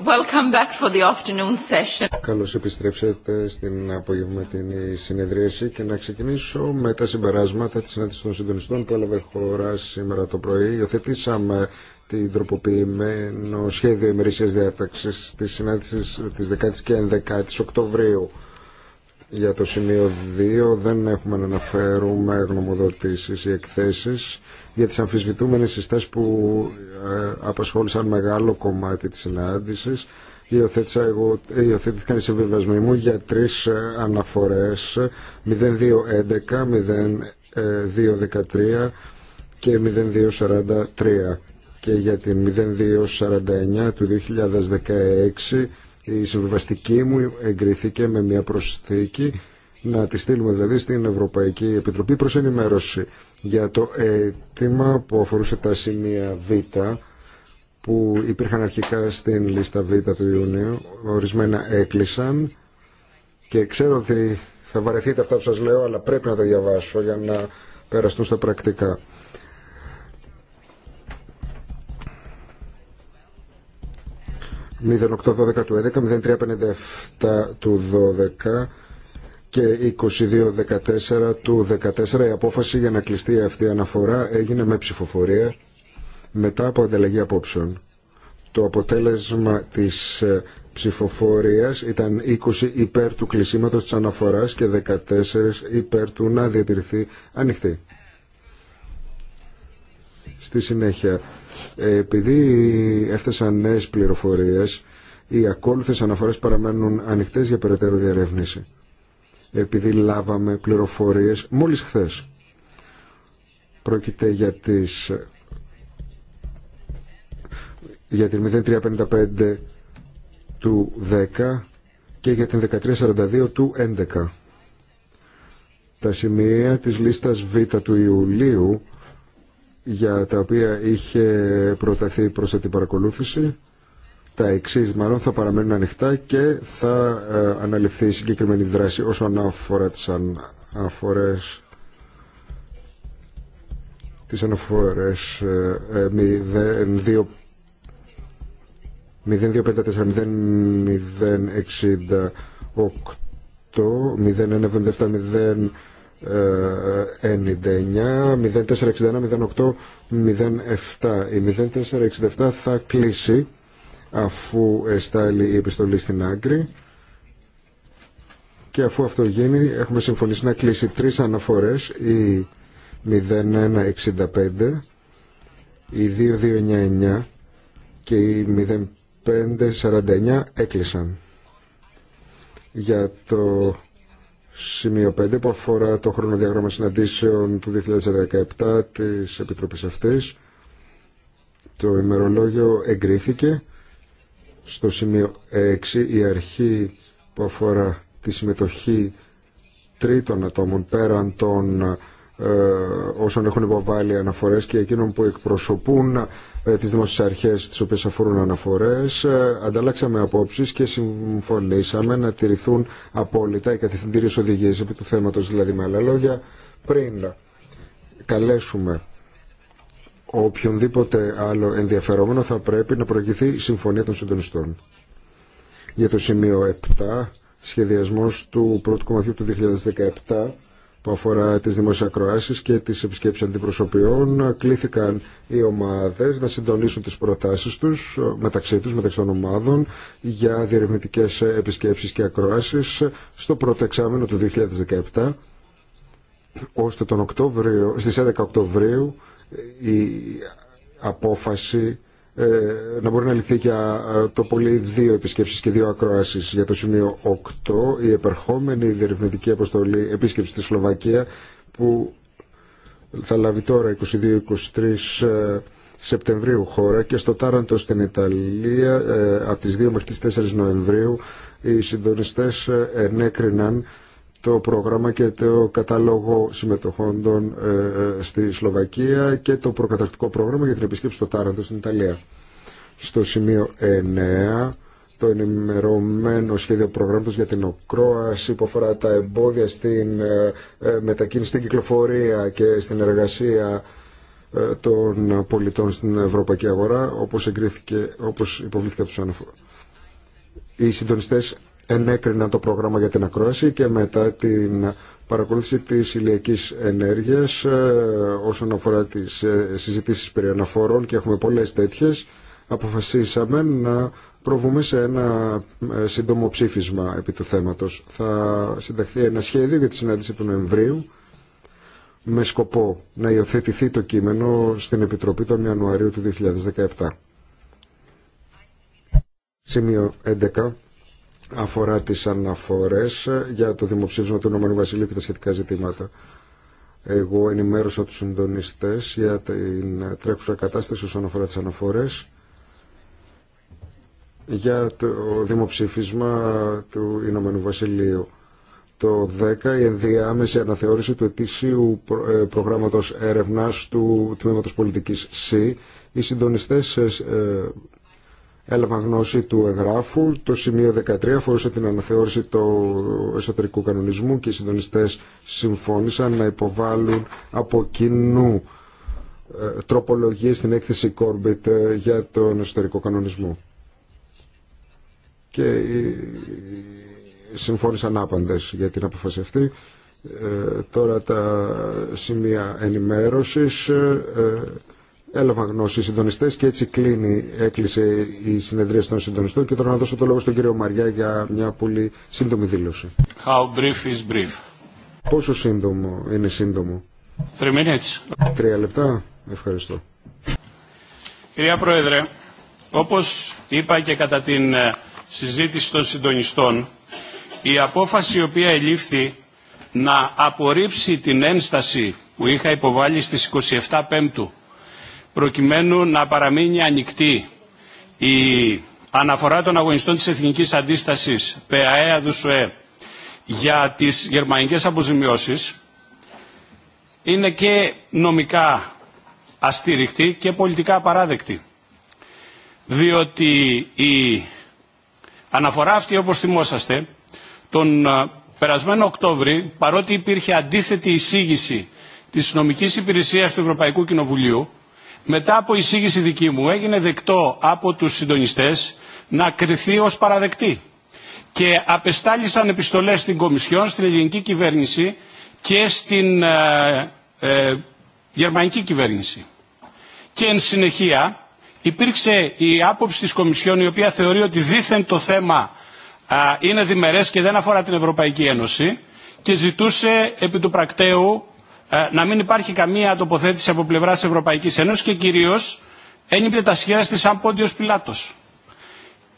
Welcome back for the afternoon session. Καλώς επιστρέψατε στην απογευματινή συνεδρίαση και να ξεκινήσω με τα συμπεράσματα της συνάντησης των συντονιστών που έλαβε χώρα σήμερα το πρωί. Υιοθετήσαμε την τροποποιημένο σχέδιο ημερήσιας διάταξη τη συνάντησης τη 10 και 11 Οκτωβρίου. Για το σημείο 2 δεν έχουμε να αναφέρουμε γνωμοδοτήσεις ή εκθέσεις για τις αμφισβητούμενες συστάσεις που ε, απασχόλησαν μεγάλο κομμάτι της συνάντησης. Υιοθέτησα εγώ, ε, υιοθέτηθηκαν οι συμβιβασμοί μου για τρεις ε, αναφορές 0211, 0213 και 0243 και για την 0249 του 2016 η συμβιβαστική μου εγκρίθηκε με μια προσθήκη να τη στείλουμε δηλαδή στην Ευρωπαϊκή Επιτροπή προς ενημέρωση για το αίτημα που αφορούσε τα σημεία Β που υπήρχαν αρχικά στην λίστα Β του Ιουνίου. Ορισμένα έκλεισαν και ξέρω ότι θα βαρεθείτε αυτά που σας λέω αλλά πρέπει να τα διαβάσω για να περαστούν στα πρακτικά. του 11, 0357 του 12 και 2214 του 14 η απόφαση για να κλειστεί αυτή η αναφορά έγινε με ψηφοφορία μετά από ανταλλαγή απόψεων. Το αποτέλεσμα της ε, ψηφοφορίας ήταν 20 υπέρ του κλεισίματος της αναφοράς και 14 υπέρ του να διατηρηθεί ανοιχτή. Στη συνέχεια, ε, επειδή έφτασαν νέες πληροφορίες, οι ακόλουθες αναφορές παραμένουν ανοιχτές για περαιτέρω διαρεύνηση επειδή λάβαμε πληροφορίες μόλις χθες. Πρόκειται για, τις, για την 0355 του 10 και για την 1342 του 11. Τα σημεία της λίστας Β του Ιουλίου για τα οποία είχε προταθεί προς την παρακολούθηση τα εξή μάλλον θα παραμένουν ανοιχτά και θα ε, αναλυφθεί η συγκεκριμένη δράση όσον αφορά τις αναφορές τις αναφορές 0254 067 099, 0461, 08, 07. Η 0467 θα κλείσει αφού εστάλει η επιστολή στην άκρη και αφού αυτό γίνει έχουμε συμφωνήσει να κλείσει τρεις αναφορές η 0165 η 2299 και η 0549 έκλεισαν για το σημείο 5 που αφορά το χρονοδιάγραμμα συναντήσεων του 2017 της Επιτροπής αυτής. Το ημερολόγιο εγκρίθηκε. Στο σημείο 6 η αρχή που αφορά τη συμμετοχή τρίτων ατόμων πέραν των ε, όσων έχουν υποβάλει αναφορές και εκείνων που εκπροσωπούν ε, τις δημόσιες αρχές τις οποίες αφορούν αναφορές ε, ανταλλάξαμε απόψεις και συμφωνήσαμε να τηρηθούν απόλυτα οι καθηθυντήριες οδηγίες επί του θέματος δηλαδή με άλλα λόγια πριν καλέσουμε οποιονδήποτε άλλο ενδιαφερόμενο θα πρέπει να προηγηθεί η συμφωνία των συντονιστών. Για το σημείο 7, σχεδιασμός του πρώτου κομματιού του 2017, που αφορά τις δημόσιες ακροάσεις και τις επισκέψεις αντιπροσωπιών, κλήθηκαν οι ομάδες να συντονίσουν τις προτάσεις τους μεταξύ τους, μεταξύ των ομάδων, για διερευνητικές επισκέψεις και ακροάσεις στο πρώτο εξάμεινο του 2017, ώστε τον Οκτώβριο, στις 11 Οκτωβρίου η απόφαση ε, να μπορεί να ληφθεί και ε, το πολύ δύο επισκέψεις και δύο ακροάσεις για το σημείο 8 η επερχόμενη διερευνητική αποστολή επίσκεψη στη Σλοβακία που θα λάβει τώρα 22-23 ε, Σεπτεμβρίου χώρα και στο Τάραντο στην Ιταλία από τις 2 μέχρι τις 4 Νοεμβρίου οι συντονιστές ενέκριναν το πρόγραμμα και το κατάλογο συμμετοχόντων ε, ε, στη Σλοβακία και το προκαταρκτικό πρόγραμμα για την επισκέψη στο Τάραντο στην Ιταλία. Στο σημείο 9 το ενημερωμένο σχέδιο προγράμματος για την οκρόαση που αφορά τα εμπόδια στην ε, μετακίνηση, στην κυκλοφορία και στην εργασία των πολιτών στην ευρωπαϊκή αγορά όπως, υποβλήθηκε από τους αναφορά. Οι συντονιστές Ενέκρινα το πρόγραμμα για την ακρόαση και μετά την παρακολούθηση της ηλιακής ενέργειας ε, όσον αφορά τις ε, συζητήσεις περί αναφορών και έχουμε πολλές τέτοιες αποφασίσαμε να προβούμε σε ένα ε, σύντομο ψήφισμα επί του θέματος. Θα συνταχθεί ένα σχέδιο για τη συνάντηση του Νοεμβρίου με σκοπό να υιοθετηθεί το κείμενο στην Επιτροπή τον Ιανουαρίου του 2017. Σημείο 11 αφορά τις αναφορές για το δημοψήφισμα του Ηνωμένου Βασιλείου και τα σχετικά ζητήματα. Εγώ ενημέρωσα τους συντονιστές για την τρέχουσα κατάσταση όσον αφορά τις αναφορές για το δημοψήφισμα του Ηνωμένου Βασιλείου. Το 10 η ενδιάμεση αναθεώρηση του ετήσιου ε, προγράμματος έρευνας του Τμήματος Πολιτικής ΣΥ. Οι συντονιστές ε, ε, έλαβαν γνώση του εγγράφου. Το σημείο 13 αφορούσε την αναθεώρηση του εσωτερικού κανονισμού και οι συντονιστές συμφώνησαν να υποβάλουν από κοινού ε, τροπολογίε στην έκθεση Κόρμπιτ ε, για τον εσωτερικό κανονισμό. Και συμφώνησαν άπαντες για την αποφάση αυτή. Ε, τώρα τα σημεία ενημέρωσης Έλαβα γνώση οι συντονιστέ και έτσι κλείνει, έκλεισε η συνεδρία των συντονιστών. Και τώρα να δώσω το λόγο στον κύριο Μαριά για μια πολύ σύντομη δήλωση. How brief is brief. Πόσο σύντομο είναι σύντομο. Τρία λεπτά. Ευχαριστώ. Κυρία Πρόεδρε, όπως είπα και κατά την ε, συζήτηση των συντονιστών, η απόφαση η οποία ελήφθη να απορρίψει την ένσταση που είχα υποβάλει στις 27 Πέμπτου προκειμένου να παραμείνει ανοιχτή η αναφορά των αγωνιστών της Εθνικής Αντίστασης ΠΑΕΑ ΔΟΣΟΕ για τις γερμανικές αποζημιώσεις είναι και νομικά αστήριχτη και πολιτικά απαράδεκτη. Διότι η αναφορά αυτή, όπως θυμόσαστε, τον ε, περασμένο Οκτώβρη, παρότι υπήρχε αντίθετη εισήγηση της νομικής υπηρεσίας του Ευρωπαϊκού Κοινοβουλίου, μετά από εισήγηση δική μου έγινε δεκτό από τους συντονιστές να κριθεί ως παραδεκτή. Και απεστάλησαν επιστολές στην Κομισιόν, στην ελληνική κυβέρνηση και στην ε, ε, γερμανική κυβέρνηση. Και εν συνεχεία υπήρξε η άποψη της Κομισιόν η οποία θεωρεί ότι δήθεν το θέμα είναι διμερές και δεν αφορά την Ευρωπαϊκή Ένωση και ζητούσε επί του πρακτέου ε, να μην υπάρχει καμία τοποθέτηση από πλευρά τη Ευρωπαϊκή Ένωση και κυρίω ένιπτε τα σχέδια τη σαν πόντιο πιλάτο.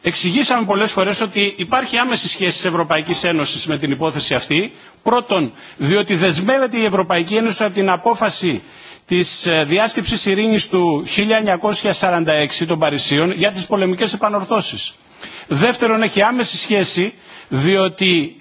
Εξηγήσαμε πολλέ φορέ ότι υπάρχει άμεση σχέση τη Ευρωπαϊκή Ένωση με την υπόθεση αυτή. Πρώτον, διότι δεσμεύεται η Ευρωπαϊκή Ένωση από την απόφαση τη ε, διάσκεψη ειρήνη του 1946 των Παρισίων για τι πολεμικέ επανορθώσει. Δεύτερον, έχει άμεση σχέση διότι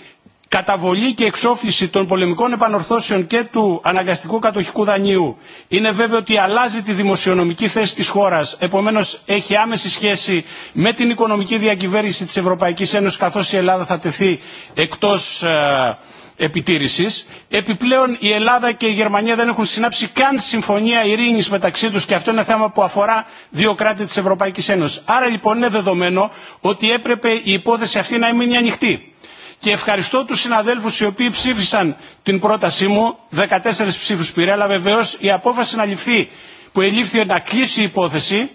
καταβολή και εξόφληση των πολεμικών επανορθώσεων και του αναγκαστικού κατοχικού δανείου είναι βέβαιο ότι αλλάζει τη δημοσιονομική θέση της χώρας επομένως έχει άμεση σχέση με την οικονομική διακυβέρνηση της ευρωπαϊκής ένωσης καθώς η ελλάδα θα τεθεί εκτός ε, επιτήρησης. Επιπλέον η Ελλάδα και η Γερμανία δεν έχουν συνάψει καν συμφωνία ειρήνης μεταξύ τους και αυτό είναι θέμα που αφορά δύο κράτη της Ευρωπαϊκής Ένωσης. Άρα λοιπόν είναι δεδομένο ότι έπρεπε η υπόθεση αυτή να μείνει ανοιχτή και ευχαριστώ τους συναδέλφους οι οποίοι ψήφισαν την πρότασή μου, 14 ψήφους πήρε, αλλά βεβαίω η απόφαση να ληφθεί που ελήφθη να κλείσει η υπόθεση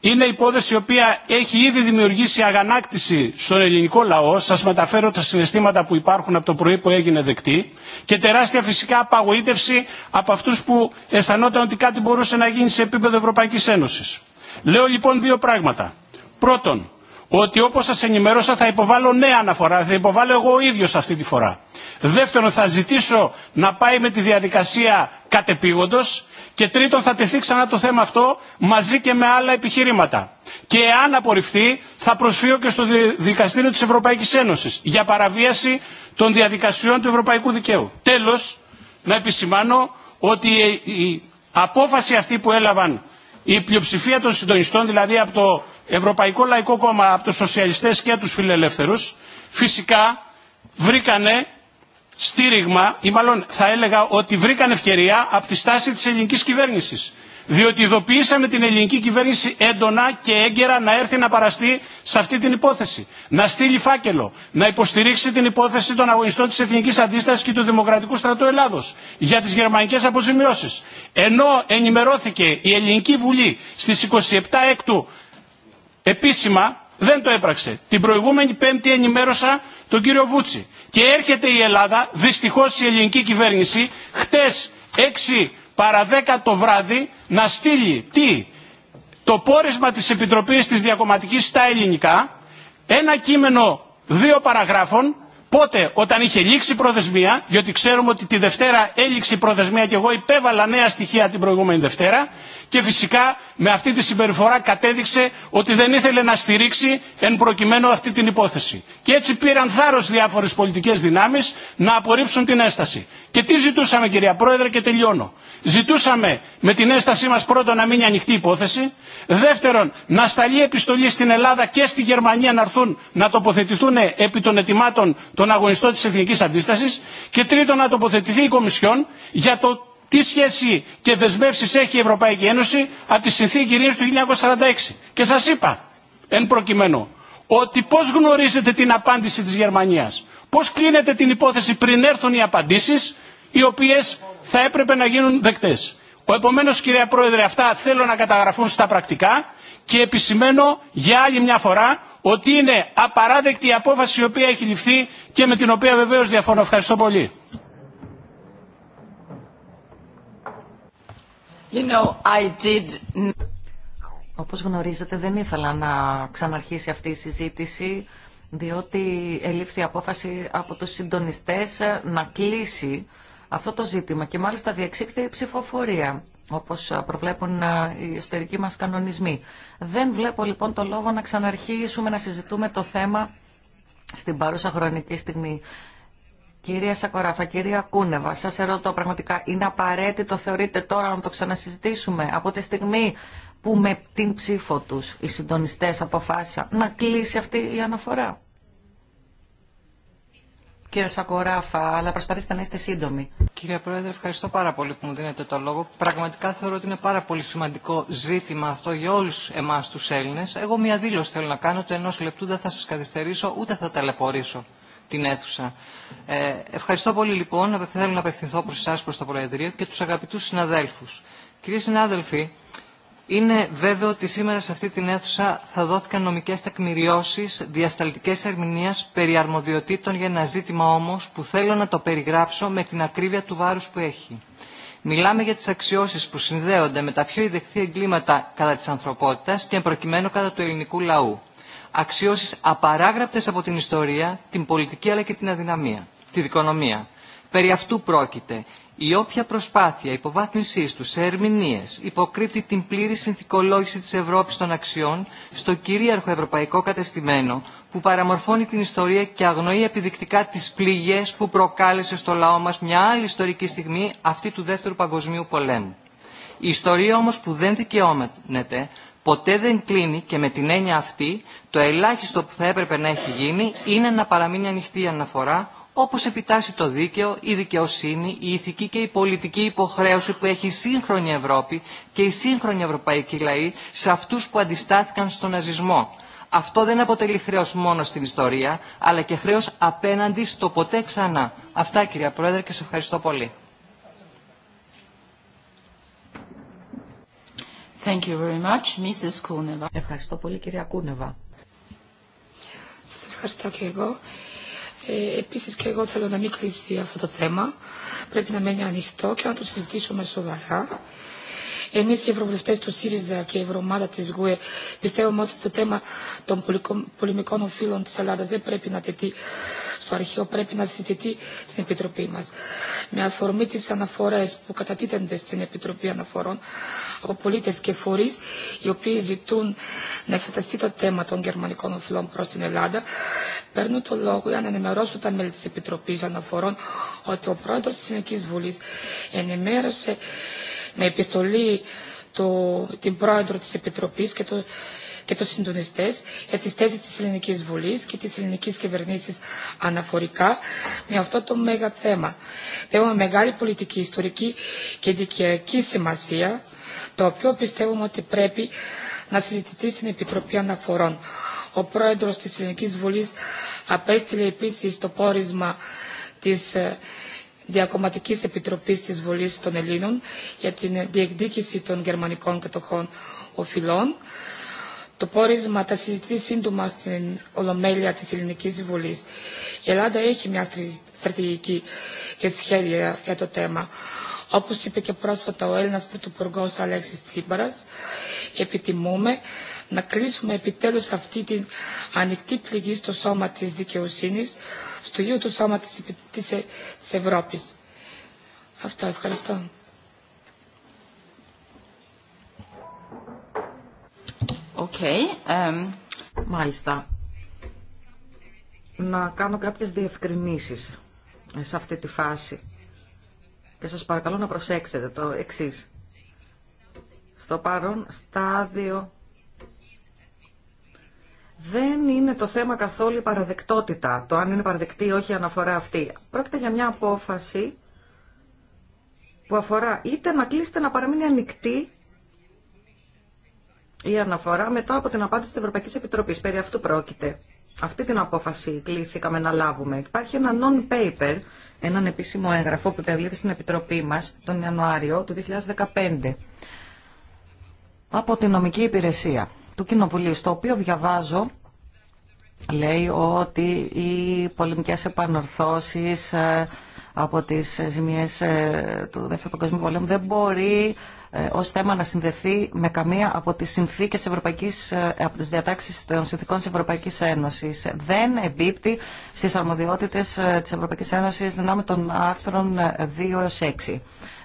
είναι υπόθεση η οποία έχει ήδη δημιουργήσει αγανάκτηση στον ελληνικό λαό. Σα μεταφέρω τα συναισθήματα που υπάρχουν από το πρωί που έγινε δεκτή και τεράστια φυσικά απαγοήτευση από αυτού που αισθανόταν ότι κάτι μπορούσε να γίνει σε επίπεδο Ευρωπαϊκή Ένωση. Λέω λοιπόν δύο πράγματα. Πρώτον, ότι όπως σας ενημέρωσα θα υποβάλω νέα αναφορά, θα υποβάλω εγώ ο ίδιος αυτή τη φορά. Δεύτερον, θα ζητήσω να πάει με τη διαδικασία κατεπήγοντος και τρίτον, θα τεθεί ξανά το θέμα αυτό μαζί και με άλλα επιχειρήματα. Και αν απορριφθεί, θα προσφύγω και στο Δικαστήριο της Ευρωπαϊκής Ένωσης για παραβίαση των διαδικασιών του Ευρωπαϊκού Δικαίου. Τέλος, να επισημάνω ότι η απόφαση αυτή που έλαβαν η πλειοψηφία των συντονιστών, δηλαδή από το Ευρωπαϊκό Λαϊκό Κόμμα από τους σοσιαλιστές και τους φιλελεύθερους φυσικά βρήκανε στήριγμα ή μάλλον θα έλεγα ότι βρήκαν ευκαιρία από τη στάση της ελληνικής κυβέρνησης. Διότι ειδοποιήσαμε την ελληνική κυβέρνηση έντονα και έγκαιρα να έρθει να παραστεί σε αυτή την υπόθεση. Να στείλει φάκελο, να υποστηρίξει την υπόθεση των αγωνιστών της Εθνικής Αντίστασης και του Δημοκρατικού Στρατού Ελλάδος για τις γερμανικές αποζημιώσεις. Ενώ ενημερώθηκε η Ελληνική Βουλή στις 27 έκτου Επίσημα δεν το έπραξε. Την προηγούμενη Πέμπτη ενημέρωσα τον κύριο Βούτσι. Και έρχεται η Ελλάδα, δυστυχώς η ελληνική κυβέρνηση, χτες 6 παρα 10 το βράδυ να στείλει τι, το πόρισμα της Επιτροπής της Διακομματικής στα ελληνικά, ένα κείμενο δύο παραγράφων, πότε όταν είχε λήξει η προθεσμία, διότι ξέρουμε ότι τη Δευτέρα έληξε η προθεσμία και εγώ υπέβαλα νέα στοιχεία την προηγούμενη Δευτέρα, και φυσικά με αυτή τη συμπεριφορά κατέδειξε ότι δεν ήθελε να στηρίξει εν προκειμένου αυτή την υπόθεση. Και έτσι πήραν θάρρος διάφορες πολιτικές δυνάμεις να απορρίψουν την έσταση. Και τι ζητούσαμε κυρία Πρόεδρε και τελειώνω. Ζητούσαμε με την έστασή μας πρώτον να μείνει ανοιχτή υπόθεση, δεύτερον να σταλεί επιστολή στην Ελλάδα και στη Γερμανία να έρθουν να τοποθετηθούν επί των ετοιμάτων των αγωνιστών της Εθνικής Αντίστασης και τρίτον να τοποθετηθεί η Κομισιόν για το τι σχέση και δεσμεύσεις έχει η Ευρωπαϊκή Ένωση από τη συνθήκη ειρήνης του 1946. Και σας είπα, εν προκειμένου, ότι πώς γνωρίζετε την απάντηση της Γερμανίας. Πώς κλείνετε την υπόθεση πριν έρθουν οι απαντήσεις, οι οποίες θα έπρεπε να γίνουν δεκτές. Ο επομένως, κυρία Πρόεδρε, αυτά θέλω να καταγραφούν στα πρακτικά και επισημαίνω για άλλη μια φορά ότι είναι απαράδεκτη η απόφαση η οποία έχει ληφθεί και με την οποία βεβαίως διαφωνώ. Ευχαριστώ πολύ. You Όπως γνωρίζετε δεν ήθελα να ξαναρχίσει αυτή η συζήτηση διότι ελήφθη απόφαση από τους συντονιστές ε, να κλείσει αυτό το ζήτημα και μάλιστα διεξήχθη η ψηφοφορία όπως ε, προβλέπουν ε, οι εσωτερικοί μας κανονισμοί. Δεν βλέπω λοιπόν το λόγο να ξαναρχίσουμε να συζητούμε το θέμα στην παρούσα χρονική στιγμή. Κυρία Σακοράφα, κυρία Κούνεβα, σα ερωτώ πραγματικά, είναι απαραίτητο, θεωρείτε τώρα να το ξανασυζητήσουμε από τη στιγμή που με την ψήφο του, οι συντονιστέ αποφάσισαν να κλείσει αυτή η αναφορά. Κύριε Σακοράφα, αλλά προσπαθήστε να είστε σύντομοι. Κύριε Πρόεδρε, ευχαριστώ πάρα πολύ που μου δίνετε το λόγο. Πραγματικά θεωρώ ότι είναι πάρα πολύ σημαντικό ζήτημα αυτό για όλου εμά του Έλληνε. Εγώ μία δήλωση θέλω να κάνω, του ενό λεπτού δεν θα σα καθυστερήσω ούτε θα ταλαιπωρήσω την Ε, ευχαριστώ πολύ λοιπόν. Θέλω να απευθυνθώ προς εσάς, προς το Προεδρείο και τους αγαπητούς συναδέλφους. Κυρίες συνάδελφοι, είναι βέβαιο ότι σήμερα σε αυτή την αίθουσα θα δόθηκαν νομικές τεκμηριώσεις, διασταλτικές ερμηνείας περί αρμοδιοτήτων για ένα ζήτημα όμως που θέλω να το περιγράψω με την ακρίβεια του βάρους που έχει. Μιλάμε για τις αξιώσεις που συνδέονται με τα πιο ιδεχθή εγκλήματα κατά της ανθρωπότητας και προκειμένου κατά του ελληνικού λαού. Αξιώσει απαράγραπτε από την ιστορία, την πολιτική αλλά και την αδυναμία, τη δικονομία. Περί αυτού πρόκειται η όποια προσπάθεια υποβάθμισή του σε ερμηνείε υποκρύπτει την πλήρη συνθηκολόγηση τη Ευρώπη των αξιών στο κυρίαρχο ευρωπαϊκό κατεστημένο που παραμορφώνει την ιστορία και αγνοεί επιδεικτικά τι πληγέ που προκάλεσε στο λαό μα μια άλλη ιστορική στιγμή αυτή του Δεύτερου Παγκοσμίου Πολέμου. Η ιστορία όμω που δεν δικαιώνεται ποτέ δεν κλείνει και με την έννοια αυτή το ελάχιστο που θα έπρεπε να έχει γίνει είναι να παραμείνει ανοιχτή η αναφορά όπως επιτάσσει το δίκαιο, η δικαιοσύνη, η ηθική και η πολιτική υποχρέωση που έχει η σύγχρονη Ευρώπη και η σύγχρονη ευρωπαϊκή λαή σε αυτούς που αντιστάθηκαν στον ναζισμό. Αυτό δεν αποτελεί χρέο μόνο στην ιστορία, αλλά και χρέο απέναντι στο ποτέ ξανά. Αυτά κυρία Πρόεδρε και σε ευχαριστώ πολύ. Ευχαριστώ πολύ κυρία Κούνεβα. Σας ευχαριστώ και εγώ. Ε, επίσης και εγώ θέλω να μην κλείσει αυτό το θέμα. Πρέπει να μένει ανοιχτό και να το συζητήσουμε σοβαρά. Εμείς οι ευρωβουλευτές του ΣΥΡΙΖΑ και η ευρωομάδα της ΓΟΕ πιστεύουμε ότι το θέμα των πολεμικών οφείλων της Ελλάδας δεν πρέπει να τεθεί στο αρχείο πρέπει να συζητηθεί στην Επιτροπή μας. Με αφορμή τις αναφορές που κατατίθενται στην Επιτροπή Αναφορών από πολίτε και φορείς οι οποίοι ζητούν να εξεταστεί το θέμα των γερμανικών οφειλών προ την Ελλάδα παίρνουν το λόγο για να ενημερώσουν τα μέλη τη Επιτροπή Αναφορών ότι ο πρόεδρο τη Ελληνικής Βουλή ενημέρωσε με επιστολή την πρόεδρο τη Επιτροπή και το και τους συντονιστές για τις θέσεις της ελληνικής Βουλής και της ελληνικής κυβερνήσης αναφορικά με αυτό το μέγα θέμα. Θέμα μεγάλη πολιτική, ιστορική και δικαιακή σημασία, το οποίο πιστεύουμε ότι πρέπει να συζητηθεί στην Επιτροπή Αναφορών. Ο πρόεδρος της Ελληνικής Βουλής απέστειλε επίσης το πόρισμα της ε, Διακομματικής Επιτροπής της Βουλής των Ελλήνων για την διεκδίκηση των γερμανικών κατοχών οφειλών, το πόρισμα θα συζητηθεί σύντομα στην Ολομέλεια της Ελληνικής Βουλής. Η Ελλάδα έχει μια στρατηγική και σχέδια για το θέμα. Όπως είπε και πρόσφατα ο Έλληνας Πρωθυπουργός Αλέξης Τσίπαρας, επιτιμούμε να κλείσουμε επιτέλους αυτή την ανοιχτή πληγή στο σώμα της δικαιοσύνης, στο ίδιο το σώμα της, Ευρώπη. της Ευρώπης. ευχαριστώ. Okay. Um, Μάλιστα. Να κάνω κάποιες διευκρινήσεις σε αυτή τη φάση. Και σας παρακαλώ να προσέξετε το εξής. Στο παρόν στάδιο δεν είναι το θέμα καθόλου η παραδεκτότητα, το αν είναι παραδεκτή ή όχι η οχι αυτή. Πρόκειται για μια απόφαση που αφορά είτε να κλείσετε να παραμείνει ανοιχτή η αναφορά μετά από την απάντηση της Ευρωπαϊκής Επιτροπής. Περί αυτού πρόκειται. Αυτή την απόφαση κλήθηκαμε να λάβουμε. Υπάρχει ένα non-paper, έναν επίσημο έγγραφο που υπευλήθη στην Επιτροπή μας τον Ιανουάριο του 2015 από την νομική υπηρεσία του Κοινοβουλίου, στο οποίο διαβάζω λέει ότι οι πολεμικές επανορθώσεις ε, από τις ε, ζημιές ε, του Δεύτερου Παγκοσμίου Πολέμου δεν μπορεί ε, ως θέμα να συνδεθεί με καμία από τις συνθήκες Ευρωπαϊκής, από τις διατάξεις των συνθήκων της Ευρωπαϊκής Ένωσης. Δεν εμπίπτει στις αρμοδιότητες της Ευρωπαϊκής Ένωσης δυνάμει των άρθρων 2 έω 6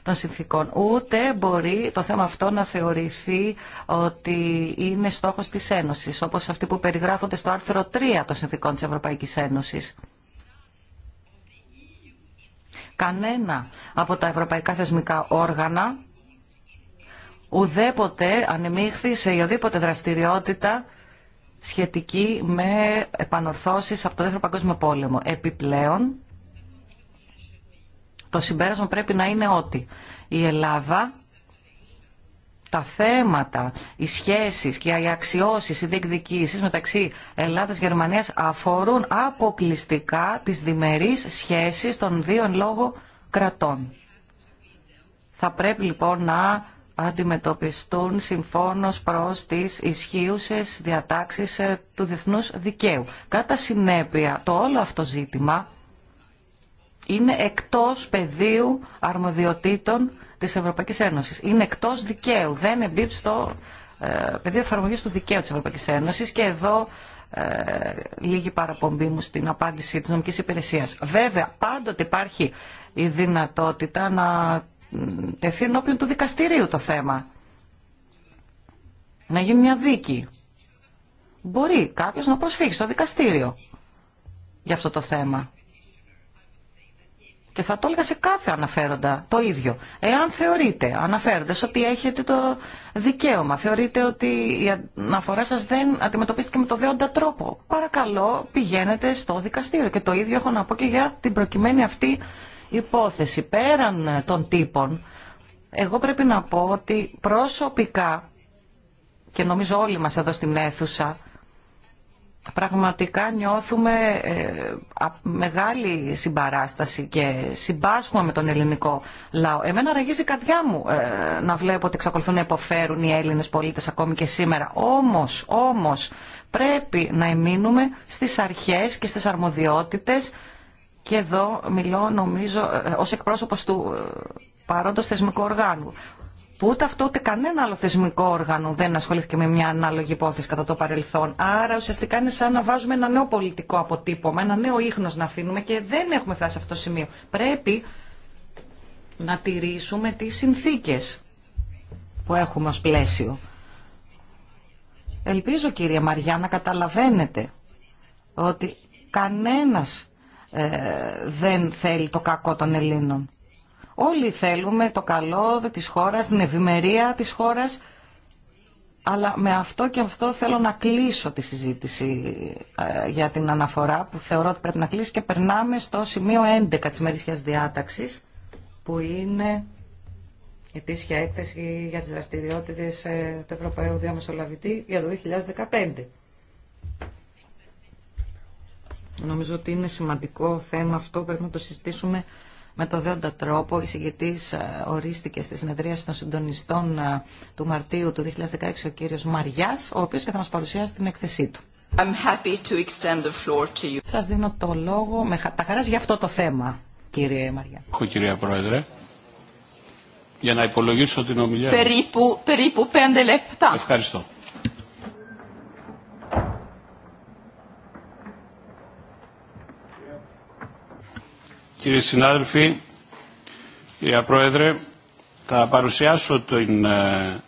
των συνθήκων. Ούτε μπορεί το θέμα αυτό να θεωρηθεί ότι είναι στόχος της Ένωσης, όπως αυτοί που περιγράφονται στο άρθρο 3 των συνθήκων της Ευρωπαϊκής Ένωσης. Κανένα από τα ευρωπαϊκά θεσμικά όργανα ουδέποτε ανεμίχθη σε οδήποτε δραστηριότητα σχετική με επανορθώσεις από το Δεύτερο Παγκόσμιο Πόλεμο. Επιπλέον, το συμπέρασμα πρέπει να είναι ότι η Ελλάδα τα θέματα, οι σχέσεις και οι αξιώσεις, οι διεκδικήσεις μεταξύ Ελλάδας και Γερμανίας αφορούν αποκλειστικά τις διμερείς σχέσεις των δύο λόγω κρατών. Θα πρέπει λοιπόν να αντιμετωπιστούν συμφώνως προς τις ισχύουσες διατάξεις ε, του διεθνούς δικαίου. Κατά συνέπεια, το όλο αυτό ζήτημα είναι εκτός πεδίου αρμοδιοτήτων της Ευρωπαϊκής Ένωσης. Είναι εκτός δικαίου, δεν εμπίπτει στο ε, πεδίο εφαρμογής του δικαίου της Ευρωπαϊκής Ένωσης και εδώ ε, λίγη παραπομπή μου στην απάντηση της νομικής υπηρεσίας. Βέβαια, πάντοτε υπάρχει η δυνατότητα να τεθεί ενώπιον του δικαστηρίου το θέμα. Να γίνει μια δίκη. Μπορεί κάποιος να προσφύγει στο δικαστήριο για αυτό το θέμα. Και θα το έλεγα σε κάθε αναφέροντα το ίδιο. Εάν θεωρείτε, αναφέροντας ότι έχετε το δικαίωμα, θεωρείτε ότι η αναφορά σας δεν αντιμετωπίστηκε με το δέοντα τρόπο, παρακαλώ πηγαίνετε στο δικαστήριο. Και το ίδιο έχω να πω και για την προκειμένη αυτή υπόθεση. Πέραν των τύπων, εγώ πρέπει να πω ότι προσωπικά, και νομίζω όλοι μας εδώ στην αίθουσα, πραγματικά νιώθουμε ε, μεγάλη συμπαράσταση και συμπάσχουμε με τον ελληνικό λαό. Εμένα ραγίζει η καρδιά μου ε, να βλέπω ότι εξακολουθούν να υποφέρουν οι Έλληνες πολίτες ακόμη και σήμερα. Όμως, όμως πρέπει να εμείνουμε στις αρχές και στις αρμοδιότητες και εδώ μιλώ νομίζω ε, ως εκπρόσωπος του παρόντος θεσμικού οργάνου που ούτε αυτό ούτε κανένα άλλο θεσμικό όργανο δεν ασχολήθηκε με μια ανάλογη υπόθεση κατά το παρελθόν. Άρα ουσιαστικά είναι σαν να βάζουμε ένα νέο πολιτικό αποτύπωμα, ένα νέο ίχνος να αφήνουμε και δεν έχουμε φτάσει σε αυτό το σημείο. Πρέπει να τηρήσουμε τις συνθήκες που έχουμε ως πλαίσιο. Ελπίζω κύριε Μαριά να καταλαβαίνετε ότι κανένας ε, δεν θέλει το κακό των Ελλήνων. Όλοι θέλουμε το καλό της χώρας, την ευημερία της χώρας, αλλά με αυτό και αυτό θέλω να κλείσω τη συζήτηση ε, για την αναφορά που θεωρώ ότι πρέπει να κλείσει και περνάμε στο σημείο 11 της μερίσιας διάταξης που είναι η τίσια έκθεση για τις δραστηριότητες ε, του Ευρωπαίου Διαμεσολαβητή για το 2015. Νομίζω ότι είναι σημαντικό θέμα αυτό, πρέπει να το συζητήσουμε με το δέοντα τρόπο, η συγκεκριτή ε, ορίστηκε στη συνεδρίαση των συντονιστών ε, του Μαρτίου του 2016 ο κύριος Μαριά, ο οποίος θα μα παρουσιάσει την έκθεσή του. I'm Σας δίνω το λόγο με τα χαρά για αυτό το θέμα, κύριε Μαριά. Έχω κυρία Πρόεδρε. Για να υπολογίσω την ομιλία. Περίπου, περίπου πέντε λεπτά. Ευχαριστώ. Κύριε συνάδελφοι, κυρία Πρόεδρε, θα παρουσιάσω την ε,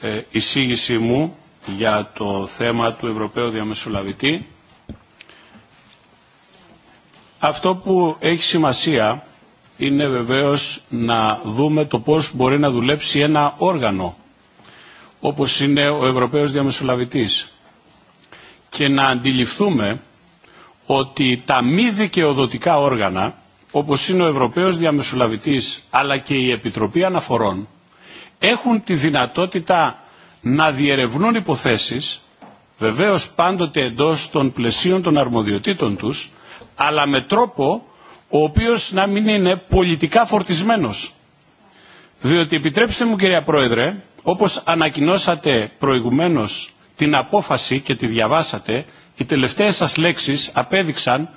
ε, εισήγησή μου για το θέμα του Ευρωπαίου Διαμεσολαβητή. Αυτό που έχει σημασία είναι βεβαίως να δούμε το πώς μπορεί να δουλέψει ένα όργανο όπως είναι ο Ευρωπαίος Διαμεσολαβητής και να αντιληφθούμε ότι τα μη δικαιοδοτικά όργανα όπως είναι ο Ευρωπαίος Διαμεσολαβητής αλλά και η Επιτροπή Αναφορών έχουν τη δυνατότητα να διερευνούν υποθέσεις βεβαίως πάντοτε εντός των πλαισίων των αρμοδιοτήτων τους αλλά με τρόπο ο οποίος να μην είναι πολιτικά φορτισμένος. Διότι επιτρέψτε μου κυρία Πρόεδρε, όπως ανακοινώσατε προηγουμένως την απόφαση και τη διαβάσατε, οι τελευταίες σας λέξεις απέδειξαν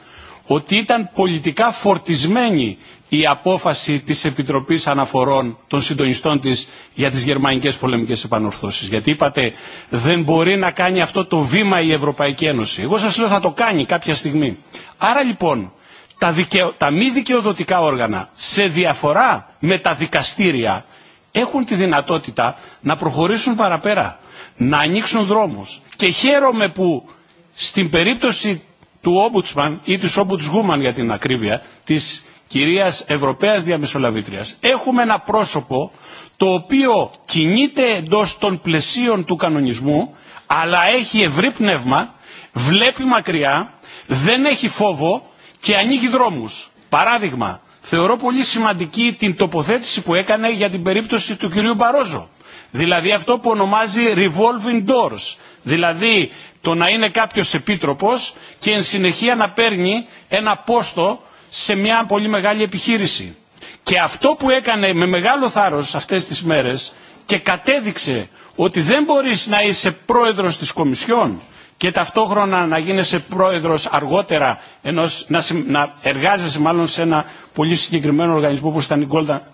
ότι ήταν πολιτικά φορτισμένη η απόφαση της Επιτροπής Αναφορών των συντονιστών της για τις γερμανικές πολεμικές επανορθώσεις. Γιατί είπατε δεν μπορεί να κάνει αυτό το βήμα η Ευρωπαϊκή Ένωση. Εγώ σας λέω θα το κάνει κάποια στιγμή. Άρα λοιπόν τα, δικαιο... τα μη δικαιοδοτικά όργανα σε διαφορά με τα δικαστήρια έχουν τη δυνατότητα να προχωρήσουν παραπέρα, να ανοίξουν δρόμους. Και χαίρομαι που στην περίπτωση του Όμπουτσμαν ή της Όμπουτσγούμαν για την ακρίβεια, της κυρίας Ευρωπαίας Διαμεσολαβήτριας. Έχουμε ένα πρόσωπο το οποίο κινείται εντός των πλαισίων του κανονισμού, αλλά έχει ευρύ πνεύμα, βλέπει μακριά, δεν έχει φόβο και ανοίγει δρόμους. Παράδειγμα, θεωρώ πολύ σημαντική την τοποθέτηση που έκανε για την περίπτωση του κυρίου Μπαρόζο Δηλαδή αυτό που ονομάζει revolving doors. Δηλαδή το να είναι κάποιος επίτροπος και εν συνεχεία να παίρνει ένα πόστο σε μια πολύ μεγάλη επιχείρηση. Και αυτό που έκανε με μεγάλο θάρρος αυτές τις μέρες και κατέδειξε ότι δεν μπορείς να είσαι πρόεδρος της Κομισιόν και ταυτόχρονα να γίνεσαι πρόεδρος αργότερα ενός, να, να εργάζεσαι μάλλον σε ένα πολύ συγκεκριμένο οργανισμό όπως ήταν η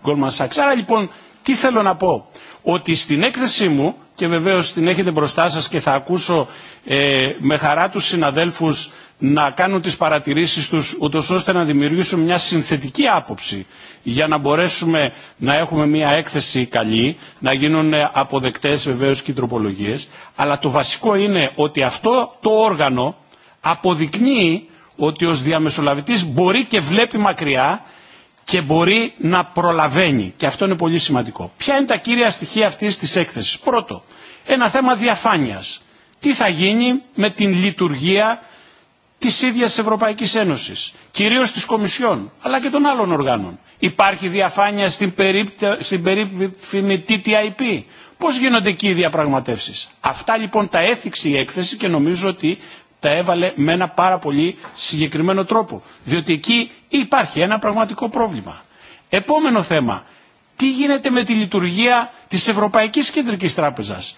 Goldman Sachs. Άρα λοιπόν τι θέλω να πω ότι στην έκθεσή μου και βεβαίως την έχετε μπροστά σας και θα ακούσω ε, με χαρά τους συναδέλφους να κάνουν τις παρατηρήσεις τους ούτω ώστε να δημιουργήσουν μια συνθετική άποψη για να μπορέσουμε να έχουμε μια έκθεση καλή, να γίνουν αποδεκτές βεβαίως και οι τροπολογίες. Αλλά το βασικό είναι ότι αυτό το όργανο αποδεικνύει ότι ως διαμεσολαβητής μπορεί και βλέπει μακριά και μπορεί να προλαβαίνει. Και αυτό είναι πολύ σημαντικό. Ποια είναι τα κύρια στοιχεία αυτή τη έκθεση. Πρώτο, ένα θέμα διαφάνεια. Τι θα γίνει με την λειτουργία τη ίδια της Ευρωπαϊκής Ένωσης, κυρίως της Κομισιόν, αλλά και των άλλων οργάνων. Υπάρχει διαφάνεια στην, περίπτωση στην περίφημη TTIP. Πώ γίνονται εκεί οι διαπραγματεύσει, Αυτά λοιπόν τα έθιξε η έκθεση και νομίζω ότι τα έβαλε με ένα πάρα πολύ συγκεκριμένο τρόπο. Διότι εκεί Υπάρχει ένα πραγματικό πρόβλημα. Επόμενο θέμα. Τι γίνεται με τη λειτουργία της Ευρωπαϊκής Κεντρικής Τράπεζας.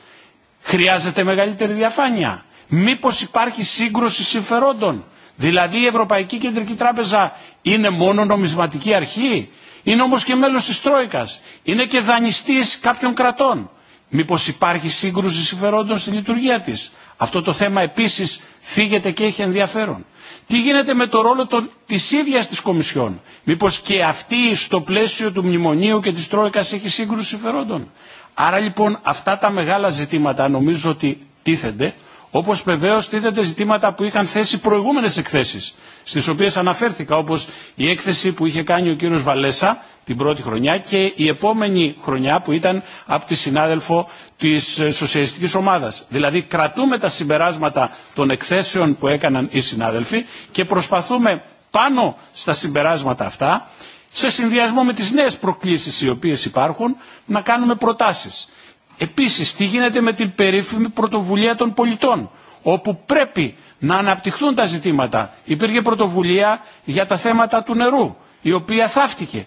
Χρειάζεται μεγαλύτερη διαφάνεια. Μήπως υπάρχει σύγκρουση συμφερόντων. Δηλαδή η Ευρωπαϊκή Κεντρική Τράπεζα είναι μόνο νομισματική αρχή. Είναι όμως και μέλος της Τρόικας. Είναι και δανειστής κάποιων κρατών. Μήπως υπάρχει σύγκρουση συμφερόντων στη λειτουργία της. Αυτό το θέμα επίσης θίγεται και έχει ενδιαφέρον. Τι γίνεται με το ρόλο των, της ίδιας της Κομισιόν. Μήπως και αυτή στο πλαίσιο του Μνημονίου και της Τρόικας έχει σύγκρουση συμφερόντων. Άρα λοιπόν αυτά τα μεγάλα ζητήματα νομίζω ότι τίθενται, όπως βεβαίω τίθενται ζητήματα που είχαν θέσει προηγούμενες εκθέσεις, στις οποίες αναφέρθηκα, όπως η έκθεση που είχε κάνει ο κύριος Βαλέσα την πρώτη χρονιά και η επόμενη χρονιά που ήταν από τη συνάδελφο της ε, σοσιαλιστικής ομάδας. Δηλαδή κρατούμε τα συμπεράσματα των εκθέσεων που έκαναν οι συνάδελφοι και προσπαθούμε πάνω στα συμπεράσματα αυτά σε συνδυασμό με τις νέες προκλήσεις οι οποίες υπάρχουν να κάνουμε προτάσεις. Επίσης, τι γίνεται με την περίφημη πρωτοβουλία των πολιτών, όπου πρέπει να αναπτυχθούν τα ζητήματα. Υπήρχε πρωτοβουλία για τα θέματα του νερού, η οποία θαύτηκε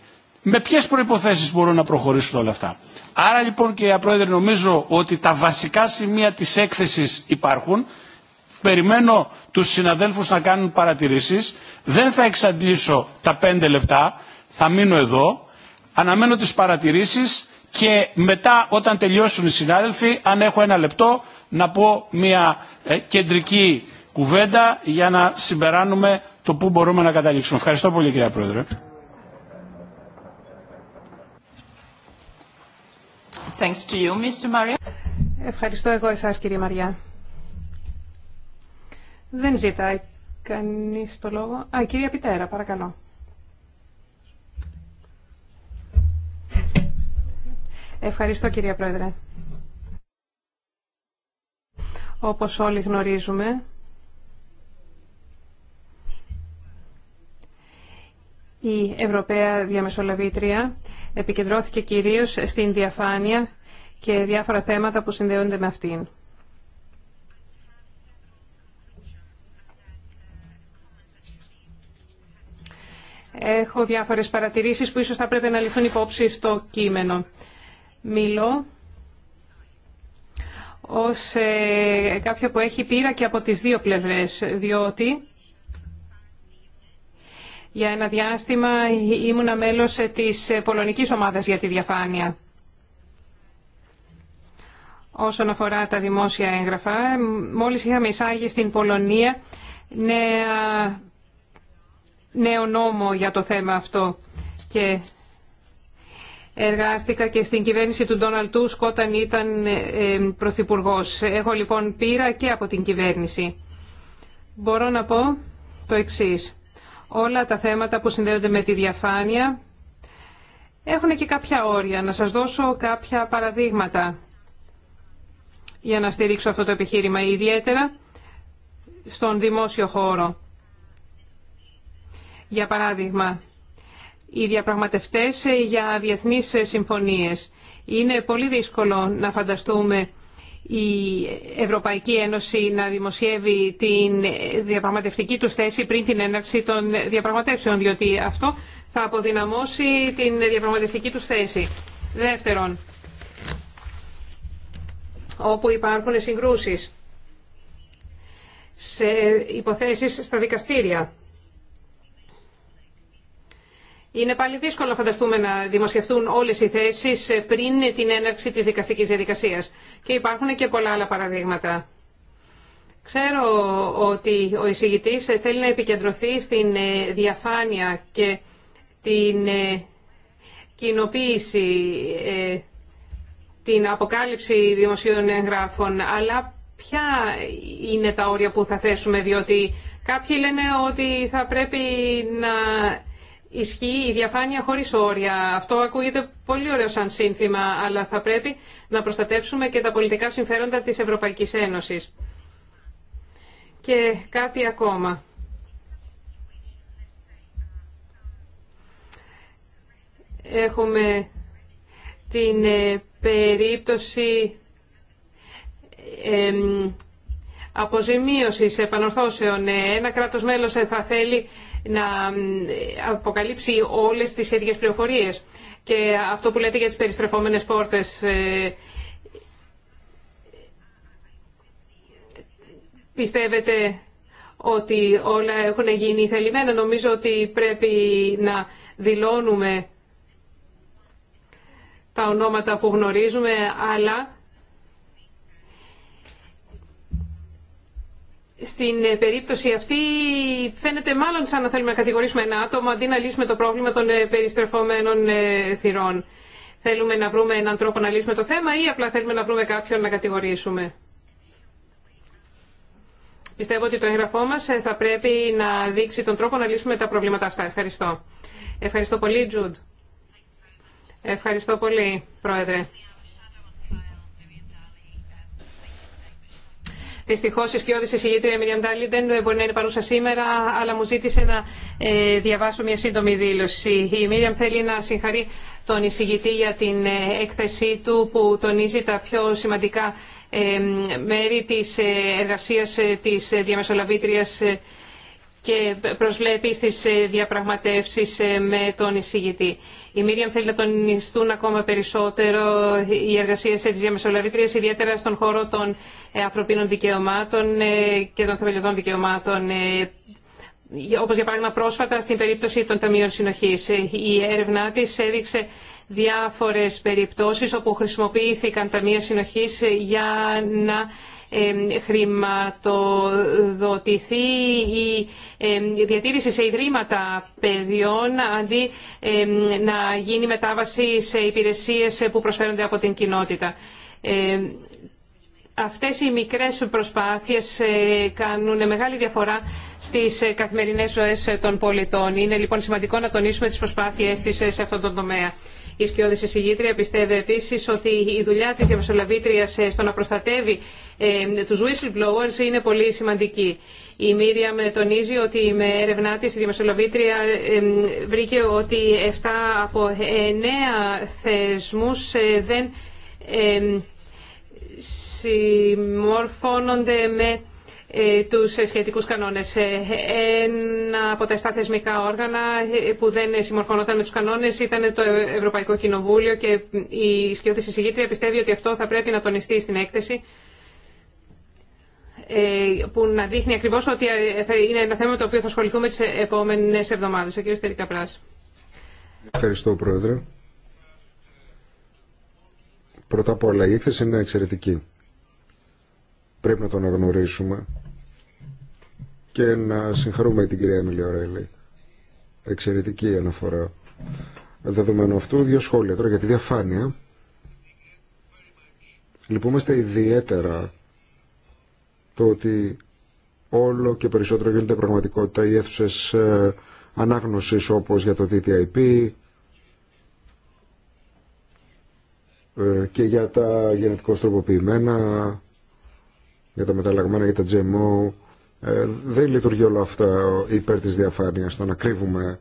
με ποιες προϋποθέσεις μπορούν να προχωρήσουν όλα αυτά. Άρα λοιπόν κυρία Πρόεδρε νομίζω ότι τα βασικά σημεία της έκθεσης υπάρχουν. Περιμένω τους συναδέλφους να κάνουν παρατηρήσεις. Δεν θα εξαντλήσω τα πέντε λεπτά. Θα μείνω εδώ. Αναμένω τις παρατηρήσεις και μετά όταν τελειώσουν οι συνάδελφοι, αν έχω ένα λεπτό, να πω μια ε, κεντρική κουβέντα για να συμπεράνουμε το πού μπορούμε να καταλήξουμε. Ευχαριστώ πολύ κυρία Πρόεδρε. Ευχαριστώ εγώ εσάς, κύριε Μαριά. Δεν ζητάει κανείς το λόγο. Α, κυρία Πιτέρα, παρακαλώ. Ευχαριστώ, κυρία Πρόεδρε. Όπως όλοι γνωρίζουμε, Η Ευρωπαία Διαμεσολαβήτρια επικεντρώθηκε κυρίως στην διαφάνεια και διάφορα θέματα που συνδέονται με αυτήν. Έχω διάφορες παρατηρήσεις που ίσως θα πρέπει να ληφθούν υπόψη στο κείμενο. Μιλώ ως ε, κάποιο που έχει πείρα και από τις δύο πλευρές, διότι για ένα διάστημα ήμουνα μέλος της πολωνικής ομάδας για τη διαφάνεια. Όσον αφορά τα δημόσια έγγραφα, μόλις είχαμε εισάγει στην Πολωνία νέα, νέο νόμο για το θέμα αυτό και Εργάστηκα και στην κυβέρνηση του Ντόναλτ Τούσκ όταν ήταν ε, Πρωθυπουργό. Έχω λοιπόν πείρα και από την κυβέρνηση. Μπορώ να πω το εξής όλα τα θέματα που συνδέονται με τη διαφάνεια έχουν και κάποια όρια. Να σας δώσω κάποια παραδείγματα για να στηρίξω αυτό το επιχείρημα, ιδιαίτερα στον δημόσιο χώρο. Για παράδειγμα, οι διαπραγματευτές για διεθνείς συμφωνίες. Είναι πολύ δύσκολο να φανταστούμε η Ευρωπαϊκή Ένωση να δημοσιεύει την διαπραγματευτική του θέση πριν την έναρξη των διαπραγματεύσεων, διότι αυτό θα αποδυναμώσει την διαπραγματευτική του θέση. Δεύτερον, όπου υπάρχουν συγκρούσεις σε υποθέσεις στα δικαστήρια. Είναι πάλι δύσκολο φανταστούμε να δημοσιευτούν όλες οι θέσει ε, πριν την έναρξη της δικαστικής διαδικασία Και υπάρχουν και πολλά άλλα παραδείγματα. Ξέρω ότι ο εισηγητή ε, θέλει να επικεντρωθεί στην ε, διαφάνεια και την κοινοποίηση, την αποκάλυψη δημοσίων εγγράφων, αλλά ποια είναι τα όρια που θα θέσουμε, διότι κάποιοι λένε ότι θα πρέπει να ισχύει η διαφάνεια χωρίς όρια. Αυτό ακούγεται πολύ ωραίο σαν σύνθημα, αλλά θα πρέπει να προστατεύσουμε και τα πολιτικά συμφέροντα της Ευρωπαϊκής Ένωσης. Και κάτι ακόμα. Έχουμε την ε, περίπτωση αποζημίωσης επανορθώσεων. Ε, ένα κράτος μέλος ε, θα θέλει να αποκαλύψει όλες τις σχετικές πληροφορίες. Και αυτό που λέτε για τις περιστρεφόμενες πόρτες, ε, πιστεύετε ότι όλα έχουν γίνει θελημένα. Νομίζω ότι πρέπει να δηλώνουμε τα ονόματα που γνωρίζουμε, αλλά στην περίπτωση αυτή φαίνεται μάλλον σαν να θέλουμε να κατηγορήσουμε ένα άτομο αντί να λύσουμε το πρόβλημα των ε, περιστρεφόμενων ε, θυρών. Θέλουμε να βρούμε έναν τρόπο να λύσουμε το θέμα ή απλά θέλουμε να βρούμε κάποιον να κατηγορήσουμε. Πιστεύω ότι το έγγραφό μας ε, θα πρέπει να δείξει τον τρόπο να λύσουμε τα προβλήματα αυτά. Ευχαριστώ. Ευχαριστώ πολύ, Τζουντ. Ευχαριστώ πολύ, Πρόεδρε. Δυστυχώ η σκιώδη εισηγήτρια Μιριαμ Ντάλι δεν μπορεί να είναι παρούσα σήμερα, αλλά μου ζήτησε να ε, διαβάσω μια σύντομη δήλωση. Η Μίριαμ θέλει να συγχαρεί τον εισηγητή για την ε, έκθεσή του που τονίζει τα πιο σημαντικά ε, μέρη της εργασίας της διαμεσολαβήτριας και προσβλέπει στις διαπραγματεύσεις με τον εισηγητή. Η Μίριαμ θέλει να τονιστούν ακόμα περισσότερο οι εργασίε τη διαμεσολαβήτρια, ιδιαίτερα στον χώρο των ε, ανθρωπίνων δικαιωμάτων ε, και των θεμελιωδών δικαιωμάτων ε, όπως για παράδειγμα πρόσφατα στην περίπτωση των Ταμείων Συνοχής. Η έρευνά τη έδειξε διάφορες περιπτώσεις όπου χρησιμοποιήθηκαν Ταμεία Συνοχής για να χρηματοδοτηθεί η διατήρηση σε ιδρύματα παιδιών αντί να γίνει μετάβαση σε υπηρεσίες που προσφέρονται από την κοινότητα. Αυτές οι μικρές προσπάθειες ε, κάνουν μεγάλη διαφορά στις ε, καθημερινές ζωές των πολιτών. Είναι λοιπόν σημαντικό να τονίσουμε τις προσπάθειές της ε, σε αυτόν τον τομέα. Η σκιώδη εισηγήτρια πιστεύει επίση ότι η δουλειά τη διαμεσολαβήτρια ε, στο να προστατεύει ε, του whistleblowers είναι πολύ σημαντική. Η Μίρια με τονίζει ότι με έρευνά της η διαμεσολαβήτρια ε, βρήκε ότι 7 από 9 θεσμούς δεν συμμορφώνονται με ε, τους σχετικούς κανόνες. Ε, ένα από τα 7 θεσμικά όργανα ε, που δεν συμμορφωνόταν με τους κανόνες ήταν το Ευρωπαϊκό Κοινοβούλιο και η σκιώδη συζήτρια πιστεύει ότι αυτό θα πρέπει να τονιστεί στην έκθεση που να δείχνει ακριβώς ότι είναι ένα θέμα με το οποίο θα ασχοληθούμε τις επόμενες εβδομάδες. Ο κ. Τερικαπράς. Ευχαριστώ, Πρόεδρε. Πρώτα απ' όλα, η έκθεση είναι εξαιρετική. Πρέπει να τον αναγνωρίσουμε και να συγχαρούμε την κυρία Εμιλιορέλη. Εξαιρετική αναφορά. Δεδομένου αυτού, δύο σχόλια τώρα για τη διαφάνεια. Λυπούμαστε ιδιαίτερα το ότι όλο και περισσότερο γίνεται πραγματικότητα οι αίθουσε ανάγνωση, όπως για το TTIP ε, και για τα γενετικώς τροποποιημένα για τα μεταλλαγμένα, για τα GMO. Ε, δεν λειτουργεί όλο αυτό υπέρ της διαφάνειας, το να κρύβουμε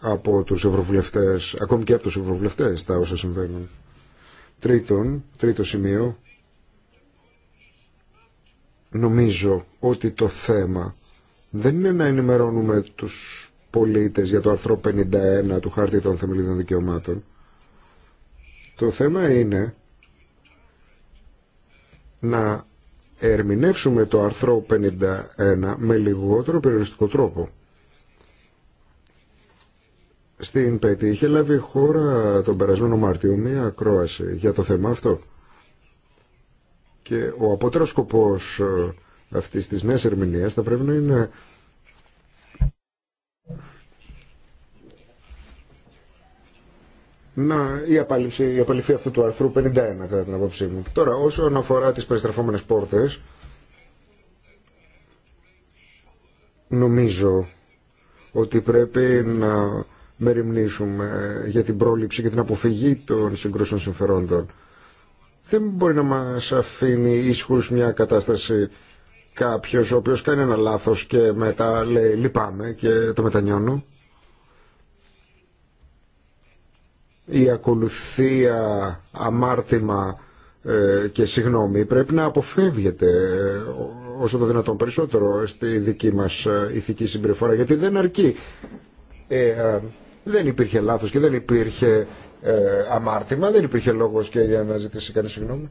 από τους ευρωβουλευτές, ακόμη και από τους ευρωβουλευτές τα όσα συμβαίνουν. Τρίτον, τρίτο σημείο, νομίζω ότι το θέμα δεν είναι να ενημερώνουμε τους πολίτες για το άρθρο 51 του Χάρτη των Θεμελιδών Δικαιωμάτων. Το θέμα είναι να ερμηνεύσουμε το αρθρό 51 με λιγότερο περιοριστικό τρόπο. Στην ΠΕΤΗ είχε λάβει η χώρα τον περασμένο Μάρτιο μία ακρόαση για το θέμα αυτό. Και ο απότερος σκοπός ε, αυτής της νέας ερμηνείας θα πρέπει να είναι να, η, απαλήψη, η αυτού του αρθρού 51 κατά την απόψή μου. Τώρα όσον αφορά τις περιστραφόμενες πόρτες νομίζω ότι πρέπει να μεριμνήσουμε για την πρόληψη και την αποφυγή των συγκρούσεων συμφερόντων. Δεν μπορεί να μας αφήνει ίσχους μια κατάσταση κάποιος ο οποίος κάνει ένα λάθος και μετά λέει λυπάμαι και το μετανιώνω. η ακολουθία αμάρτημα ε, και συγγνώμη πρέπει να αποφεύγεται ε, όσο το δυνατόν περισσότερο στη δική μας ε, ηθική συμπεριφορά γιατί δεν αρκεί δεν υπήρχε λάθος και δεν υπήρχε αμάρτημα δεν υπήρχε λόγος και για να ζητήσει κανείς συγγνώμη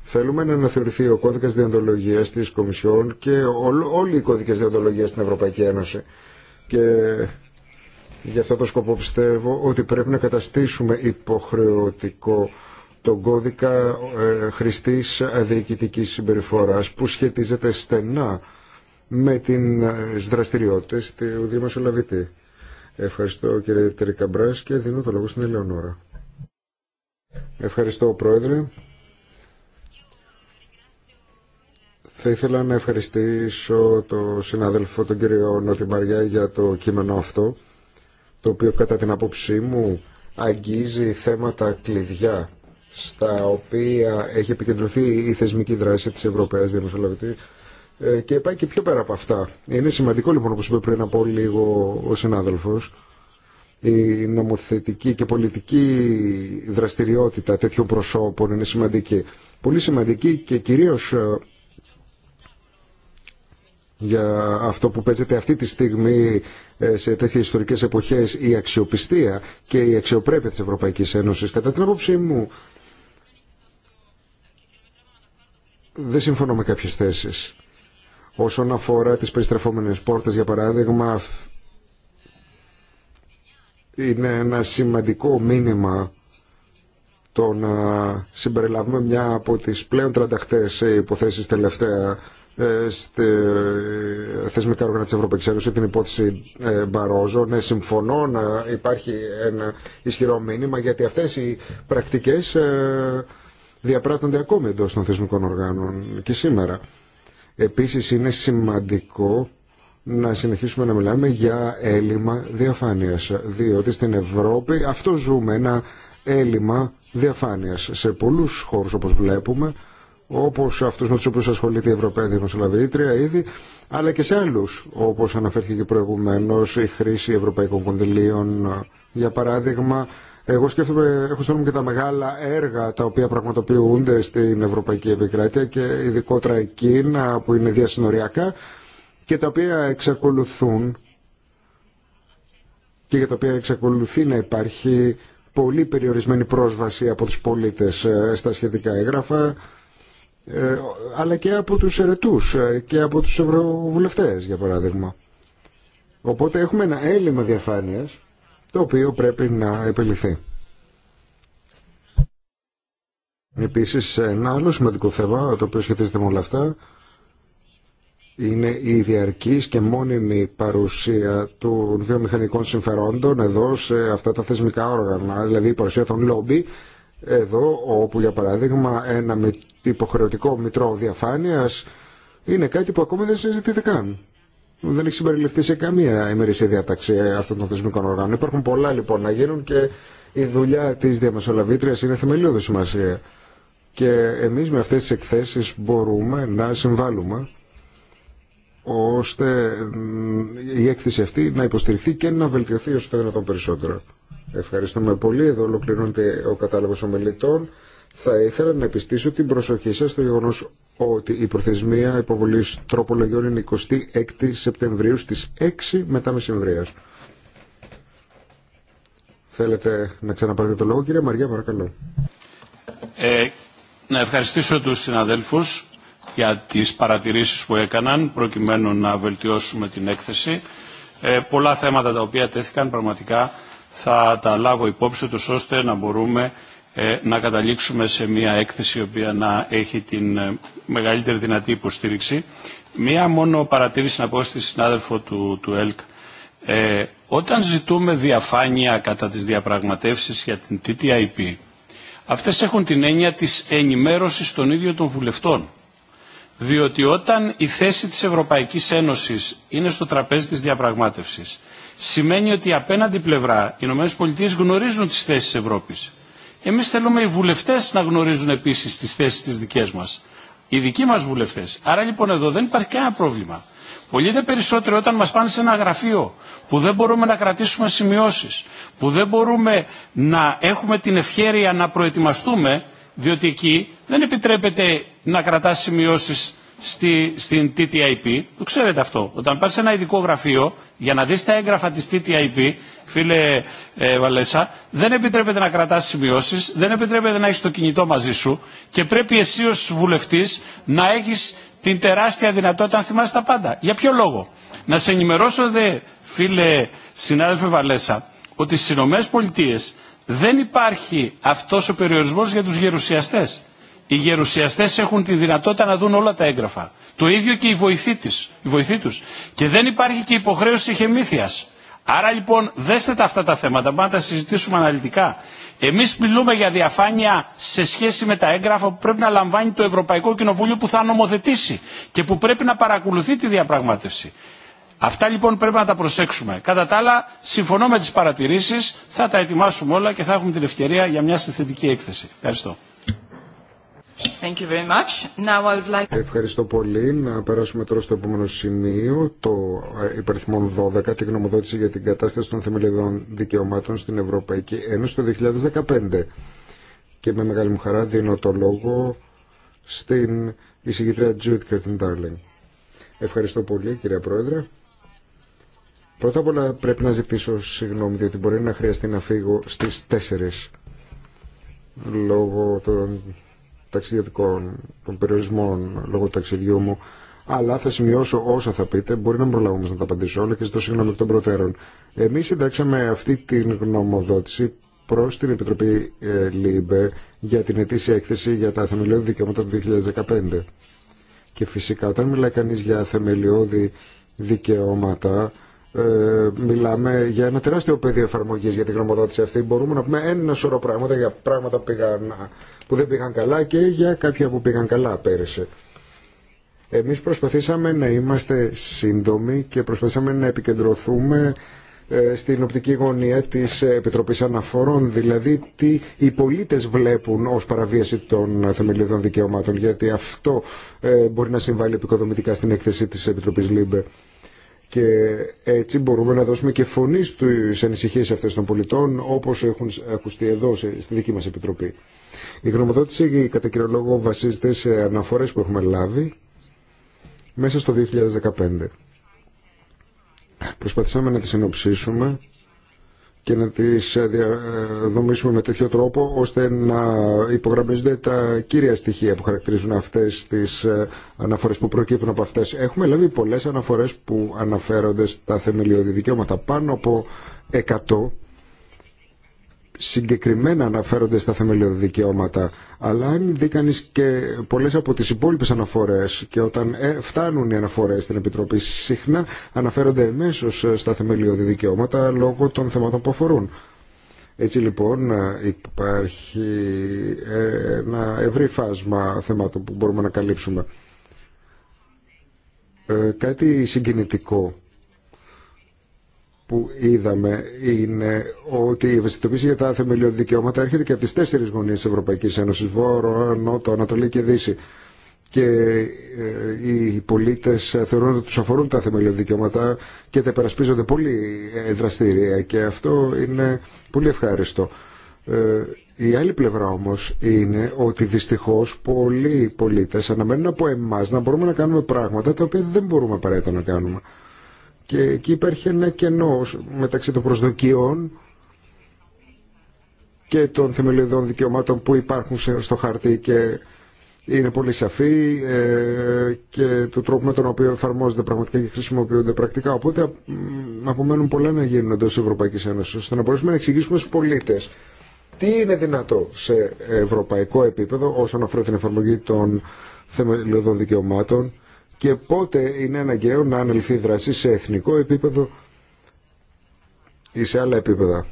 θέλουμε να αναθεωρηθεί ο κώδικας διοντολογίας της Κομισιόν και όλοι οι κώδικες διοντολογίας στην Ευρωπαϊκή Ένωση Γι' αυτό το σκοπό πιστεύω ότι πρέπει να καταστήσουμε υποχρεωτικό τον κώδικα ε, χρηστής συμπεριφορά συμπεριφοράς που σχετίζεται στενά με ε, τις δραστηριότητες του Δημοσιολαβητή. Ευχαριστώ κύριε Τερικαμπράς και δίνω το λόγο στην Ελεονόρα. Ευχαριστώ Πρόεδρε. Θα ήθελα να ευχαριστήσω τον συνάδελφο τον κύριο Νότι Μαριά για το κείμενο αυτό το οποίο κατά την απόψή μου αγγίζει θέματα κλειδιά στα οποία έχει επικεντρωθεί η θεσμική δράση της Ευρωπαίας Διαμεσολαβητή ε, και πάει και πιο πέρα από αυτά. Είναι σημαντικό λοιπόν όπως είπε πριν από λίγο ο συνάδελφος η νομοθετική και πολιτική δραστηριότητα τέτοιων προσώπων είναι σημαντική. Πολύ σημαντική και κυρίως ε, για αυτό που παίζεται αυτή τη στιγμή ε, σε τέτοιες ιστορικές εποχές η αξιοπιστία και η αξιοπρέπεια της Ευρωπαϊκής Ένωσης. Κατά την άποψή μου δεν συμφωνώ με κάποιες θέσεις. Όσον αφορά τις περιστρεφόμενες πόρτες, για παράδειγμα, είναι ένα σημαντικό μήνυμα το να συμπεριλάβουμε μια από τις πλέον τρανταχτές ε, υποθέσεις τελευταία ε, στη ε, θεσμικά όργανα της Ευρωπαϊκής Ένωσης την υπόθεση ε, Μπαρόζο. Ναι, συμφωνώ να υπάρχει ένα ισχυρό μήνυμα γιατί αυτές οι πρακτικές διαπράττονται ακόμη εντός των θεσμικών οργάνων και σήμερα. Επίσης είναι σημαντικό να συνεχίσουμε να μιλάμε για έλλειμμα διαφάνειας διότι στην Ευρώπη αυτό ζούμε ένα έλλειμμα διαφάνειας σε πολλούς χώρους όπως βλέπουμε όπω αυτού με του οποίου ασχολείται η Ευρωπαϊκή Δημοσιολαβήτρια ήδη, αλλά και σε άλλου, όπω αναφέρθηκε προηγουμένω, η χρήση ευρωπαϊκών κονδυλίων, για παράδειγμα, εγώ σκέφτομαι, έχω στο και τα μεγάλα έργα τα οποία πραγματοποιούνται στην Ευρωπαϊκή Επικράτεια και ειδικότερα εκείνα που είναι διασυνοριακά και τα οποία εξακολουθούν και για τα οποία εξακολουθεί να υπάρχει πολύ περιορισμένη πρόσβαση από τους πολίτες ε, στα σχετικά έγγραφα ε, αλλά και από τους ερετούς ε, και από τους ευρωβουλευτές για παράδειγμα. Οπότε έχουμε ένα έλλειμμα διαφάνειας το οποίο πρέπει να επιληθεί. Επίσης ένα άλλο σημαντικό θέμα το οποίο σχετίζεται με όλα αυτά είναι η διαρκής και μόνιμη παρουσία των βιομηχανικών συμφερόντων εδώ σε αυτά τα θεσμικά όργανα, δηλαδή η παρουσία των λόμπι εδώ όπου για παράδειγμα ένα υποχρεωτικό μητρό διαφάνειας είναι κάτι που ακόμη δεν συζητείται καν. Δεν έχει συμπεριληφθεί σε καμία ημερήσια διάταξη αυτών των θεσμικών οργάνων. Υπάρχουν πολλά λοιπόν να γίνουν και η δουλειά τη διαμεσολαβήτρια είναι θεμελιώδη σημασία. Και εμεί με αυτέ τι εκθέσει μπορούμε να συμβάλλουμε ώστε η έκθεση αυτή να υποστηριχθεί και να βελτιωθεί όσο το δυνατόν περισσότερο. Ευχαριστούμε πολύ. Εδώ ολοκληρώνεται ο κατάλογος ομιλητών. Θα ήθελα να επιστήσω την προσοχή σας στο γεγονός ότι η προθεσμία υποβολής τροπολογιών είναι 26 Σεπτεμβρίου στις 6 μετά μεσημβρίας. Θέλετε να ξαναπάρετε το λόγο, κύριε Μαριά, παρακαλώ. Ε, να ευχαριστήσω τους συναδέλφους για τις παρατηρήσεις που έκαναν προκειμένου να βελτιώσουμε την έκθεση. Ε, πολλά θέματα τα οποία τέθηκαν πραγματικά θα τα λάβω υπόψη τους ώστε να μπορούμε ε, να καταλήξουμε σε μια έκθεση η οποία να έχει την ε, μεγαλύτερη δυνατή υποστήριξη. Μία μόνο παρατήρηση να πω στη συνάδελφο του, του ΕΛΚ. Ε, όταν ζητούμε διαφάνεια κατά τις διαπραγματεύσεις για την TTIP, αυτές έχουν την έννοια της ενημέρωσης των ίδιων των βουλευτών. Διότι όταν η θέση της Ευρωπαϊκής Ένωσης είναι στο τραπέζι της διαπραγμάτευσης, σημαίνει ότι απέναντι πλευρά οι ΗΠΑ γνωρίζουν τις θέσεις Ευρώπης. Εμεί θέλουμε οι βουλευτές να γνωρίζουν επίσης τις θέσεις τις δικέ μας. Οι δικοί μας βουλευτές. Άρα λοιπόν εδώ δεν υπάρχει κανένα πρόβλημα. Πολύ δε περισσότερο όταν μας πάνε σε ένα γραφείο που δεν μπορούμε να κρατήσουμε σημειώσεις, που δεν μπορούμε να έχουμε την ευχέρεια να προετοιμαστούμε, διότι εκεί δεν επιτρέπεται να κρατάς σημειώσει στη, στην TTIP. Το ξέρετε αυτό. Όταν πας σε ένα ειδικό γραφείο για να δεις τα έγγραφα της TTIP, φίλε ε, Βαλέσα, δεν επιτρέπεται να κρατάς σημειώσεις, δεν επιτρέπεται να έχεις το κινητό μαζί σου και πρέπει εσύ ως βουλευτής να έχεις την τεράστια δυνατότητα να θυμάσαι τα πάντα. Για ποιο λόγο. Να σε ενημερώσω δε, φίλε συνάδελφε Βαλέσα, ότι στις Ηνωμένες Πολιτείες δεν υπάρχει αυτός ο περιορισμός για τους γερουσιαστές. Οι γερουσιαστές έχουν τη δυνατότητα να δουν όλα τα έγγραφα. Το ίδιο και οι βοηθοί, βοηθοί τους. Και δεν υπάρχει και υποχρέωση χεμήθειας. Άρα λοιπόν δέστε τα αυτά τα θέματα, πάμε να τα συζητήσουμε αναλυτικά. Εμείς μιλούμε για διαφάνεια σε σχέση με τα έγγραφα που πρέπει να λαμβάνει το Ευρωπαϊκό Κοινοβούλιο που θα νομοθετήσει και που πρέπει να παρακολουθεί τη διαπραγμάτευση. Αυτά λοιπόν πρέπει να τα προσέξουμε. Κατά τα άλλα, συμφωνώ με τις παρατηρήσεις, θα τα ετοιμάσουμε όλα και θα έχουμε την ευκαιρία για μια συνθετική έκθεση. Ευχαριστώ. Thank you very much. Ευχαριστώ πολύ. Να περάσουμε τώρα στο επόμενο σημείο, το υπερθυμόν 12, τη γνωμοδότηση για την κατάσταση των θεμελιωδών δικαιωμάτων στην Ευρωπαϊκή Ένωση το 2015. Και με μεγάλη μου χαρά δίνω το λόγο στην εισηγητρία Τζουιτ Κέρτιν Ντάρλινγκ. Ευχαριστώ πολύ, κυρία Πρόεδρε. Πρώτα απ' όλα πρέπει να ζητήσω συγγνώμη, διότι μπορεί να χρειαστεί να φύγω στις 4 λόγω των ταξιδιωτικών των περιορισμών λόγω του ταξιδιού μου. Αλλά θα σημειώσω όσα θα πείτε. Μπορεί να μην προλάβουμε να τα απαντήσω όλα και ζητώ συγγνώμη εκ των προτέρων. Εμεί συντάξαμε αυτή την γνωμοδότηση προ την Επιτροπή ε, ΛΥΜΠΕ για την ετήσια έκθεση για τα θεμελιώδη δικαιώματα του 2015. Και φυσικά όταν μιλάει κανεί για θεμελιώδη δικαιώματα ε, μιλάμε για ένα τεράστιο πεδίο εφαρμογή για την γνωμοδότηση αυτή. Μπορούμε να πούμε ένα σωρό πράγματα για πράγματα που, πήγαν, δεν πήγαν καλά και για κάποια που πήγαν καλά πέρυσι. Εμείς προσπαθήσαμε να είμαστε σύντομοι και προσπαθήσαμε να επικεντρωθούμε ε, στην οπτική γωνία της Επιτροπής Αναφορών, δηλαδή τι οι πολίτες βλέπουν ως παραβίαση των θεμελιωδών δικαιωμάτων, γιατί αυτό ε, μπορεί να συμβάλλει επικοδομητικά στην έκθεση της Επιτροπής ΛΥΜΠΕ και έτσι μπορούμε να δώσουμε και φωνή στις ανησυχίες αυτές των πολιτών όπως έχουν ακουστεί εδώ στη δική μας Επιτροπή. Η γνωμοδότηση κατά κύριο λόγο βασίζεται σε αναφορές που έχουμε λάβει μέσα στο 2015. Προσπαθήσαμε να τις συνοψίσουμε και να τις ε, δομήσουμε ε, με τέτοιο τρόπο ώστε να υπογραμμίζονται τα κύρια στοιχεία που χαρακτηρίζουν αυτές τις ε, αναφορές που προκύπτουν από αυτές. Έχουμε λάβει πολλές αναφορές που αναφέρονται στα θεμελιώδη δικαιώματα, πάνω από 100 συγκεκριμένα αναφέρονται στα θεμελιώδη δικαιώματα, αλλά αν δει και πολλές από τις υπόλοιπες αναφορές και όταν ε, φτάνουν οι αναφορές στην Επιτροπή συχνά αναφέρονται εμέσως ε, στα θεμελιώδη δικαιώματα λόγω των θεμάτων που αφορούν. Έτσι λοιπόν ε, υπάρχει ένα ευρύ φάσμα θεμάτων που μπορούμε να καλύψουμε. Κάτι συγκινητικό που είδαμε είναι ότι η ευαισθητοποίηση για τα θεμελιώδη δικαιώματα έρχεται και από τις τέσσερις γωνίες της Ευρωπαϊκής Ένωσης, Βόρο, Νότο, Ανατολή και Δύση. Και ε, οι πολίτες θεωρούν ότι τους αφορούν τα θεμελιώδη δικαιώματα και τα υπερασπίζονται πολύ ε, δραστήρια και αυτό είναι πολύ ευχάριστο. Ε, η άλλη πλευρά όμως είναι ότι δυστυχώς πολλοί πολίτες αναμένουν από εμάς να μπορούμε να κάνουμε πράγματα τα οποία δεν μπορούμε απαραίτητα να κάνουμε. Και εκεί υπήρχε ένα κενό μεταξύ των προσδοκιών και των θεμελιωδών δικαιωμάτων που υπάρχουν στο χαρτί και είναι πολύ σαφή ε, και του τρόπου με τον οποίο εφαρμόζονται πραγματικά και χρησιμοποιούνται πρακτικά. Οπότε απομένουν πολλά να γίνουν εντό Ευρωπαϊκή Ένωση, ώστε να μπορέσουμε να εξηγήσουμε στου πολίτε τι είναι δυνατό σε ευρωπαϊκό επίπεδο όσον αφορά την εφαρμογή των θεμελιωδών δικαιωμάτων και πότε είναι αναγκαίο να ανελθεί δράση σε εθνικό επίπεδο ή σε άλλα επίπεδα.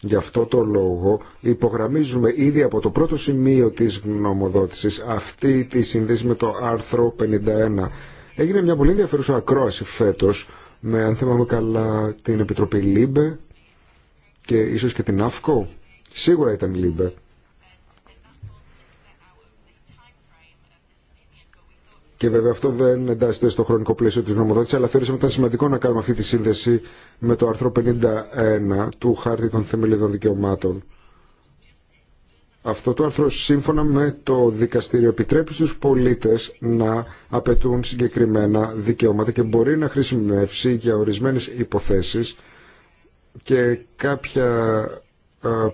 Γι' αυτό το λόγο υπογραμμίζουμε ήδη από το πρώτο σημείο της γνωμοδότησης αυτή τη συνδέση με το άρθρο 51. Έγινε μια πολύ ενδιαφέρουσα ακρόαση φέτος με αν θυμάμαι καλά την Επιτροπή ΛΥΜΠΕ και ίσως και την ΑΦΚΟ. Σίγουρα ήταν ΛΥΜΠΕ. Και βέβαια αυτό δεν εντάσσεται στο χρονικό πλαίσιο της νομοδότησης, αλλά θεωρήσαμε ότι ήταν σημαντικό να κάνουμε αυτή τη σύνδεση με το άρθρο 51 του Χάρτη των Θεμελιδών Δικαιωμάτων. Αυτό το άρθρο σύμφωνα με το δικαστήριο επιτρέπει στου πολίτες να απαιτούν συγκεκριμένα δικαιώματα και μπορεί να χρησιμεύσει για ορισμένε υποθέσει και κάποια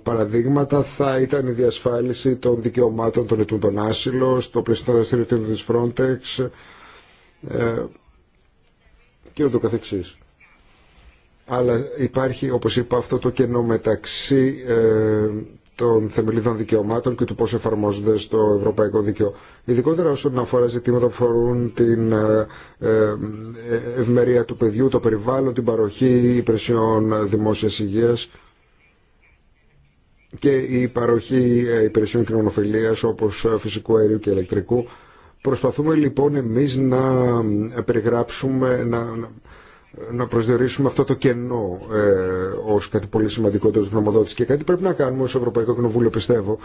παραδείγματα θα ήταν η διασφάλιση των δικαιωμάτων των ετούντων άσυλο το πλαίσιο δραστηριοτήτων της Frontex ε, και ούτω καθεξής. Αλλά υπάρχει, όπως είπα, αυτό το κενό μεταξύ ε, των θεμελιδών δικαιωμάτων και του πώς εφαρμόζονται στο ευρωπαϊκό δίκαιο. Ειδικότερα όσον αφορά ζητήματα που αφορούν την ε, ευμερία του παιδιού, το περιβάλλον, την παροχή υπηρεσιών δημόσιας υγείας και η παροχή ε, υπηρεσιών κοινωνοφιλίας όπως ε, φυσικού αερίου και ηλεκτρικού. Προσπαθούμε λοιπόν εμείς να ε, περιγράψουμε, να, να προσδιορίσουμε αυτό το κενό ε, ως κάτι πολύ σημαντικό τους γνωμοδότης και κάτι πρέπει να κάνουμε ως Ευρωπαϊκό Κοινοβούλιο πιστεύω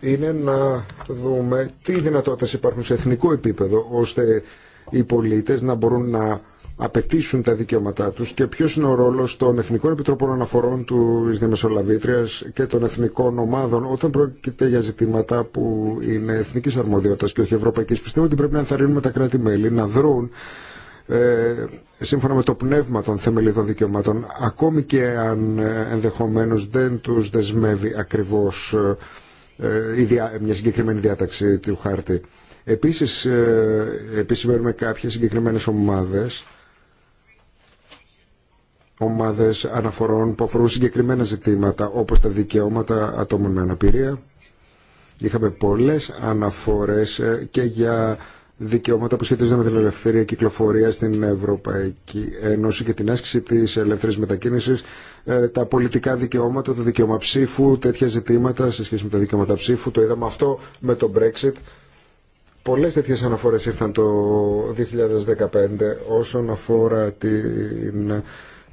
είναι να δούμε τι δυνατότητες υπάρχουν σε εθνικό επίπεδο ώστε οι πολίτες να μπορούν να απαιτήσουν τα δικαιώματά τους και ποιος είναι ο ρόλος των Εθνικών Επιτροπών Αναφορών του Ισδημεσολαβήτριας και των Εθνικών Ομάδων όταν πρόκειται για ζητήματα που είναι εθνικής αρμοδιότητας και όχι ευρωπαϊκής. Πιστεύω ότι πρέπει να ενθαρρύνουμε τα κράτη-μέλη να δρούν ε, σύμφωνα με το πνεύμα των θεμελιδών δικαιωμάτων ακόμη και αν ε, ενδεχομένως δεν τους δεσμεύει ακριβώς ε, διά, μια συγκεκριμένη διάταξη του χάρτη. Επίσης, ε, επισημαίνουμε κάποιες συγκεκριμένες ομάδες ομάδες αναφορών που αφορούν συγκεκριμένα ζητήματα όπως τα δικαιώματα ατόμων με αναπηρία. Είχαμε πολλές αναφορές ε, και για δικαιώματα που σχετίζονται με την ελευθερία κυκλοφορία στην Ευρωπαϊκή Ένωση και την άσκηση της ελεύθερης μετακίνησης. Ε, τα πολιτικά δικαιώματα, το δικαίωμα ψήφου, τέτοια ζητήματα σε σχέση με τα δικαιώματα ψήφου. Το είδαμε αυτό με το Brexit. Πολλές τέτοιες αναφορές ήρθαν το 2015 όσον αφορά την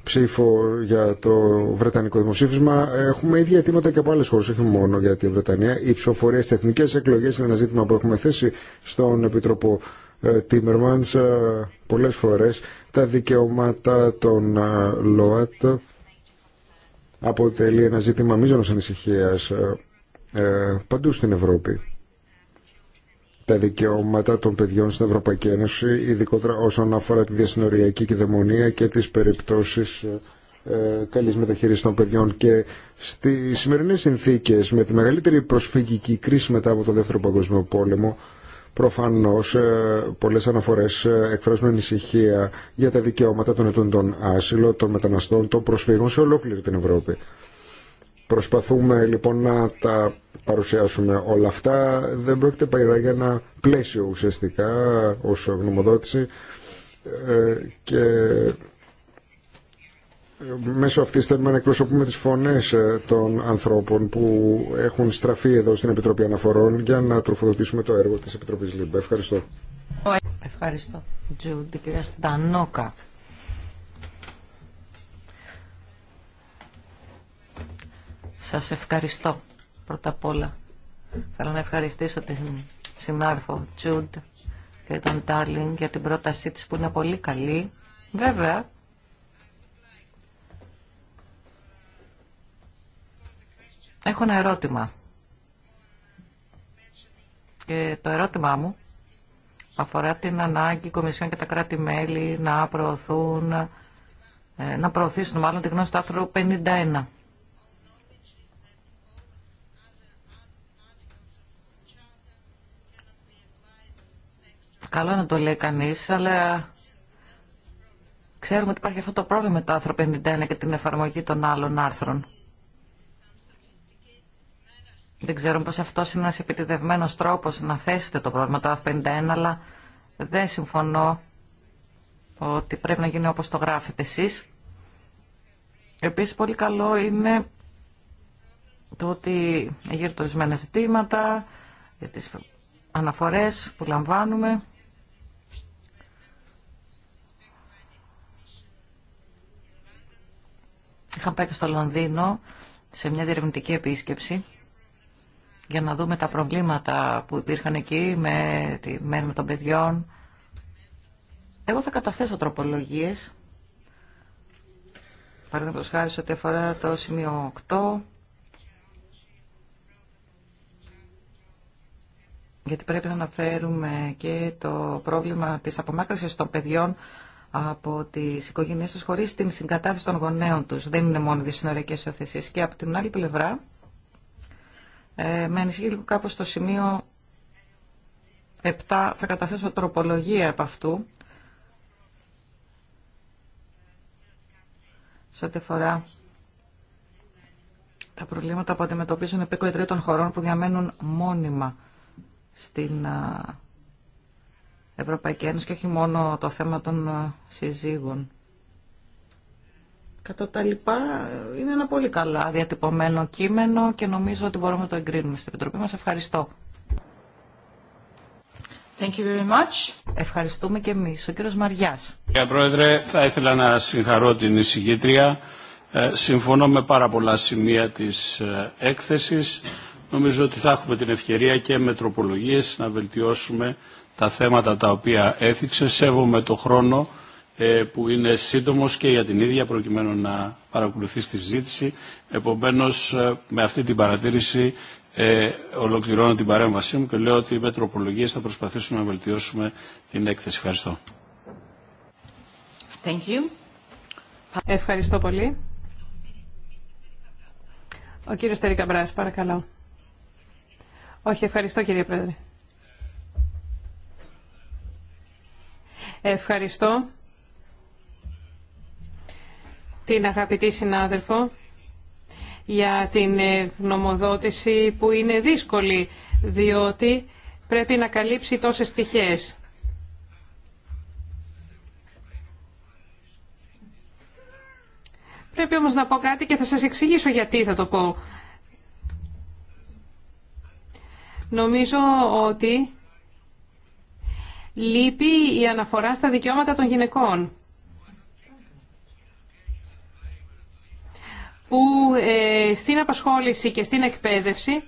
ψήφο για το Βρετανικό δημοψήφισμα. Έχουμε ίδια αιτήματα και από άλλε χώρε, όχι μόνο για τη Βρετανία. Η ψηφοφορία στι εθνικέ εκλογέ είναι ένα ζήτημα που έχουμε θέσει στον Επίτροπο ε, Τίμερμαντ ε, πολλέ φορέ. Τα δικαιώματα των ε, ΛΟΑΤ αποτελεί ένα ζήτημα μείζωνο ανησυχία παντού στην Ευρώπη τα δικαιώματα των παιδιών στην Ευρωπαϊκή Ένωση, ειδικότερα όσον αφορά τη διασυνοριακή κυδαιμονία και τις περιπτώσεις ε, καλής των παιδιών και στις σημερινές συνθήκες με τη μεγαλύτερη προσφυγική κρίση μετά από το Δεύτερο Παγκόσμιο Πόλεμο προφανώς ε, πολλές αναφορές ε, εκφράζουν ανησυχία για τα δικαιώματα των ετών των άσυλων, των μεταναστών, των προσφύγων σε ολόκληρη την Ευρώπη. Προσπαθούμε λοιπόν να τα παρουσιάσουμε όλα αυτά. Δεν πρόκειται παρά για ένα πλαίσιο ουσιαστικά ως γνωμοδότηση ε, και μέσω αυτής θέλουμε να εκπροσωπούμε τις φωνές ε, των ανθρώπων που έχουν στραφεί εδώ στην Επιτροπή Αναφορών για να τροφοδοτήσουμε το έργο της Επιτροπής ΛΥΜΠΑ. Ευχαριστώ. Ευχαριστώ. Τζούντι, κυρία Στανόκα. Σας ευχαριστώ. Πρώτα απ' όλα θέλω να ευχαριστήσω την συνάρφο Τζουντ και τον Τάρλινγκ για την πρότασή της που είναι πολύ καλή. Βέβαια, έχω ένα ερώτημα. Και το ερώτημά μου αφορά την ανάγκη Κομισιόν και τα κράτη-μέλη να προωθούν, ε, να προωθήσουν μάλλον τη γνώση του άρθρου 51 Καλό να το λέει κανείς, αλλά ξέρουμε ότι υπάρχει αυτό το πρόβλημα με το άρθρο 51 και την εφαρμογή των άλλων άρθρων. Δεν ξέρουμε πως αυτός είναι ένας επιτιδευμένος τρόπος να θέσετε το πρόβλημα το άρθρο 51, αλλά δεν συμφωνώ ότι πρέπει να γίνει όπως το γράφετε εσείς. Επίσης πολύ καλό είναι το ότι γύρω ορισμένα ζητήματα, για τις αναφορές που λαμβάνουμε, Είχαμε πάει και στο Λονδίνο σε μια διερευνητική επίσκεψη για να δούμε τα προβλήματα που υπήρχαν εκεί με τη μέρη με των παιδιών. Εγώ θα καταθέσω τροπολογίες. Παραδείγματος χάρη σε ό,τι αφορά το σημείο 8. γιατί πρέπει να αναφέρουμε και το πρόβλημα της απομάκρυσης των παιδιών από τι οικογένειέ του χωρί την συγκατάθεση των γονέων του. Δεν είναι μόνο δυσυνοριακέ υιοθεσίε. Και από την άλλη πλευρά, ε, με ανησυχεί λίγο κάπω στο σημείο 7, θα καταθέσω τροπολογία από αυτού. Σε ό,τι αφορά τα προβλήματα που αντιμετωπίζουν επίκοοι τρίτων χωρών που διαμένουν μόνιμα στην ε, Ευρωπαϊκή Ένωση και όχι μόνο το θέμα των ε, συζύγων. Κατά τα λοιπά, είναι ένα πολύ καλά διατυπωμένο κείμενο και νομίζω ότι μπορούμε να το εγκρίνουμε στην Επιτροπή μας. Ευχαριστώ. Thank you very much. Ευχαριστούμε και εμείς. Ο κύριος Μαριάς. Κύριε Πρόεδρε, θα ήθελα να συγχαρώ την εισηγήτρια. Ε, συμφωνώ με πάρα πολλά σημεία της ε, έκθεσης. Νομίζω ότι θα έχουμε την ευκαιρία και με τροπολογίες να βελτιώσουμε τα θέματα τα οποία έθιξε. Σέβομαι το χρόνο ε, που είναι σύντομος και για την ίδια προκειμένου να παρακολουθεί τη συζήτηση. Επομένως, ε, με αυτή την παρατήρηση ε, ολοκληρώνω την παρέμβασή μου και λέω ότι με τροπολογίες θα προσπαθήσουμε να βελτιώσουμε την έκθεση. Ευχαριστώ. Thank you. Ευχαριστώ πολύ. Ο κύριος Τερικαμπράς, παρακαλώ. Όχι, ευχαριστώ κύριε Πρόεδρε. Ευχαριστώ την αγαπητή συνάδελφο για την ε, γνωμοδότηση που είναι δύσκολη διότι πρέπει να καλύψει τόσες πτυχές. Πρέπει όμως να πω κάτι και θα σας εξηγήσω γιατί θα το πω. Νομίζω ότι λείπει η αναφορά στα δικαιώματα των γυναικών. που ε, στην απασχόληση και στην εκπαίδευση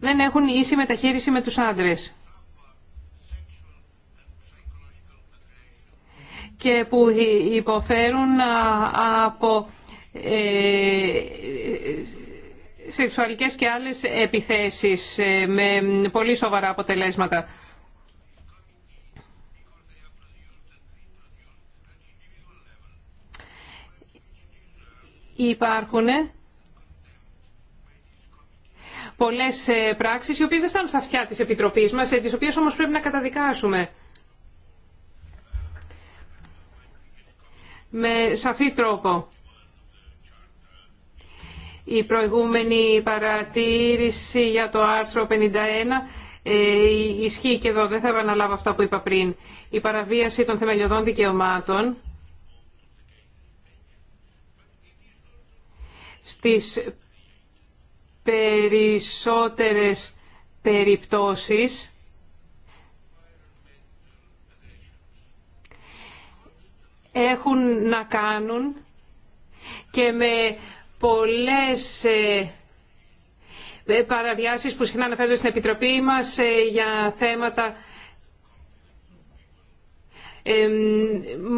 δεν έχουν ίση μεταχείριση με τους άντρες. και που υποφέρουν από ε, σεξουαλικές και άλλες επιθέσεις ε, με πολύ σοβαρά αποτελέσματα. υπάρχουν πολλές ε, πράξεις οι οποίες δεν φτάνουν στα αυτιά της Επιτροπής μας, ε, τις οποίες όμως πρέπει να καταδικάσουμε. Με σαφή τρόπο. Η προηγούμενη παρατήρηση για το άρθρο 51 ε, ισχύει και εδώ, δεν θα επαναλάβω αυτά που είπα πριν. Η παραβίαση των θεμελιωδών δικαιωμάτων Στις περισσότερες περιπτώσεις έχουν να κάνουν και με πολλές ε, παραβιάσεις που συχνά αναφέρονται στην Επιτροπή μας ε, για θέματα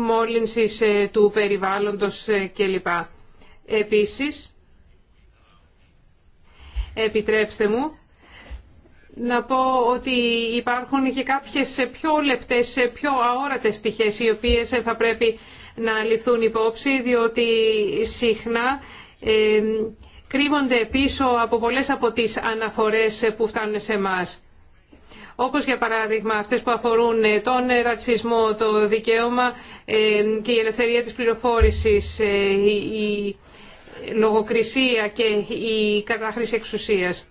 μόλυνσης ε, του περιβάλλοντος κλπ. Επίσης, επιτρέψτε μου να πω ότι υπάρχουν και κάποιες πιο λεπτές, πιο αόρατες πτυχές οι οποίες θα πρέπει να ληφθούν υπόψη διότι συχνά κρύβονται πίσω από πολλές από τις αναφορές που φτάνουν σε εμά. Όπως για παράδειγμα αυτές που αφορούν ε, τον ρατσισμό, το δικαίωμα και η ελευθερία της πληροφόρησης, ε, λογοκρισία και η κατάχρηση εξουσίας.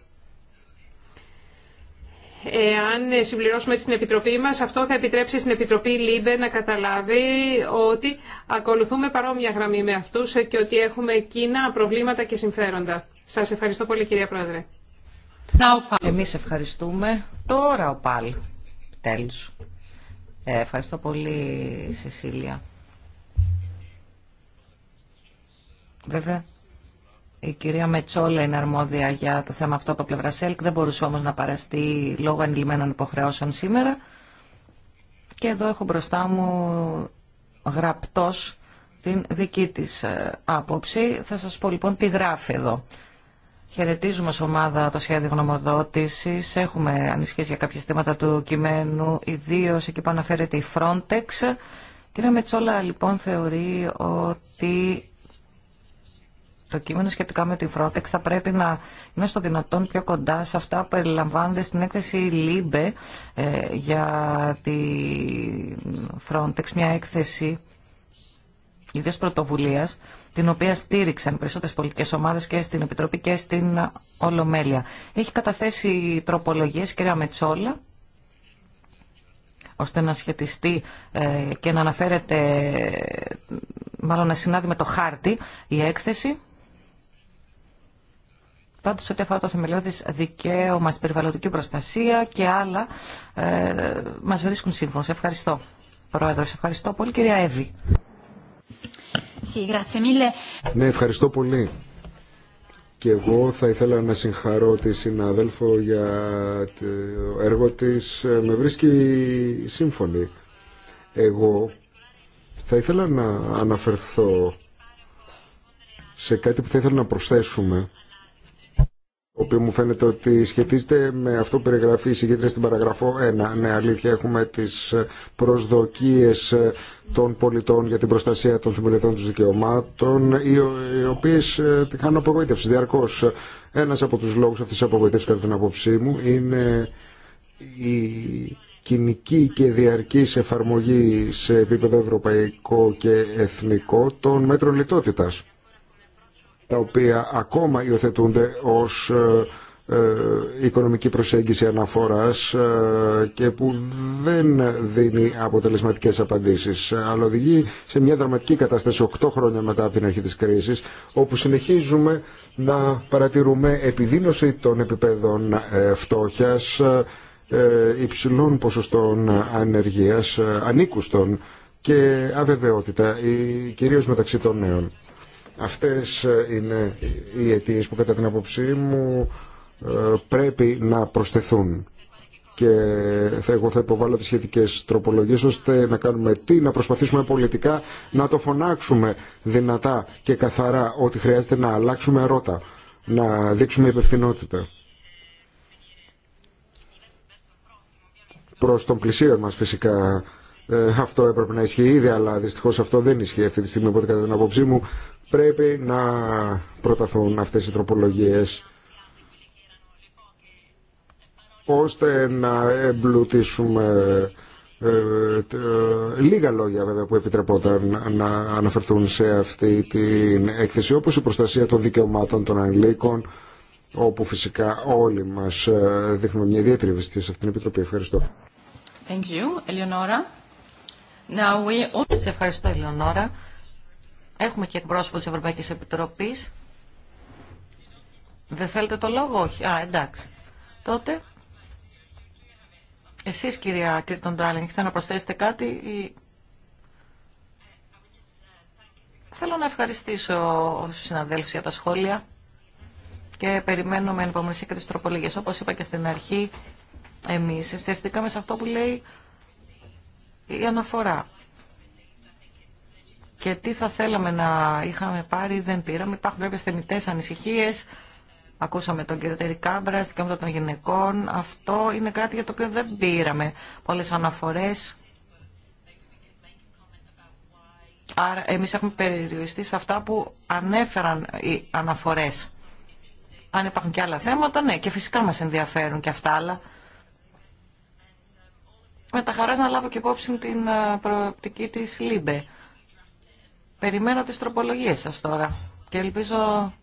Εάν συμπληρώσουμε στην Επιτροπή μας, αυτό θα επιτρέψει στην Επιτροπή ΛΥΜΠΕ να καταλάβει ότι ακολουθούμε παρόμοια γραμμή με αυτούς και ότι έχουμε κοινά προβλήματα και συμφέροντα. Σας ευχαριστώ πολύ κυρία Πρόεδρε. Εμείς ευχαριστούμε. Τώρα ο Πάλ, τέλος. Ε, ευχαριστώ πολύ Σεσίλια. Βέβαια, η κυρία Μετσόλα είναι αρμόδια για το θέμα αυτό από πλευρά ΣΕΛΚ. Δεν μπορούσε όμως να παραστεί λόγω ανηλυμένων υποχρεώσεων σήμερα. Και εδώ έχω μπροστά μου γραπτός την δική της ε, άποψη. Θα σας πω λοιπόν τι γράφει εδώ. Χαιρετίζουμε ως ομάδα το σχέδιο γνωμοδότησης. Έχουμε ανισχύσει για κάποια θέματα του κειμένου, ιδίω εκεί που αναφέρεται η Frontex. κυρία Μετσόλα λοιπόν θεωρεί ότι το κείμενο σχετικά με τη Frontex θα πρέπει να είναι στο δυνατόν πιο κοντά σε αυτά που περιλαμβάνονται στην έκθεση ΛΥΜΠΕ ε, για τη Frontex, μια έκθεση ιδέας πρωτοβουλίας, την οποία στήριξαν περισσότερες πολιτικές ομάδες και στην Επιτροπή και στην Ολομέλεια. Έχει καταθέσει τροπολογίες, κυρία Μετσόλα, ώστε να σχετιστεί ε, και να αναφέρεται, μάλλον να συνάδει με το χάρτη η έκθεση. Πάντως ό,τι αφορά το θεμελιώδης δικαίωμα στην περιβαλλοντική προστασία και άλλα ε, μας βρίσκουν σύμφωνο. Σε ευχαριστώ. Πρόεδρος, ευχαριστώ πολύ κυρία Εύη. Ναι, ευχαριστώ πολύ. Και εγώ θα ήθελα να συγχαρώ τη συνάδελφο για το έργο της. Ε, με βρίσκει σύμφωνη. Εγώ θα ήθελα να αναφερθώ σε κάτι που θα ήθελα να προσθέσουμε οποίο μου φαίνεται ότι σχετίζεται με αυτό που περιγραφεί η συγκέντρια στην παραγραφό 1. Ναι, αλήθεια, έχουμε τι προσδοκίε των πολιτών για την προστασία των συμπολιτών του δικαιωμάτων, οι οποίε ε, τη χάνουν απογοήτευση διαρκώς. Ένας από του λόγου αυτής τη απογοήτευση, κατά την απόψή μου, είναι η κοινική και διαρκής εφαρμογή σε επίπεδο ευρωπαϊκό και εθνικό των μέτρων λιτότητας τα οποία ακόμα υιοθετούνται ως ε, ε, οικονομική προσέγγιση αναφοράς ε, και που δεν δίνει αποτελεσματικές απαντήσεις αλλά οδηγεί σε μια δραματική κατάσταση 8 χρόνια μετά από την αρχή της κρίσης όπου συνεχίζουμε να παρατηρούμε επιδίνωση των επιπέδων φτώχειας υψηλών ποσοστών ανεργίας ανήκουστων και αβεβαιότητα κυρίως μεταξύ των νέων. Αυτές ε, είναι οι αιτίες που κατά την απόψή μου ε, πρέπει να προσθεθούν και θα, εγώ θα υποβάλω τις σχετικές τροπολογίες ώστε να κάνουμε τι, να προσπαθήσουμε πολιτικά να το φωνάξουμε δυνατά και καθαρά ότι χρειάζεται να αλλάξουμε ρότα, να δείξουμε υπευθυνότητα. Προς τον πλησίον μας φυσικά ε, αυτό έπρεπε να ισχύει ήδη, αλλά δυστυχώς αυτό δεν ισχύει αυτή τη στιγμή, οπότε κατά την απόψή μου πρέπει να προταθούν αυτές οι τροπολογίες ώστε να εμπλουτίσουμε ε, ε, λίγα λόγια βέβαια που επιτρεπόταν να αναφερθούν σε αυτή την έκθεση όπως η προστασία των δικαιωμάτων των ανηλίκων όπου φυσικά όλοι μας ε, δείχνουμε μια ιδιαίτερη ευαισθησία σε αυτήν την Επιτροπή. Ευχαριστώ. Thank you, Eleonora. Now we... Σε Έχουμε και εκπρόσωπο τη Ευρωπαϊκής Επιτροπής. Δεν θέλετε το λόγο, όχι. Α, εντάξει. Τότε, εσείς κυρία Κίρτον Τράλινγκ, θέλω να προσθέσετε κάτι ή... Θέλω να ευχαριστήσω του συναδέλφους για τα σχόλια και περιμένω με ανυπομονησία και τι τροπολογίε. Όπως είπα και στην αρχή, εμείς συστηθήκαμε σε αυτό που λέει η αναφορά και τι θα θέλαμε να είχαμε πάρει δεν πήραμε. Υπάρχουν βέβαια θεμητέ ανησυχίε. Ακούσαμε τον κύριο Τερικάμπρα, δικαιώματα των γυναικών. Αυτό είναι κάτι για το οποίο δεν πήραμε πολλέ αναφορέ. Άρα εμείς έχουμε περιοριστεί σε αυτά που ανέφεραν οι αναφορές. Αν υπάρχουν και άλλα θέματα, ναι, και φυσικά μας ενδιαφέρουν και αυτά, αλλά με τα χαράς να λάβω και υπόψη την ε, προοπτική της ΛΥΜΠΕ. Περιμένω τις τροπολογίες σας τώρα και ελπίζω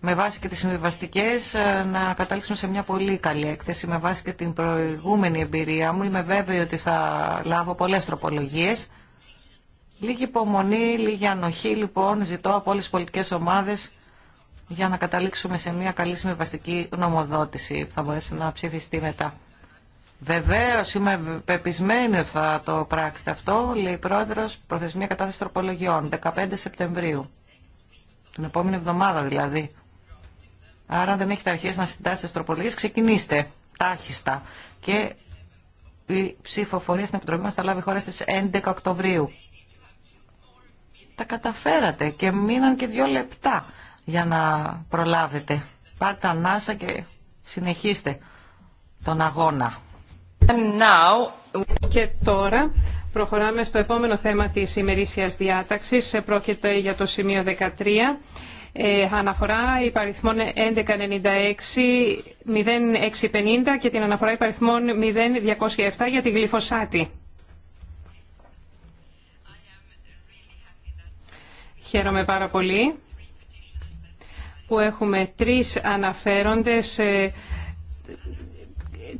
με βάση και τις συμβιβαστικέ ε, να καταλήξουμε σε μια πολύ καλή έκθεση. Με βάση και την προηγούμενη εμπειρία μου είμαι βέβαιη ότι θα λάβω πολλές τροπολογίες. Λίγη υπομονή, λίγη ανοχή λοιπόν ζητώ από όλες τις πολιτικές ομάδες για να καταλήξουμε σε μια καλή συμβιβαστική νομοδότηση που θα μπορέσει να ψηφιστεί μετά. Βεβαίω, είμαι πεπισμένη ότι θα το πράξετε αυτό, λέει η πρόεδρο, προθεσμία κατάθεση τροπολογιών, 15 Σεπτεμβρίου. Την επόμενη εβδομάδα δηλαδή. Άρα δεν έχετε αρχέ να συντάσσετε τι τροπολογίε, ξεκινήστε τάχιστα. Και η ψηφοφορία στην Επιτροπή μα θα λάβει χώρα στι 11 Οκτωβρίου. Τα καταφέρατε και μείναν και δύο λεπτά για να προλάβετε. Πάρτε ανάσα και συνεχίστε τον αγώνα. Και τώρα προχωράμε στο επόμενο θέμα της ημερήσιας διάταξης. Ε, πρόκειται για το σημείο 13. Ε, αναφορά υπαριθμών 1196-0650 και την αναφορά υπαριθμών 0207 για τη γλυφοσάτη. Χαίρομαι πάρα πολύ που έχουμε τρεις αναφέροντες ε,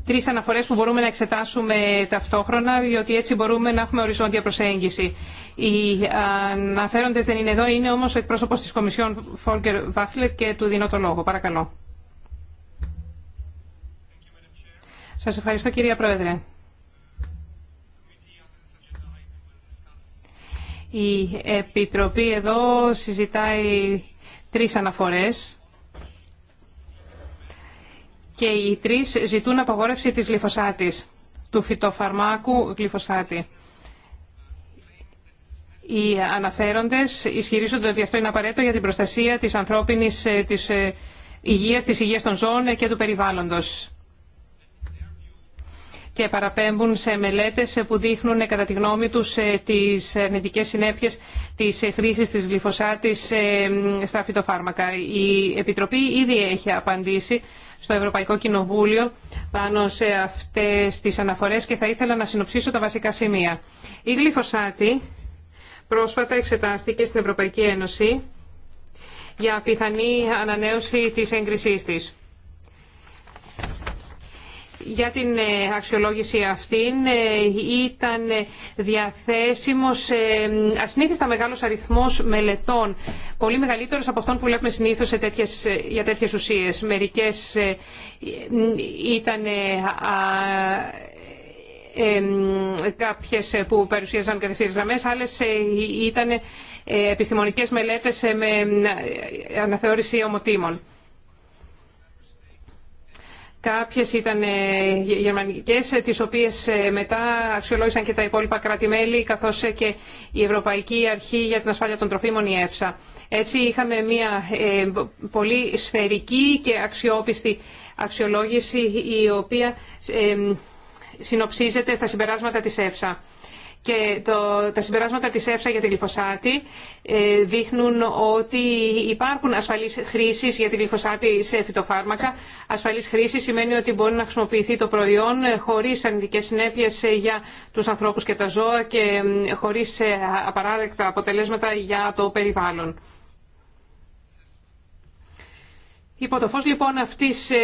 τρεις αναφορές που μπορούμε να εξετάσουμε ταυτόχρονα, διότι έτσι μπορούμε να έχουμε οριζόντια προσέγγιση. Οι αναφέροντες δεν είναι εδώ, είναι όμως ο εκπρόσωπος της Κομισιόν Φόλκερ Βάφλετ και του δίνω το λόγο. Παρακαλώ. Σας ευχαριστώ κυρία Πρόεδρε. Η Επιτροπή εδώ συζητάει τρεις αναφορές και οι τρει ζητούν απαγόρευση τη γλυφωσάτη, του φυτοφαρμάκου γλυφωσάτη. Οι αναφέροντες ισχυρίζονται ότι αυτό είναι απαραίτητο για την προστασία της ανθρώπινης ε, της ε, υγείας, της υγείας των ζώων και του περιβάλλοντος και παραπέμπουν σε μελέτες που δείχνουν κατά τη γνώμη τους ε, τις αρνητικές συνέπειες της χρήσης της γλυφοσάτης ε, στα φυτοφάρμακα. Η Επιτροπή ήδη έχει απαντήσει στο Ευρωπαϊκό Κοινοβούλιο πάνω σε αυτές τις αναφορές και θα ήθελα να συνοψίσω τα βασικά σημεία. Η γλυφοσάτη πρόσφατα εξετάστηκε στην Ευρωπαϊκή Ένωση για πιθανή ανανέωση της έγκρισής της για την ε, αξιολόγηση αυτήν ε, ήταν διαθέσιμος ε, ασυνήθιστα μεγάλος αριθμός μελετών, πολύ μεγαλύτερος από αυτόν που βλέπουμε συνήθως για τέτοιες ουσίες. Μερικές ήταν κάποιες που παρουσίαζαν κατευθείαν γραμμές, άλλες ήταν επιστημονικές μελέτες με αναθεώρηση ομοτήμων. Κάποιες ήταν ε, γερμανικές, ε, τις οποίες ε, μετά αξιολόγησαν και τα υπόλοιπα κράτη-μέλη, καθώς και η Ευρωπαϊκή Αρχή για την Ασφάλεια των Τροφίμων, η ΕΦΣΑ. Έτσι είχαμε μια πολύ σφαιρική και αξιόπιστη αξιολόγηση, η οποία συνοψίζεται στα συμπεράσματα της ΕΦΣΑ και το, τα συμπεράσματα της ΕΦΣΑ για τη γλυφοσάτη ε, δείχνουν ότι υπάρχουν ασφαλείς χρήσεις για τη γλυφοσάτη σε φυτοφάρμακα. Ασφαλής χρήση σημαίνει ότι μπορεί να χρησιμοποιηθεί το προϊόν ε, χωρίς αρνητικές συνέπειες ε, για τους ανθρώπους και τα ζώα και χωρίς απαράδεκτα αποτελέσματα για το περιβάλλον. Υπό το φως λοιπόν αυτής ε,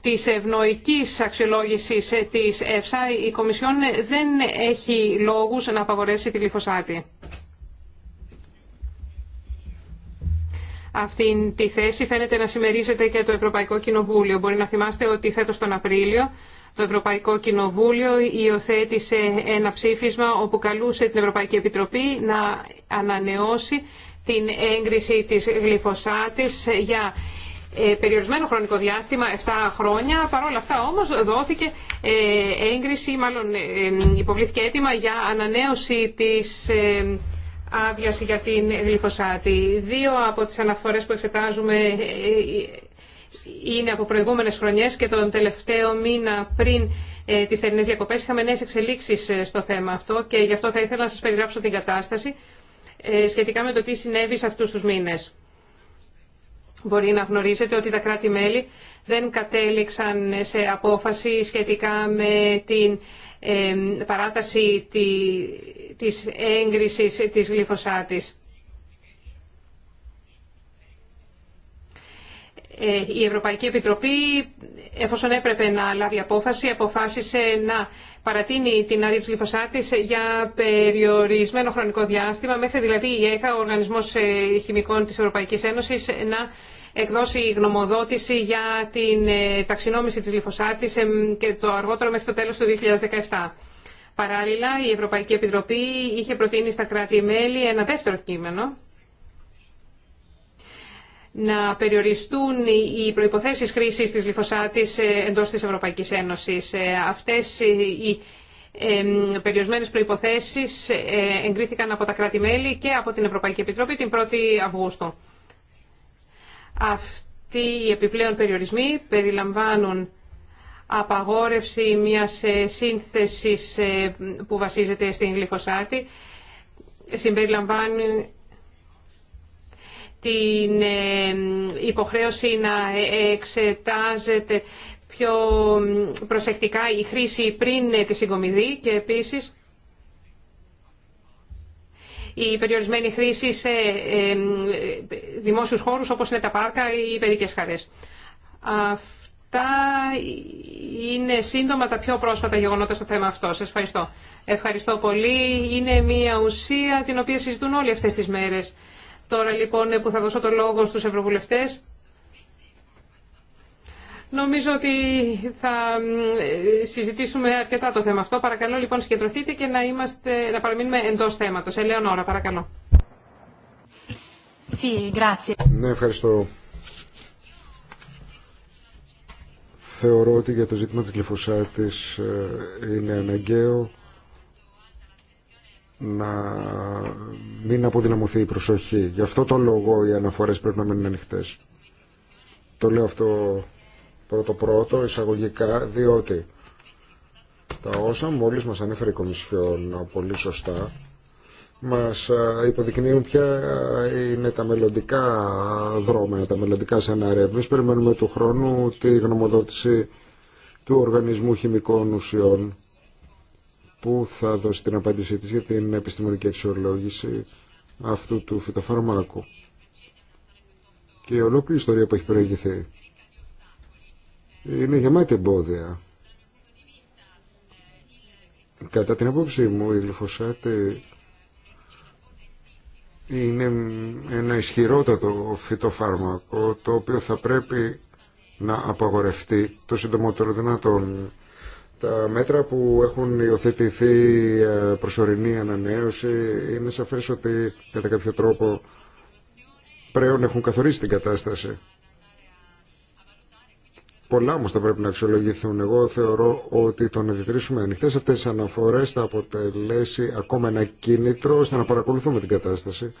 της ευνοϊκής αξιολόγησης ε, της ΕΦΣΑ, η Κομισιόν δεν έχει λόγους να απαγορεύσει τη γλυφοσάτη. Αυτή τη θέση φαίνεται να συμμερίζεται και το Ευρωπαϊκό Κοινοβούλιο. Μπορεί να θυμάστε ότι φέτος τον Απρίλιο το Ευρωπαϊκό Κοινοβούλιο υιοθέτησε ένα ψήφισμα όπου καλούσε την Ευρωπαϊκή Επιτροπή να ανανεώσει την έγκριση της γλυφοσάτης για ε, περιορισμένο χρονικό διάστημα, 7 χρόνια. παρόλα αυτά όμως δόθηκε ε, έγκριση, μάλλον ε, υποβλήθηκε αίτημα για ανανέωση της άδεια για την γλυφοσάτη. Δύο από τις αναφορές που εξετάζουμε είναι από προηγούμενες χρονιές και τον τελευταίο μήνα πριν τις θερινές διακοπές είχαμε νέες εξελίξεις στο θέμα αυτό και γι' αυτό θα ήθελα να σας περιγράψω την κατάσταση σχετικά με το τι συνέβη σε αυτούς τους μήνες. Μπορεί να γνωρίζετε ότι τα κράτη-μέλη δεν κατέληξαν σε απόφαση σχετικά με την παράταση της έγκρισης της γλυφοσάτης. Ε, η Ευρωπαϊκή Επιτροπή, εφόσον έπρεπε να λάβει απόφαση, αποφάσισε να παρατείνει την άδεια της γλυφοσάτης για περιορισμένο χρονικό διάστημα, μέχρι δηλαδή η ΕΧΑ, ο Οργανισμός ε, Χημικών της Ευρωπαϊκής Ένωσης, να εκδώσει γνωμοδότηση για την ε, ταξινόμηση της λιφωσάτη και το αργότερο μέχρι το τέλος του 2017. Παράλληλα, η Ευρωπαϊκή Επιτροπή είχε προτείνει στα κράτη-μέλη ένα δεύτερο κείμενο να περιοριστούν οι προϋποθέσεις χρήσης της λιφοσάτης ε, εντός της Ευρωπαϊκής Ένωσης. Ε, αυτές οι περιορισμένες προϋποθέσεις εγκρίθηκαν από τα κράτη-μέλη και από την Ευρωπαϊκή Επιτροπή την 1η Αυγούστου. Αυτοί οι επιπλέον περιορισμοί περιλαμβάνουν απαγόρευση μιας ε, σύνθεσης ε, που βασίζεται στην γλυφοσάτη, συμπεριλαμβάνουν την ε, υποχρέωση να εξετάζεται πιο προσεκτικά η χρήση πριν τη συγκομιδή και επίσης η περιορισμένη χρήση σε ε, ε, δημόσιους χώρους όπως είναι τα πάρκα ή οι παιδικές χαρές. Αυτά είναι σύντομα τα πιο πρόσφατα γεγονότα στο θέμα αυτό. Σας ευχαριστώ. Ευχαριστώ πολύ. Είναι μια ουσία την οποία συζητούν όλοι αυτές τις μέρες. Τώρα λοιπόν που θα δώσω το λόγο στους ευρωβουλευτές. Νομίζω ότι θα συζητήσουμε αρκετά το θέμα αυτό. Παρακαλώ λοιπόν συγκεντρωθείτε και να, είμαστε, να παραμείνουμε εντός θέματος. Ελεονόρα, παρακαλώ. Ναι, ευχαριστώ. Θεωρώ ότι για το ζήτημα της γλυφωσάτης ε, είναι αναγκαίο να μην αποδυναμωθεί η προσοχή. Γι' αυτό το λόγο οι αναφορές πρέπει να μείνουν ανοιχτές. Το λέω αυτό πρώτο-πρώτο εισαγωγικά, διότι τα όσα μόλις μας ανέφερε η Κομισιόν πολύ σωστά μας ε, υποδεικνύουν ποια ε, είναι τα μελλοντικά δρόμενα, τα μελλοντικά σενάρια. περιμένουμε του χρόνου τη γνωμοδότηση του Οργανισμού Χημικών Ουσιών που θα δώσει την απάντησή της για την επιστημονική αξιολόγηση αυτού του φυτοφαρμάκου. Και η ολόκληρη ιστορία που έχει προηγηθεί είναι γεμάτη εμπόδια. Κατά την απόψη μου η είναι ένα ισχυρότατο φυτοφάρμακο το οποίο θα πρέπει να απαγορευτεί το συντομότερο δυνατόν. Τα μέτρα που έχουν υιοθετηθεί ε, προσωρινή ανανέωση είναι σαφές ότι κατά κάποιο τρόπο να έχουν καθορίσει την κατάσταση. Πολλά όμω θα πρέπει να αξιολογηθούν. Εγώ θεωρώ ότι το να διατηρήσουμε ανοιχτέ αυτέ τι αναφορέ θα αποτελέσει ακόμα ένα κίνητρο ώστε να παρακολουθούμε την κατάσταση.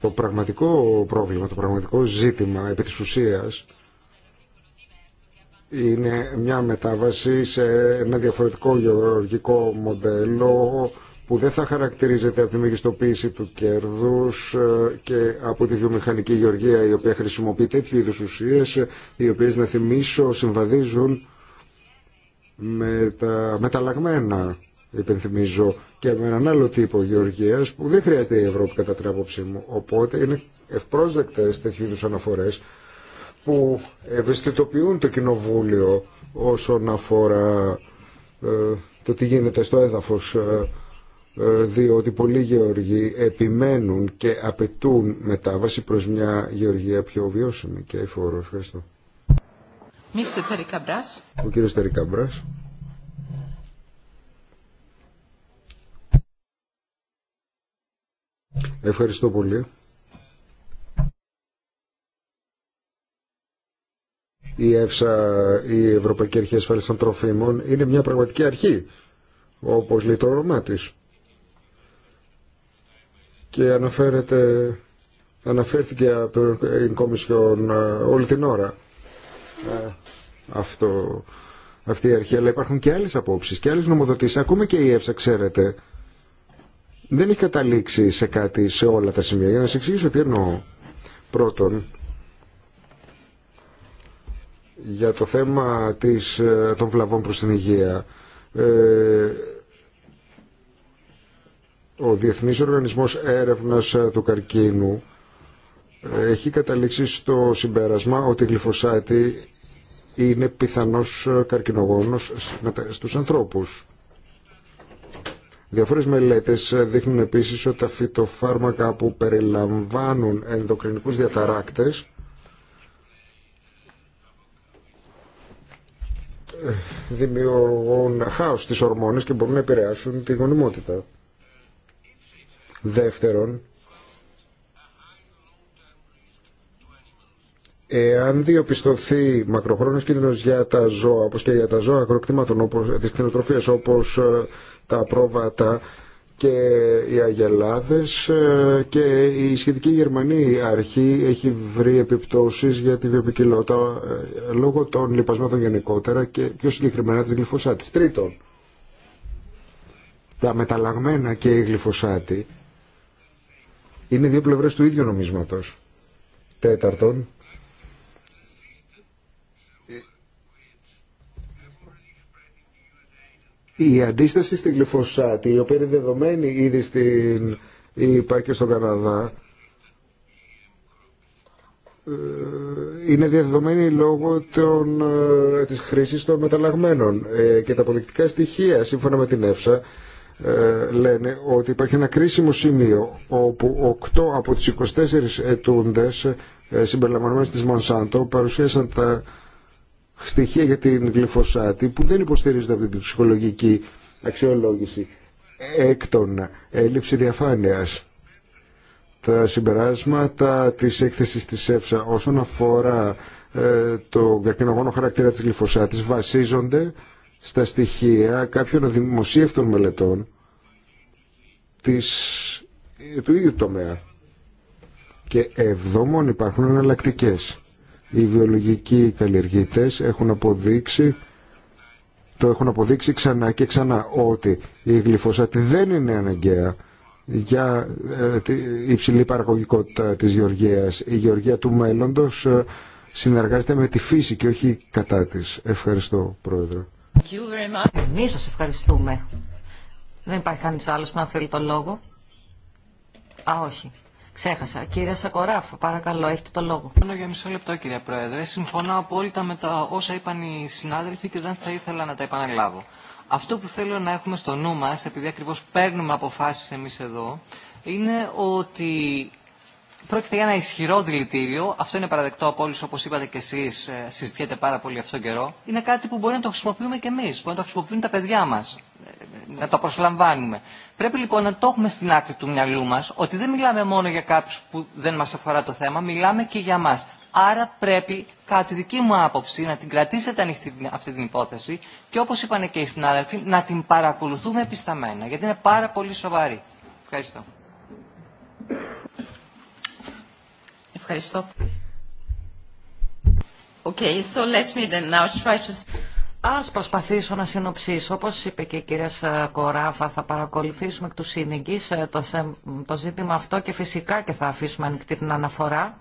Το πραγματικό πρόβλημα, το πραγματικό ζήτημα επί της ουσίας είναι μια μετάβαση σε ένα διαφορετικό γεωργικό μοντέλο που δεν θα χαρακτηρίζεται από τη μεγιστοποίηση του κέρδους ε, και από τη βιομηχανική γεωργία η οποία χρησιμοποιεί τέτοιου είδους ουσίες οι οποίες να θυμίσω συμβαδίζουν με τα μεταλλαγμένα υπενθυμίζω και με έναν άλλο τύπο γεωργίας που δεν χρειάζεται η Ευρώπη κατά την άποψή μου οπότε είναι ευπρόσδεκτες τέτοιου είδους αναφορές που ευαισθητοποιούν το κοινοβούλιο όσον αφορά ε, το τι γίνεται στο έδαφος ε, ε, διότι πολλοί γεωργοί επιμένουν και απαιτούν μετάβαση προς μια γεωργία πιο βιώσιμη και εφόρο. Ευχαριστώ. Ο κύριος Τερικαμπράς. Ευχαριστώ πολύ. Η ΕΦΣΑ, η Ευρωπαϊκή Αρχή Ασφάλισης των Τροφίμων, είναι μια πραγματική αρχή, όπως λέει το όνομά της και αναφέρεται, αναφέρθηκε από το Κομισιόν ε, όλη την ώρα ε, αυτό, αυτή η αρχή. Αλλά υπάρχουν και άλλες απόψεις και άλλες νομοδοτήσεις. ακόμα και η ΕΦΣΑ, ξέρετε, δεν έχει καταλήξει σε κάτι σε όλα τα σημεία. Για να σας εξηγήσω τι εννοώ. Πρώτον, για το θέμα της, ε, των βλαβών προς την υγεία, ε, ο Διεθνής Οργανισμός Έρευνας ε, του Καρκίνου ε, έχει καταλήξει στο συμπέρασμα ότι η γλυφοσάτη είναι πιθανός ε, καρκινογόνος στους ανθρώπους. Διάφορες μελέτες δείχνουν επίσης ότι τα φυτοφάρμακα που περιλαμβάνουν ενδοκρινικούς διαταράκτες δημιουργούν χάος στις ορμόνες και μπορούν να επηρεάσουν τη γονιμότητα. Δεύτερον, εάν διοπιστωθεί μακροχρόνιος κίνδυνος για τα ζώα, όπως και για τα ζώα ακροκτήματων, όπως, της όπω όπως ε, τα πρόβατα, και οι Αγελάδες ε, και η σχετική Γερμανή αρχή έχει βρει επιπτώσεις για τη βιοπικιλότητα ε, λόγω των λοιπασμάτων γενικότερα και πιο συγκεκριμένα της γλυφοσάτης. Τρίτον, τα μεταλλαγμένα και η γλυφωσάτη είναι δύο πλευρές του ίδιου νομίσματος. Τέταρτον, η αντίσταση στην γλυφοσάτη, η οποία είναι δεδομένη ήδη στην ΙΠΑ και στον Καναδά, ε, είναι διαδεδομένη λόγω των, ε, της χρήσης των μεταλλαγμένων ε, και τα αποδεικτικά στοιχεία σύμφωνα με την ΕΦΣΑ ε, λένε ότι υπάρχει ένα κρίσιμο σημείο όπου 8 από τις 24 ετούντες ε, συμπεριλαμβανομένες της Μονσάντο παρουσίασαν τα στοιχεία για την γλυφοσάτη που δεν υποστηρίζονται από την ψυχολογική αξιολόγηση έκτον έλλειψη διαφάνειας. Τα συμπεράσματα της έκθεσης της ΕΦΣΑ όσον αφορά ε, το καρκινογόνο χαρακτήρα της γλυφοσάτης βασίζονται στα στοιχεία κάποιων δημοσίευτων μελετών της, του ίδιου τομέα. Και εβδόμων υπάρχουν εναλλακτικέ. Οι βιολογικοί καλλιεργητές έχουν αποδείξει το έχουν αποδείξει ξανά και ξανά ότι η γλυφοσάτη δεν είναι αναγκαία για ε, τη υψηλή παραγωγικότητα της γεωργίας. Η γεωργία του μέλλοντος ε, συνεργάζεται με τη φύση και όχι κατά της. Ευχαριστώ, Πρόεδρε. Εμείς σας ευχαριστούμε. Δεν υπάρχει κανείς άλλος που να θέλει το λόγο. Α, όχι. Ξέχασα. Κύριε Σακοράφ, παρακαλώ, έχετε το λόγο. Μόνο για μισό λεπτό, κύριε Πρόεδρε. Συμφωνώ απόλυτα με τα όσα είπαν οι συνάδελφοι και δεν θα ήθελα να τα επαναλάβω. Αυτό που θέλω να έχουμε στο νου μας, επειδή ακριβώς παίρνουμε αποφάσεις εμείς εδώ, είναι ότι Πρόκειται για ένα ισχυρό δηλητήριο. Αυτό είναι παραδεκτό από όλου, όπω είπατε και εσεί, ε, συζητιέται πάρα πολύ αυτόν τον καιρό. Είναι κάτι που μπορεί να το χρησιμοποιούμε και εμεί, μπορεί να το χρησιμοποιούν τα παιδιά μα, ε, να το προσλαμβάνουμε. Πρέπει λοιπόν να το έχουμε στην άκρη του μυαλού μα, ότι δεν μιλάμε μόνο για κάποιου που δεν μα αφορά το θέμα, μιλάμε και για μα. Άρα πρέπει, κατά τη δική μου άποψη, να την κρατήσετε ανοιχτή αυτή την υπόθεση και όπω είπαν και οι συνάδελφοι, να την παρακολουθούμε επισταμένα, γιατί είναι πάρα πολύ σοβαρή. Ευχαριστώ ευχαριστώ. Okay, so let me then now try to... Ας προσπαθήσω να συνοψίσω. Όπως είπε και η κυρία Κοράφα, θα παρακολουθήσουμε εκ του σύνεγγυς ε, το, ζήτημα αυτό και φυσικά και θα αφήσουμε ανοιχτή την αναφορά.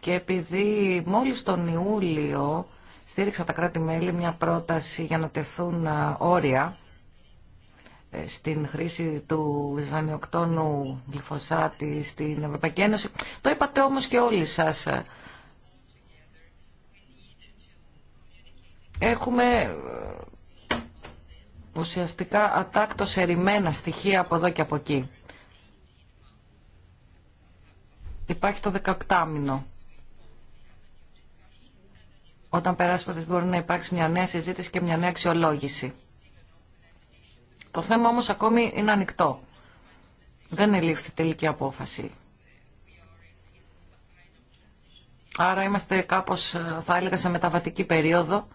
Και επειδή μόλις τον Ιούλιο στήριξα τα κράτη-μέλη μια πρόταση για να τεθούν ε, όρια στην χρήση του ζανιοκτώνου γλυφοσάτη στην Ευρωπαϊκή Ένωση. Το είπατε όμως και όλοι σας. Έχουμε ε, ουσιαστικά ατάκτως ερημένα στοιχεία από εδώ και από εκεί. Υπάρχει το 18μηνο. Όταν περάσει μπορεί να υπάρξει μια νέα συζήτηση και μια νέα αξιολόγηση. Το θέμα όμως ακόμη είναι ανοιχτό. Δεν ελήφθη τελική απόφαση. Άρα είμαστε κάπως, ε, θα έλεγα, σε μεταβατική περίοδο.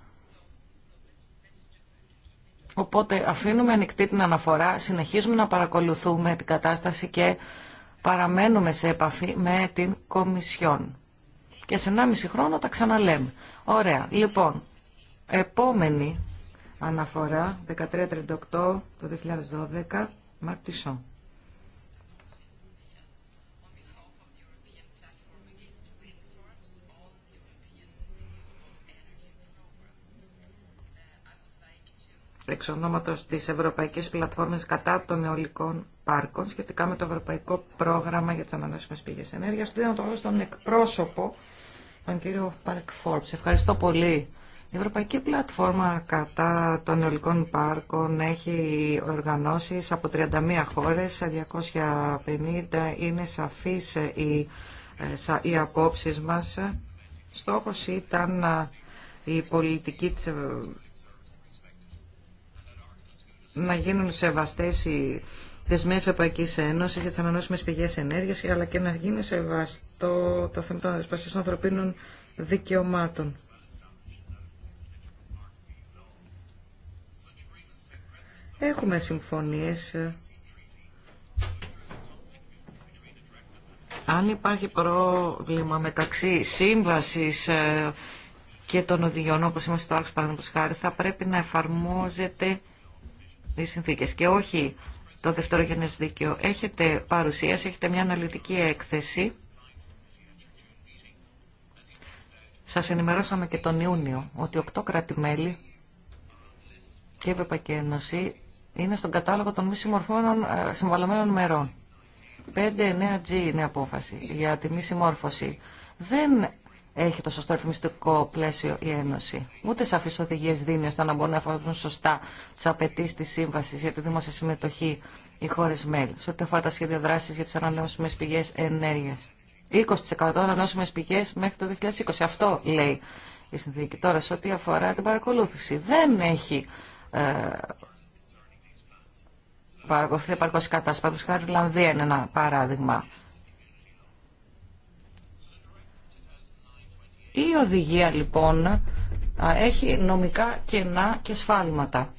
Οπότε αφήνουμε ανοιχτή την αναφορά, συνεχίζουμε να παρακολουθούμε την κατάσταση και παραμένουμε σε επαφή με την Κομισιόν. Και σε 1,5 χρόνο τα ξαναλέμε. Ωραία. Λοιπόν, επόμενη αναφορά 1338 το 2012 Μαρκ εξ ονόματος της Ευρωπαϊκής Πλατφόρμας κατά των Νεολικών Πάρκων σχετικά με το Ευρωπαϊκό Πρόγραμμα για τις Πηγέ Πηγές Ενέργειας. Δίνω το λόγο στον εκπρόσωπο, τον κύριο Πάρκ Φόρμπς. Ευχαριστώ πολύ η Ευρωπαϊκή Πλατφόρμα κατά των Ολικών Πάρκων έχει οργανώσεις από 31 χώρες, 250 είναι σαφείς οι, ε, ε, οι απόψεις μας. Στόχος ήταν ε, η πολιτική της να γίνουν σεβαστές οι δεσμεύσει Ευρωπαϊκή Ένωση για τι ανανεώσιμε πηγέ ενέργεια, αλλά και να γίνει σεβαστό το θέμα των ανθρωπίνων δικαιωμάτων. Έχουμε συμφωνίες. Αν υπάρχει πρόβλημα μεταξύ σύμβασης ε, και των οδηγιών, όπως είμαστε στο άλλο παραδείγματος χάρη, θα πρέπει να εφαρμόζεται οι συνθήκες και όχι το δευτερογενές δίκαιο. Έχετε παρουσίαση, έχετε μια αναλυτική έκθεση. Σας ενημερώσαμε και τον Ιούνιο ότι οκτώ κράτη-μέλη και η Ένωση είναι στον κατάλογο των μη συμμορφώνων ε, συμβαλωμένων μερών. 5-9G είναι απόφαση για τη μη συμμόρφωση. Δεν έχει το σωστό ρυθμιστικό πλαίσιο η Ένωση. Ούτε σαφεί οδηγίε δίνει ώστε να μπορούν να εφαρμόσουν σωστά τι απαιτήσει τη σύμβαση για τη δημόσια συμμετοχή οι χώρε μέλη. Σε ό,τι αφορά τα σχέδια δράση για τι ανανεώσιμε πηγέ ενέργεια. 20% ανανεώσιμε πηγέ μέχρι το 2020. Αυτό λέει η συνθήκη. Τώρα, σε ό,τι αφορά την παρακολούθηση, δεν έχει ε, παρακολουθεί επαρκώς η χάρη είναι ένα παράδειγμα. Η οδηγία λοιπόν έχει νομικά κενά και σφάλματα.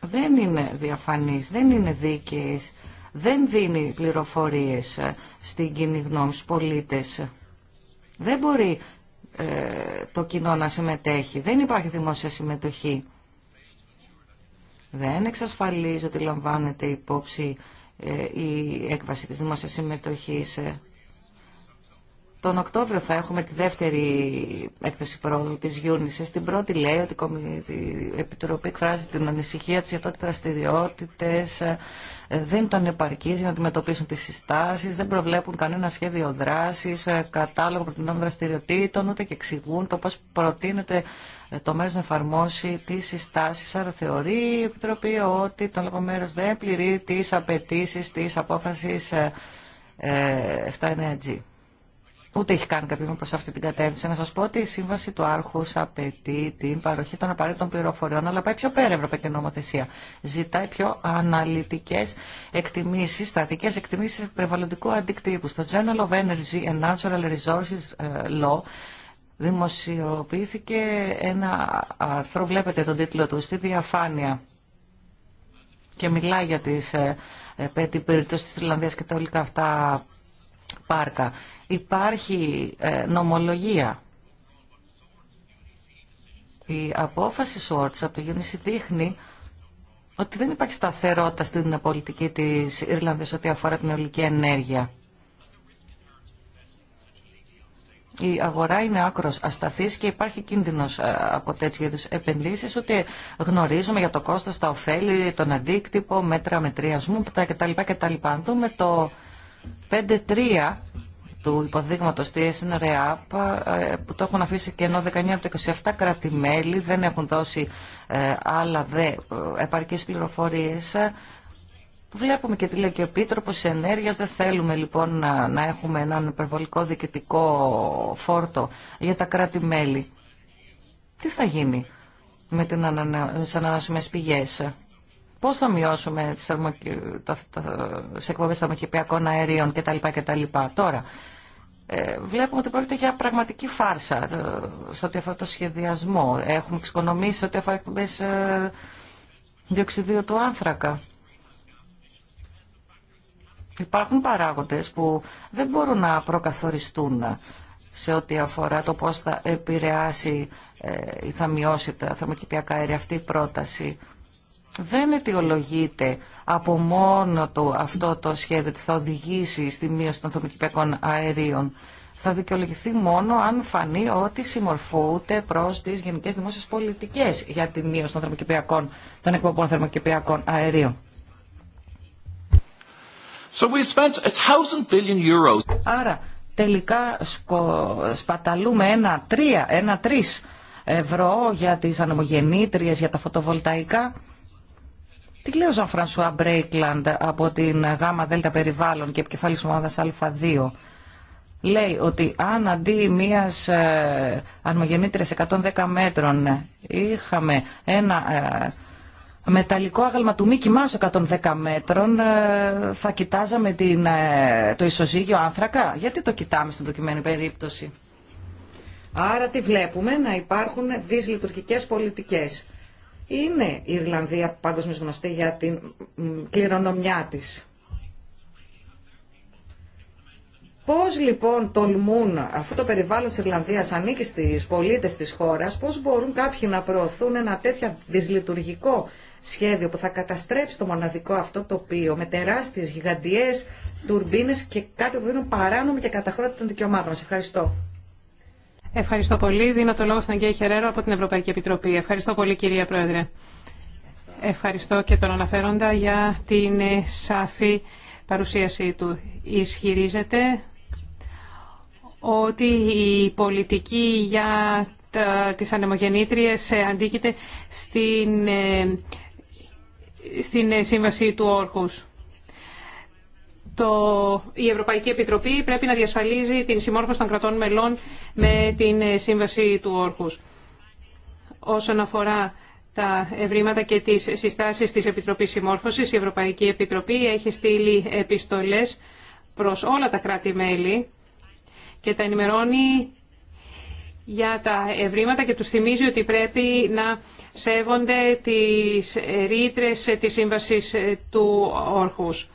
Δεν είναι διαφανής, δεν είναι δίκαιης, δεν δίνει πληροφορίες ε, στην κοινή γνώμη στους πολίτες. Δεν μπορεί ε, το κοινό να συμμετέχει, δεν υπάρχει δημόσια συμμετοχή δεν εξασφαλίζει ότι λαμβάνεται υπόψη ε, η έκβαση της δημόσιας συμμετοχής. Ε, τον Οκτώβριο θα έχουμε τη δεύτερη έκθεση πρόοδου της γιούρνησης. Στην πρώτη λέει ότι η Επιτροπή εκφράζει την ανησυχία της για τότε δραστηριότητες ε, δεν ήταν επαρκείς για να αντιμετωπίσουν τις συστάσεις, δεν προβλέπουν κανένα σχέδιο δράσης, κατάλογο προτινών δραστηριοτήτων, ούτε και εξηγούν το πώς προτείνεται το μέρος να εφαρμόσει τις συστάσεις. Άρα θεωρεί η Επιτροπή ότι το λόγο δεν πληρεί τις απαιτήσει της απόφασης 79G. Ε, ε, Ούτε έχει κάνει κάποιο προ αυτή την κατεύθυνση. Να σα πω ότι η σύμβαση του Άρχου απαιτεί την παροχή των απαραίτητων πληροφοριών, αλλά πάει πιο πέρα η Ευρωπαϊκή Νομοθεσία. Ζητάει πιο αναλυτικέ εκτιμήσει, στατικέ εκτιμήσει περιβαλλοντικού αντικτύπου. Στο Journal of Energy and Natural Resources ε, Law δημοσιοποιήθηκε ένα άρθρο, βλέπετε τον τίτλο του, στη διαφάνεια και μιλά για τις, ε, ε, πέτοι περίπτωση της Ιρλανδίας και τα ολικά αυτά πάρκα. Υπάρχει ε, νομολογία. Η απόφαση Σόρτς από τη Γεννήση δείχνει ότι δεν υπάρχει σταθερότητα στην πολιτική της Ιρλανδίας ό,τι αφορά την ολική ενέργεια. η αγορά είναι άκρος ασταθής και υπάρχει κίνδυνος ε, από τέτοιου είδους επενδύσεις, ότι γνωρίζουμε για το κόστος, τα ωφέλη, τον αντίκτυπο, μέτρα μετριασμού κτλ. κτλ. Αν δούμε το 5-3 του υποδείγματο τη ΡΕΑΠ, που το έχουν αφήσει και ενώ 19 από τα 27 κράτη-μέλη δεν έχουν δώσει ε, άλλα δε ε, επαρκείς πληροφορίες Βλέπουμε και τι λέει και ο Επίτροπο Ενέργεια. Δεν θέλουμε λοιπόν να, έχουμε έναν υπερβολικό διοικητικό φόρτο για τα κράτη-μέλη. Τι θα γίνει με τι ανανεώσιμε πηγέ, Πώ θα μειώσουμε τι εκπομπέ θερμοκηπιακών αερίων κτλ. κτλ. Τώρα, ε, βλέπουμε ότι πρόκειται για πραγματική φάρσα ε, σε ό,τι αφορά το σχεδιασμό. Έχουμε εξοικονομήσει σε ό,τι αφορά εκπομπέ ε, διοξιδίου του άνθρακα υπάρχουν παράγοντες που δεν μπορούν να προκαθοριστούν σε ό,τι αφορά το πώς θα επηρεάσει ε, ή θα μειώσει τα θερμοκηπιακά αέρια αυτή η πρόταση. Δεν αιτιολογείται από μόνο του αυτό το σχέδιο ότι θα οδηγήσει στη μείωση των θερμοκηπιακών αερίων. Θα δικαιολογηθεί μόνο αν φανεί ότι συμμορφούνται προ τι γενικέ δημόσιε πολιτικέ για τη μείωση των, των εκπομπών θερμοκηπιακών αερίων. Άρα τελικά σπαταλούμε ένα τρία, ένα τρεις ευρώ για τις ανεμογεννήτριες, για τα φωτοβολταϊκά. Τι λέει ο Ζαν Φρανσουά Μπρέικλαντ από την ΓΑΜΑ ΔΕΛΤΑ Περιβάλλον και επικεφάλης ομάδας Α2. Λέει ότι αν αντί μίας ε, 110 μέτρων ε, είχαμε ένα ε, μεταλλικό άγαλμα του Μίκη Μάους 110 μέτρων ε, θα κοιτάζαμε την, ε, το ισοζύγιο άνθρακα. Γιατί το κοιτάμε στην προκειμένη περίπτωση. Άρα τι βλέπουμε να υπάρχουν δυσλειτουργικές πολιτικές. Είναι η Ιρλανδία παγκοσμίω γνωστή για την κληρονομιά της. Πώς λοιπόν τολμούν, αφού το περιβάλλον της Ιρλανδίας ανήκει στις πολίτες της χώρας, πώς μπορούν κάποιοι να προωθούν ένα τέτοια δυσλειτουργικό σχέδιο που θα καταστρέψει το μοναδικό αυτό τοπίο με τεράστιες γιγαντιές τουρμπίνε και κάτι που είναι παράνομο και καταχρότητα των δικαιωμάτων. ευχαριστώ. Ευχαριστώ πολύ. Δίνω το λόγο στον Αγγέλη Χερέρο από την Ευρωπαϊκή Επιτροπή. Ευχαριστώ πολύ κυρία Πρόεδρε. Ευχαριστώ και τον αναφέροντα για την σαφή παρουσίαση του. Ισχυρίζεται ότι η πολιτική για τις ανεμογεννήτριες ε, αντίκειται στην ε, στην ε, σύμβαση του Όρκους. Το, η Ευρωπαϊκή Επιτροπή πρέπει να διασφαλίζει την συμμόρφωση των κρατών μελών με την ε, σύμβαση του Όρκους. Όσον αφορά τα ευρήματα και τις συστάσεις της Επιτροπής Συμμόρφωσης, η Ευρωπαϊκή Επιτροπή έχει στείλει επιστολές προς όλα τα κράτη-μέλη και τα ενημερώνει για τα ευρήματα και τους θυμίζει ότι πρέπει να σέβονται τις ρήτρες της σύμβασης ε, του όρχους.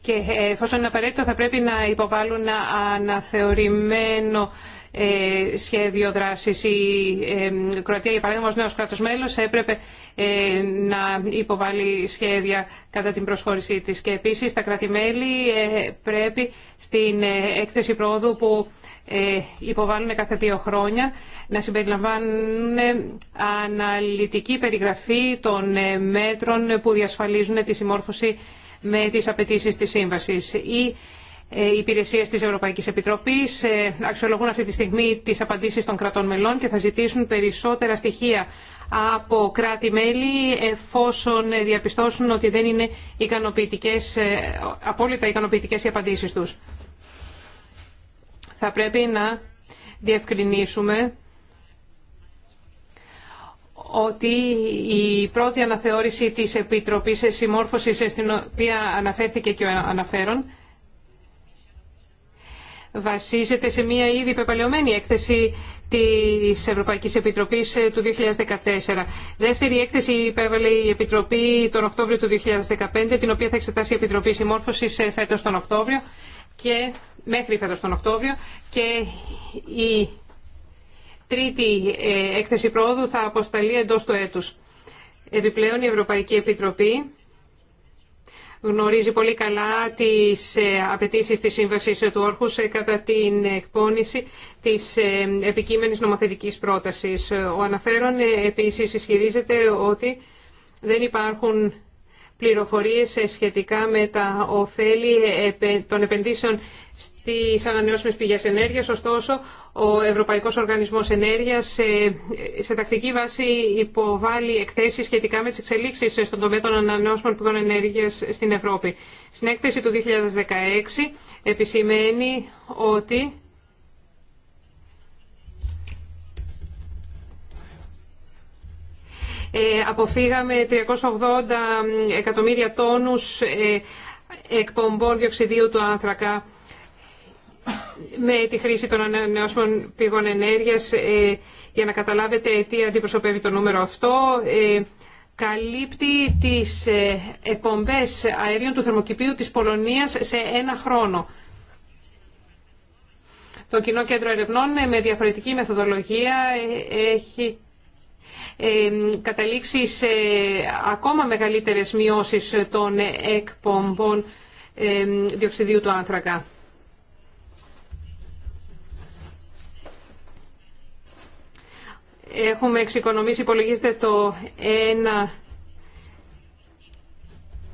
Και ε, εφόσον είναι απαραίτητο θα πρέπει να υποβάλουν αναθεωρημένο ε, σχέδιο δράσης. Η ε, Κροατία, για παράδειγμα, νέος κράτος μέλος έπρεπε ε, να υποβάλει σχέδια κατά την προσχώρησή της. Και επίσης τα κράτη-μέλη πρέπει στην έκθεση πρόοδου που υποβάλλουν κάθε δύο χρόνια να συμπεριλαμβάνουν αναλυτική περιγραφή των μέτρων που διασφαλίζουν τη συμμόρφωση με τις απαιτήσεις της σύμβασης. Ε, υπηρεσίες της Ευρωπαϊκής Επιτροπής ε, αξιολογούν αυτή τη στιγμή τις απαντήσεις των κρατών μελών και θα ζητήσουν περισσότερα στοιχεία από κράτη-μέλη εφόσον διαπιστώσουν ότι δεν είναι ικανοποιητικές, ε, απόλυτα ικανοποιητικές οι απαντήσεις τους. Θα πρέπει να διευκρινίσουμε ότι η πρώτη αναθεώρηση της Επιτροπής συμμόρφωση στην οποία αναφέρθηκε και ο αναφέρον βασίζεται σε μια ήδη πεπαλαιωμένη έκθεση της Ευρωπαϊκής Επιτροπής ε, του 2014. Δεύτερη έκθεση υπέβαλε η Επιτροπή τον Οκτώβριο του 2015, την οποία θα εξετάσει η Επιτροπή Συμμόρφωσης ε, φέτος τον Οκτώβριο και μέχρι φέτος τον Οκτώβριο και η τρίτη ε, έκθεση πρόοδου θα αποσταλεί εντός του έτους. Επιπλέον η Ευρωπαϊκή Επιτροπή γνωρίζει πολύ καλά τις ε, απαιτήσεις της Σύμβασης του Όρχους ε, κατά την εκπόνηση της ε, επικείμενης νομοθετικής πρότασης. Ο αναφέρον επίσης ισχυρίζεται ότι δεν υπάρχουν πληροφορίες σχετικά με τα ωφέλη των επενδύσεων Στι ανανεώσιμε πηγές ενέργειας. Ωστόσο, ο Ευρωπαϊκός Οργανισμός Ενέργειας σε, σε τακτική βάση υποβάλλει εκθέσει σχετικά με τι εξελίξεις στον τομέα των ανανεώσιμων πηγών ενέργειας στην Ευρώπη. Στην έκθεση του 2016 επισημαίνει ότι... Ε, αποφύγαμε 380 εκατομμύρια τόνους ε, εκπομπών διοξιδίου του άνθρακα με τη χρήση των ανανεώσιμων πηγών ενέργειας ε, για να καταλάβετε τι αντιπροσωπεύει το νούμερο αυτό ε, καλύπτει τις επομπές αερίων του θερμοκηπίου της Πολωνίας σε ένα χρόνο. Το Κοινό Κέντρο Ερευνών ε, με διαφορετική μεθοδολογία έχει καταλήξει σε ακόμα μεγαλύτερες μειώσεις των εκπομπών διοξιδίου του άνθρακα. έχουμε εξοικονομήσει, υπολογίζεται το 1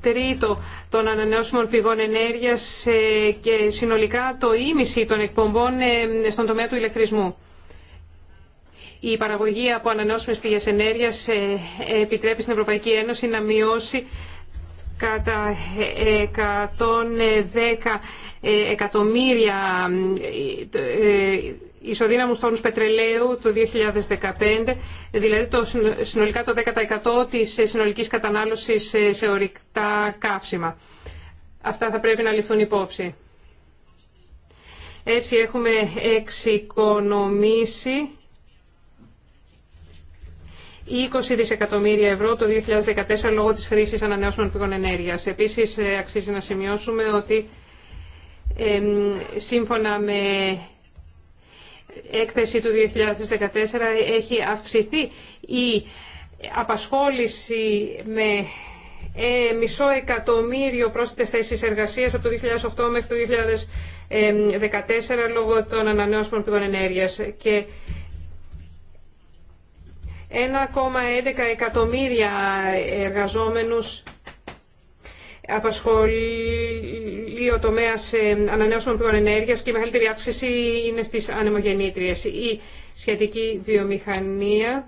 τρίτο των ανανεώσιμων πηγών ενέργειας ε, και συνολικά το ίμιση των εκπομπών ε, στον τομέα του ηλεκτρισμού. Η παραγωγή από ανανεώσιμες πηγές ενέργειας ε, επιτρέπει στην Ευρωπαϊκή Ένωση να μειώσει κατά 110 ε, εκατομμύρια ε, ε, ισοδύναμους τόνους πετρελαίου το 2015, δηλαδή το συνολικά το 10% της συνολικής κατανάλωσης σε ορυκτά καύσιμα. Αυτά θα πρέπει να ληφθούν υπόψη. Έτσι έχουμε εξοικονομήσει 20 δισεκατομμύρια ευρώ το 2014 λόγω της χρήσης ανανεώσιμων πηγών ενέργειας. Επίσης αξίζει να σημειώσουμε ότι σύμφωνα με έκθεση του 2014 έχει αυξηθεί η απασχόληση με ε, μισό εκατομμύριο πρόσθετες θέσεις εργασίας από το 2008 μέχρι το 2014 λόγω των ανανεώσιμων πηγών ενέργειας και 1,11 εκατομμύρια εργαζόμενους απασχολεί ο τομέα ε, ανανεώσιμων πηγών ενέργεια και η μεγαλύτερη αύξηση είναι στι ανεμογεννήτριε. Η σχετική βιομηχανία.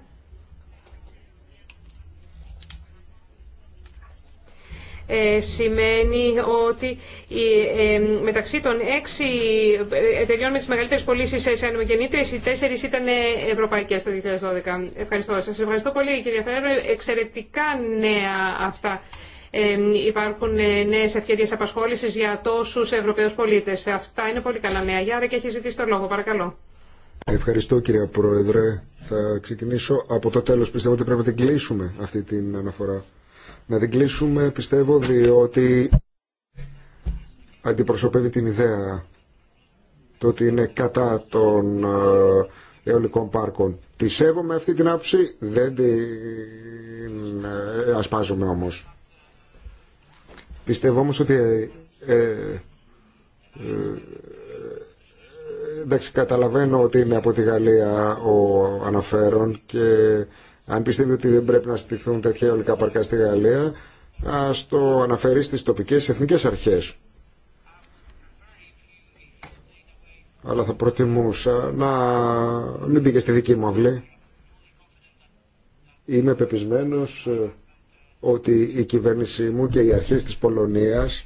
Ε, σημαίνει ότι ε, μεταξύ των έξι εταιριών με τις μεγαλύτερες πωλήσει σε ανεμογεννήτριες, οι τέσσερις ήταν ευρωπαϊκές το 2012. Ευχαριστώ. Σας ευχαριστώ πολύ κυρία Φεραίρε. Εξαιρετικά νέα αυτά υπάρχουν ε, νέε ευκαιρίε απασχόλησης για τόσους Ευρωπαίου πολίτες. Αυτά είναι πολύ καλά νέα. Γιάρα και έχει ζητήσει το λόγο. Παρακαλώ. Ευχαριστώ κύριε Πρόεδρε. Θα ξεκινήσω από το τέλος. Πιστεύω ότι πρέπει να την κλείσουμε αυτή την αναφορά. Να την κλείσουμε πιστεύω διότι αντιπροσωπεύει την ιδέα το ότι είναι κατά των ε, αιωλικών πάρκων. Τη σέβομαι αυτή την άποψη, δεν την ε, ασπάζομαι όμως. Πιστεύω όμως ότι ε, ε, ε, εντάξει καταλαβαίνω ότι είναι από τη Γαλλία ο αναφέρον και αν πιστεύει ότι δεν πρέπει να στηθούν τέτοια αιωλικά παρκά στη Γαλλία ας το αναφέρει στις τοπικές εθνικές αρχές. Αλλά θα προτιμούσα να μην πήγε στη δική μου αυλή. Είμαι πεπισμένος ε, ότι η κυβέρνησή μου και οι αρχές της Πολωνίας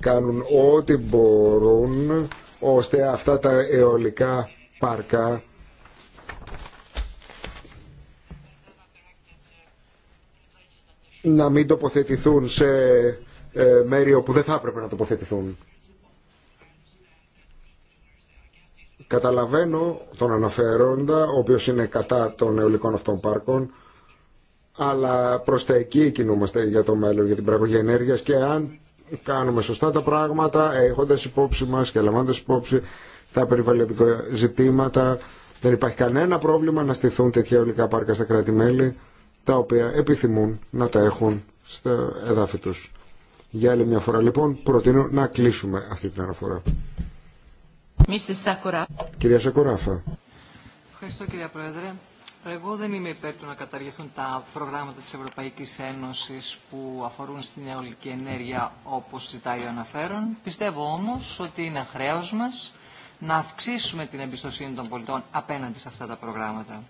κάνουν ό,τι μπορούν ώστε αυτά τα αιωλικά πάρκα να μην τοποθετηθούν σε ε, μέρη όπου δεν θα έπρεπε να τοποθετηθούν. Καταλαβαίνω τον αναφέροντα, ο οποίος είναι κατά των αιωλικών αυτών πάρκων, αλλά προ τα εκεί κινούμαστε για το μέλλον, για την παραγωγή ενέργεια και αν κάνουμε σωστά τα πράγματα, έχοντα υπόψη μας και λαμβάνοντα υπόψη τα περιβαλλοντικά ζητήματα, δεν υπάρχει κανένα πρόβλημα να στηθούν τέτοια ολικά πάρκα στα κράτη-μέλη, τα οποία επιθυμούν να τα έχουν στο εδάφη του. Για άλλη μια φορά λοιπόν προτείνω να κλείσουμε αυτή την αναφορά. Κυρία Σακουράφα. Ευχαριστώ κυρία Πρόεδρε. Εγώ δεν είμαι υπέρ του να καταργηθούν τα προγράμματα της Ευρωπαϊκής Ένωσης που αφορούν στην αιωλική ενέργεια όπως ζητάει ο αναφέρον. Πιστεύω όμως ότι είναι χρέος μας να αυξήσουμε την εμπιστοσύνη των πολιτών απέναντι σε αυτά τα προγράμματα.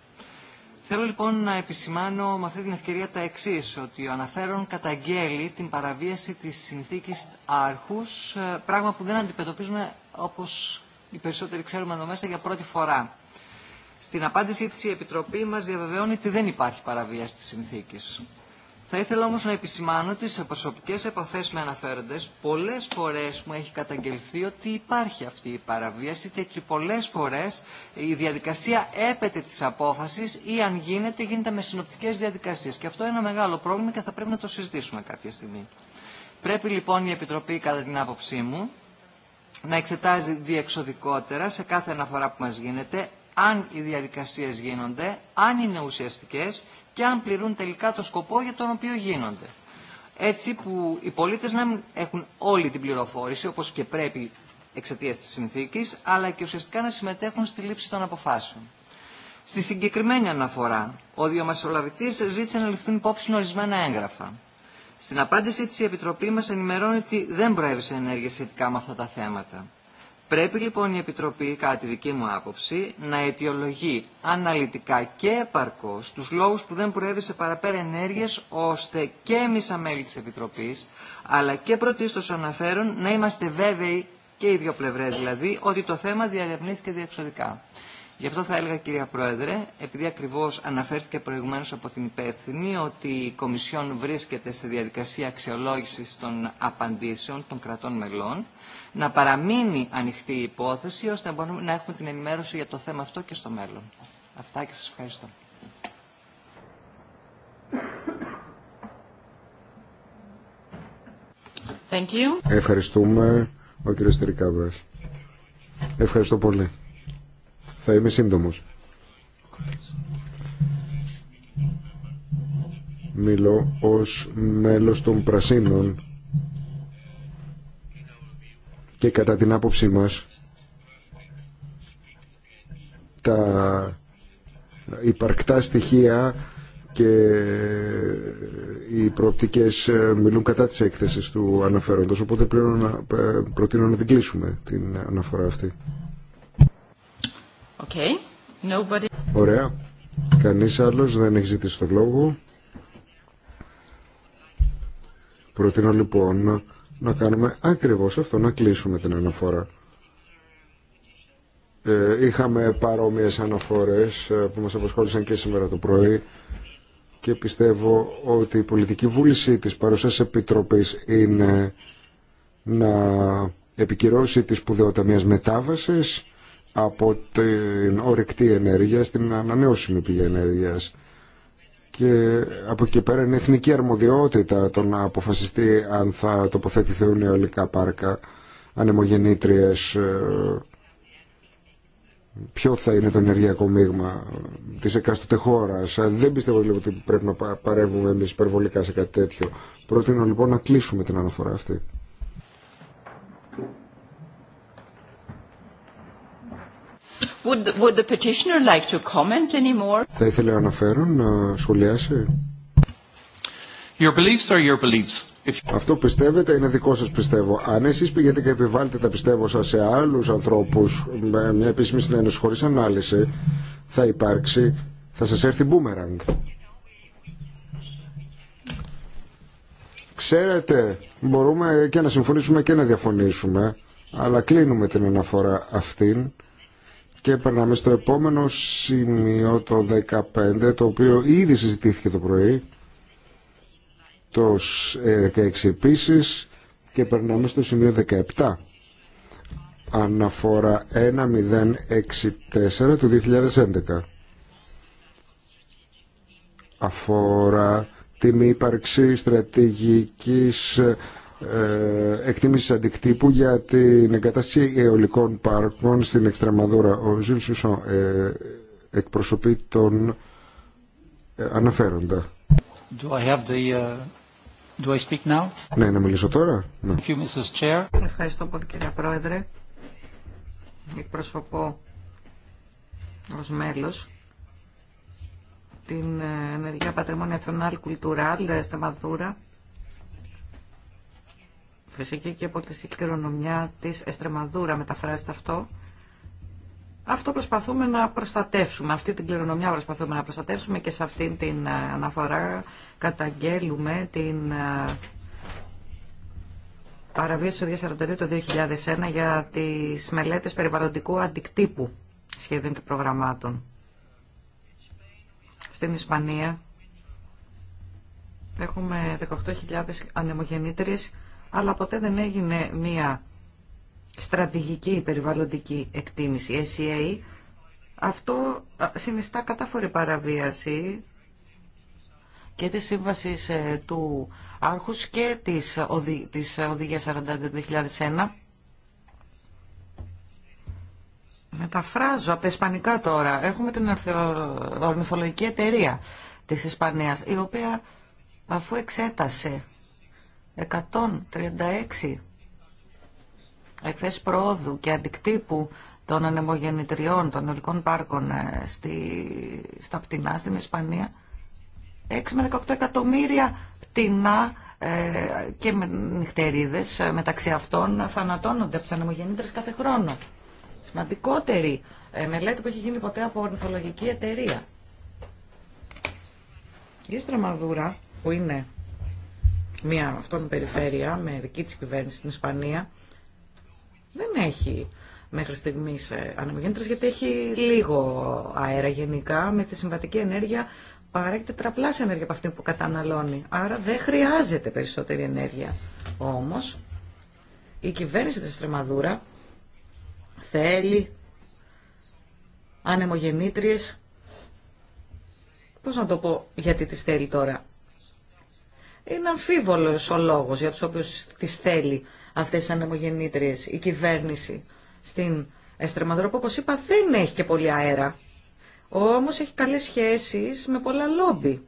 Θέλω λοιπόν να επισημάνω με αυτή την ευκαιρία τα εξή ότι ο αναφέρον καταγγέλει την παραβίαση της συνθήκης άρχους, ε, πράγμα που δεν αντιμετωπίζουμε όπως οι περισσότεροι ξέρουμε εδώ μέσα για πρώτη φορά. Στην απάντησή της η Επιτροπή μας διαβεβαιώνει ότι δεν υπάρχει παραβίαση της συνθήκης. Θα ήθελα όμως να επισημάνω ότι σε προσωπικές επαφές με αναφέροντες πολλές φορές μου έχει καταγγελθεί ότι υπάρχει αυτή η παραβίαση και πολλές φορές η διαδικασία έπεται της απόφασης ή αν γίνεται γίνεται με συνοπτικές διαδικασίες. Και αυτό είναι ένα μεγάλο πρόβλημα και θα πρέπει να το συζητήσουμε κάποια στιγμή. Πρέπει λοιπόν η Επιτροπή κατά την άποψή μου να εξετάζει διεξοδικότερα σε κάθε αναφορά που μας γίνεται αν οι διαδικασίες γίνονται, αν είναι ουσιαστικές και αν πληρούν τελικά το σκοπό για τον οποίο γίνονται. Έτσι που οι πολίτες να μην έχουν όλη την πληροφόρηση, όπως και πρέπει εξαιτία της συνθήκης, αλλά και ουσιαστικά να συμμετέχουν στη λήψη των αποφάσεων. Στη συγκεκριμένη αναφορά, ο διομασολαβητής ζήτησε να ληφθούν υπόψη ορισμένα έγγραφα. Στην απάντησή της η Επιτροπή μας ενημερώνει ότι δεν προέβησε ενέργεια σχετικά με αυτά τα θέματα. Πρέπει λοιπόν η Επιτροπή, κατά τη δική μου άποψη, να αιτιολογεί αναλυτικά και επαρκώ του λόγου που δεν προέβη σε παραπέρα ενέργειες, ώστε και εμείς αμέλη της Επιτροπής, αλλά και πρωτίστως αναφέρον, να είμαστε βέβαιοι και οι δύο πλευρέ δηλαδή, ότι το θέμα διαρευνήθηκε διεξοδικά. Γι' αυτό θα έλεγα, κυρία Πρόεδρε, επειδή ακριβώ αναφέρθηκε προηγουμένω από την υπεύθυνη ότι η Κομισιόν βρίσκεται σε διαδικασία αξιολόγηση των απαντήσεων των κρατών μελών, να παραμείνει ανοιχτή η υπόθεση, ώστε να μπορούμε να έχουμε την ενημέρωση για το θέμα αυτό και στο μέλλον. Αυτά και σας ευχαριστώ. Thank you. Ευχαριστούμε. Ο κύριος Στερικάβρας. Ευχαριστώ πολύ. Θα είμαι σύντομος. Μιλώ ως μέλος των Πρασίνων και κατά την άποψή μας τα υπαρκτά στοιχεία και οι προοπτικές ε, μιλούν κατά της έκθεσης του αναφέροντος οπότε πλέον ε, προτείνω να την κλείσουμε την αναφορά αυτή okay. Nobody... Ωραία Κανείς άλλος δεν έχει ζητήσει το λόγο Προτείνω λοιπόν να κάνουμε ακριβώς αυτό, να κλείσουμε την αναφορά. Ε, είχαμε παρόμοιες αναφορές ε, που μας απασχόλησαν και σήμερα το πρωί και πιστεύω ότι η πολιτική βούληση της παρουσίας επιτροπής είναι να επικυρώσει τη σπουδαιότητα μιας μετάβασης από την ορεκτή ενέργεια στην ανανεώσιμη πηγή ενέργειας και από εκεί πέρα είναι εθνική αρμοδιότητα το να αποφασιστεί αν θα τοποθετηθούν νεολικά πάρκα ανεμογεννήτριες ε, ποιο θα είναι το ενεργειακό μείγμα της εκάστοτε χώρας. Ε, δεν πιστεύω δηλαδή ότι πρέπει να παρεύουμε εμείς υπερβολικά σε κάτι τέτοιο. Προτείνω λοιπόν να κλείσουμε την αναφορά αυτή. Would, the petitioner like to comment Θα ήθελε να αναφέρον να σχολιάσει. Your beliefs are your beliefs. Αυτό που πιστεύετε είναι δικό σας πιστεύω. Αν εσείς πηγαίνετε και επιβάλλετε τα πιστεύω σας σε άλλους ανθρώπους με μια επίσημη συνένωση χωρίς ανάλυση θα υπάρξει, θα σας έρθει μπούμεραγκ. Ξέρετε, μπορούμε και να συμφωνήσουμε και να διαφωνήσουμε, αλλά κλείνουμε την αναφορά αυτήν. Και περνάμε στο επόμενο σημείο το 15, το οποίο ήδη συζητήθηκε το πρωί, το 16 ε, επίση και περνάμε στο σημείο 17 αναφορά 1064 του 2011 αφορά την ύπαρξη στρατηγικής ε, εκτίμηση αντικτύπου για την εγκατάσταση αιωλικών πάρκων στην Εξτραμαδούρα. Ο Ζήλ Σουσό ε, εκπροσωπεί τον ε, αναφέροντα. Do I have the, uh, Do I speak now? Ναι, να μιλήσω τώρα. Ναι. Ευχαριστώ πολύ κύριε Πρόεδρε. Εκπροσωπώ ω μέλο την Ενεργία Πατριμόνια Εθνάλ Κουλτουράλ στα Μαδούρα φυσική και πολιτιστική κληρονομιά της Εστρεμαδούρα μεταφράζεται αυτό. Αυτό προσπαθούμε να προστατεύσουμε, αυτή την κληρονομιά προσπαθούμε να προστατεύσουμε και σε αυτήν την ε, αναφορά καταγγέλουμε την ε, παραβίαση του 242 το 2001 για τις μελέτες περιβαλλοντικού αντικτύπου σχέδιων και προγραμμάτων. Στην Ισπανία έχουμε 18.000 ανεμογεννήτριες αλλά ποτέ δεν έγινε μία στρατηγική περιβαλλοντική εκτίμηση, SEA. Αυτό συνιστά κατάφορη παραβίαση και της σύμβασης ε, του Άρχους και της, οδη, της Οδηγίας 42-2001. Μεταφράζω από τα Ισπανικά τώρα. Έχουμε την Ορνηφολογική Εταιρεία της Ισπανίας, η οποία αφού εξέτασε 136 εκθέσεις προόδου και αντικτύπου των ανεμογεννητριών των ολικών πάρκων ε, στη, στα πτηνά στην Ισπανία. 6 με 18 εκατομμύρια πτηνά ε, και με νυχτερίδες ε, μεταξύ αυτών θανατώνονται από τις ανεμογεννήτρες κάθε χρόνο. Σημαντικότερη μελέτη που έχει γίνει ποτέ από ορνηθολογική εταιρεία. Η Στραμαδούρα που είναι μια αυτόν περιφέρεια με δική της κυβέρνηση στην Ισπανία δεν έχει μέχρι στιγμής ε, ανεμογέννητρε γιατί έχει λίγο αέρα γενικά με τη συμβατική ενέργεια παράγει τετραπλάσια ενέργεια από αυτή που καταναλώνει. Άρα δεν χρειάζεται περισσότερη ενέργεια. Όμως η κυβέρνηση τη Στρεμαδούρα θέλει ανεμογεννήτριες πώς να το πω γιατί τις θέλει τώρα είναι αμφίβολο ο λόγο για του οποίου τις θέλει αυτές τι ανεμογεννήτριες η κυβέρνηση στην Εστρεμαδρόπο. όπω είπα δεν έχει και πολύ αέρα, Όμω έχει καλές σχέσει με πολλά λόμπι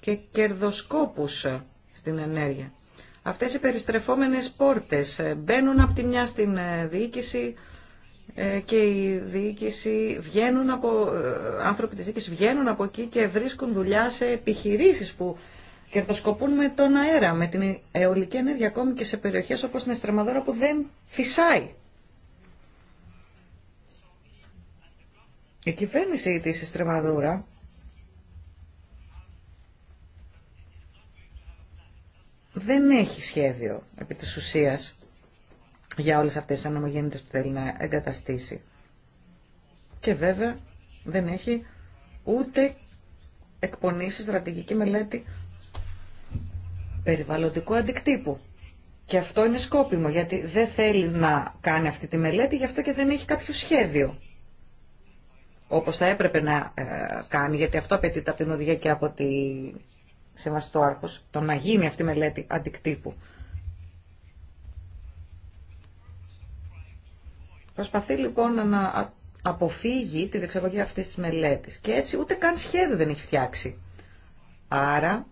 και κερδοσκόπους στην ενέργεια. Αυτές οι περιστρεφόμενες πόρτες μπαίνουν από τη μια στην διοίκηση ε, και οι διοίκηση βγαίνουν από, ε, άνθρωποι της διοίκησης βγαίνουν από εκεί και βρίσκουν δουλειά σε επιχειρήσεις που κερδοσκοπούν με τον αέρα, με την αιωλική ενέργεια ακόμη και σε περιοχές όπως την Εστρεμαδόρα που δεν φυσάει. Η κυβέρνηση της Εστρεμαδούρα δεν έχει σχέδιο επί της ουσίας για όλες αυτές τις ανομογέννητες που θέλει να εγκαταστήσει. Και βέβαια δεν έχει ούτε εκπονήσει στρατηγική μελέτη περιβαλλοντικού αντικτύπου. Και αυτό είναι σκόπιμο, γιατί δεν θέλει να κάνει αυτή τη μελέτη, γι' αυτό και δεν έχει κάποιο σχέδιο. Όπως θα έπρεπε να ε, κάνει, γιατί αυτό απαιτείται από την οδηγία και από τη σεβαστό άρχος, το να γίνει αυτή η μελέτη αντικτύπου. Προσπαθεί λοιπόν να αποφύγει τη διεξαγωγή αυτή τη μελέτη. Και έτσι ούτε καν σχέδιο δεν έχει φτιάξει. Άρα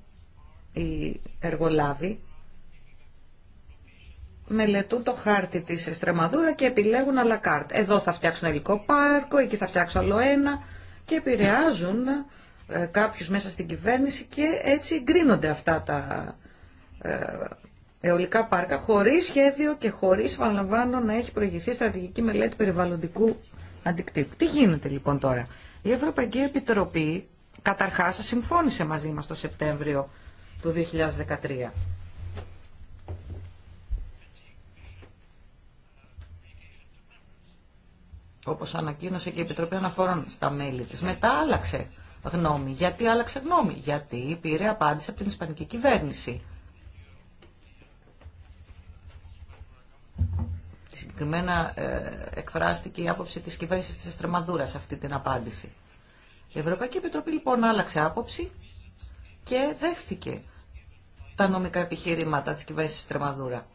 οι εργολάβοι μελετούν το χάρτη της Εστρεμαδούρα και επιλέγουν αλακάρτ. Εδώ θα φτιάξουν ελικό πάρκο, εκεί θα φτιάξω άλλο ένα και επηρεάζουν ε, κάποιους μέσα στην κυβέρνηση και έτσι γκρίνονται αυτά τα ε, αιωλικά πάρκα, χωρίς σχέδιο και χωρίς, παραλαμβάνω, να έχει προηγηθεί στρατηγική μελέτη περιβαλλοντικού αντικτύπου. Τι γίνεται λοιπόν τώρα. Η Ευρωπαϊκή Επιτροπή καταρχάς συμφώνησε μαζί μας το Σεπτέμβριο του 2013. όπως ανακοίνωσε και η Επιτροπή Αναφορών στα μέλη της, μετά άλλαξε γνώμη. Γιατί άλλαξε γνώμη, γιατί πήρε απάντηση από την Ισπανική κυβέρνηση. Συγκεκριμένα ε, εκφράστηκε η άποψη της κυβέρνησης της Εστρεμαδούρας σε αυτή την απάντηση. Η Ευρωπαϊκή Επιτροπή λοιπόν άλλαξε άποψη και δέχθηκε τα νομικά επιχειρήματα της κυβέρνησης της Εστρεμαδούρα.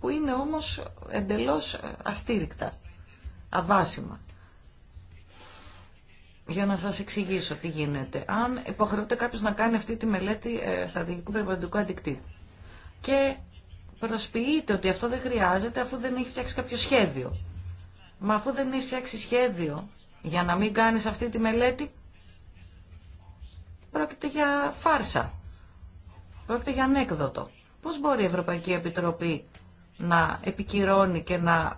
που είναι όμως εντελώς ε, αστήρικτα, αβάσιμα. Για να σας εξηγήσω τι γίνεται. Αν υποχρεούται κάποιος να κάνει αυτή τη μελέτη ε, στρατηγικού περιβαλλοντικού αντικτύπου και προσποιείται ότι αυτό δεν χρειάζεται αφού δεν έχει φτιάξει κάποιο σχέδιο. Μα αφού δεν έχει φτιάξει σχέδιο για να μην κάνεις αυτή τη μελέτη, πρόκειται για φάρσα, πρόκειται για ανέκδοτο. Πώς μπορεί η Ευρωπαϊκή Επιτροπή να επικυρώνει και να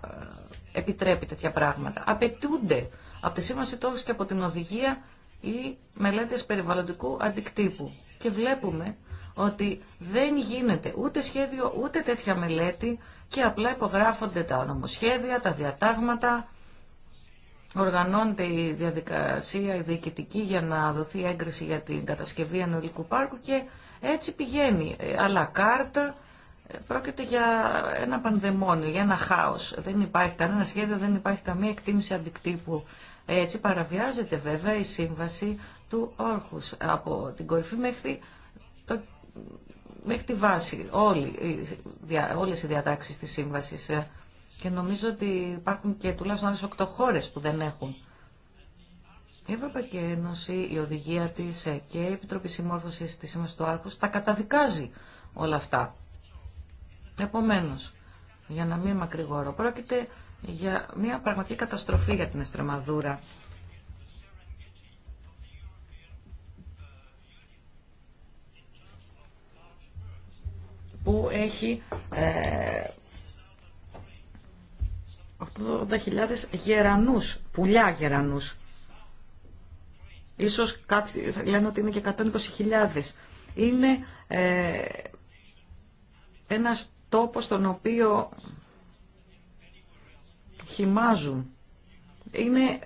ε, επιτρέπει τέτοια πράγματα. Απαιτούνται από τη σήμανση τόσο και από την οδηγία οι μελέτες περιβαλλοντικού αντικτύπου. Και βλέπουμε ότι δεν γίνεται ούτε σχέδιο ούτε τέτοια μελέτη και απλά υπογράφονται τα νομοσχέδια, τα διατάγματα, οργανώνεται η διαδικασία η διοικητική για να δοθεί έγκριση για την κατασκευή ενωλικού πάρκου και έτσι πηγαίνει. Αλλά ε, κάρτα πρόκειται για ένα πανδαιμόνιο, για ένα χάος. Δεν υπάρχει κανένα σχέδιο, δεν υπάρχει καμία εκτίμηση αντικτύπου. Έτσι παραβιάζεται βέβαια η σύμβαση του όρχους από την κορυφή μέχρι μέχρι τη βάση όλοι, όλες οι διατάξεις της σύμβασης ε, και νομίζω ότι υπάρχουν και τουλάχιστον άλλες οκτώ χώρες που δεν έχουν. Η Ευρωπαϊκή Ένωση, η οδηγία της ε, και η Επιτροπή Συμμόρφωσης της Σύμβασης του Άρχους τα καταδικάζει όλα αυτά. Επομένως, για να μην μακρηγορώ, πρόκειται για μια πραγματική καταστροφή για την Εστρεμαδούρα που έχει 80.000 ε, γερανούς, πουλιά γερανούς. Ίσως κάποιοι θα λένε ότι είναι και 120.000. Είναι ε, ένας τόπος στον οποίο χυμάζουν. Είναι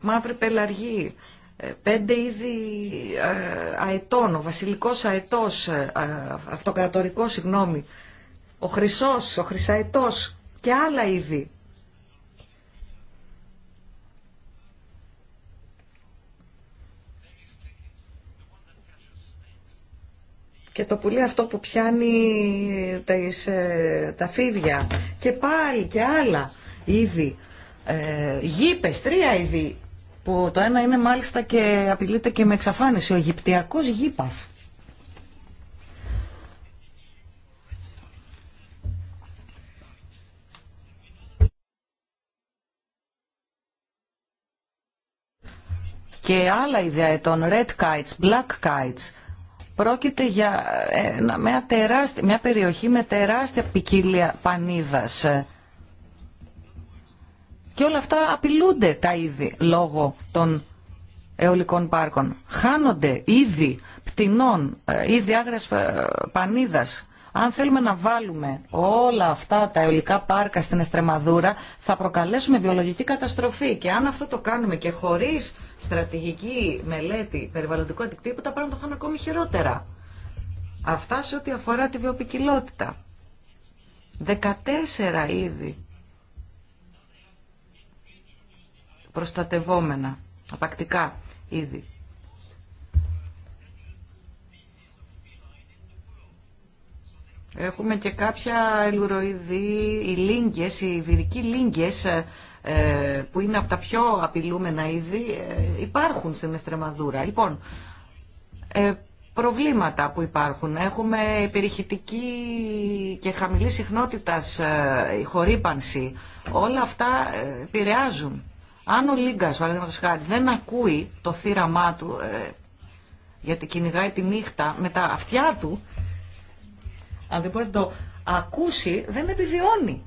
μαύρη πελαργή πέντε είδη ε, αετών, ο βασιλικός αετός, ε, αυτοκρατορικός, συγγνώμη, ο χρυσός, ο χρυσαετός και άλλα είδη. Και το πουλί αυτό που πιάνει ε, τα φίδια και πάλι και άλλα είδη. Ε, γήπες, τρία είδη που το ένα είναι μάλιστα και απειλείται και με εξαφάνιση, ο Αιγυπτιακός γήπας. και άλλα ιδέα των red kites, black kites. Πρόκειται για ε, μια, τεράστια, μια περιοχή με τεράστια ποικίλια πανίδας. Και όλα αυτά απειλούνται τα είδη λόγω των αιωλικών πάρκων. Χάνονται είδη πτηνών, ε, είδη άγρας ε, πανίδας. Αν θέλουμε να βάλουμε όλα αυτά τα αιωλικά πάρκα στην Εστρεμαδούρα, θα προκαλέσουμε βιολογική καταστροφή. Και αν αυτό το κάνουμε και χωρίς στρατηγική μελέτη περιβαλλοντικού αντικτύπου, τα πράγματα θα είναι ακόμη χειρότερα. Αυτά σε ό,τι αφορά τη βιοπικιλότητα. 14 είδη προστατευόμενα, απακτικά είδη. Έχουμε και κάποια ελουροειδή, οι λίγκες, οι βυρικοί λίγκες, ε, που είναι από τα πιο απειλούμενα είδη, ε, υπάρχουν στην Εστρεμαδούρα. Λοιπόν, ε, προβλήματα που υπάρχουν. Έχουμε περιχητική και χαμηλή συχνότητας χορύπανση. Όλα αυτά επηρεάζουν αν ο Λίγκα, παραδείγματο χάρη, δεν ακούει το θύραμά του, ε, γιατί κυνηγάει τη νύχτα με τα αυτιά του, αν δεν μπορεί να το ακούσει, δεν επιβιώνει.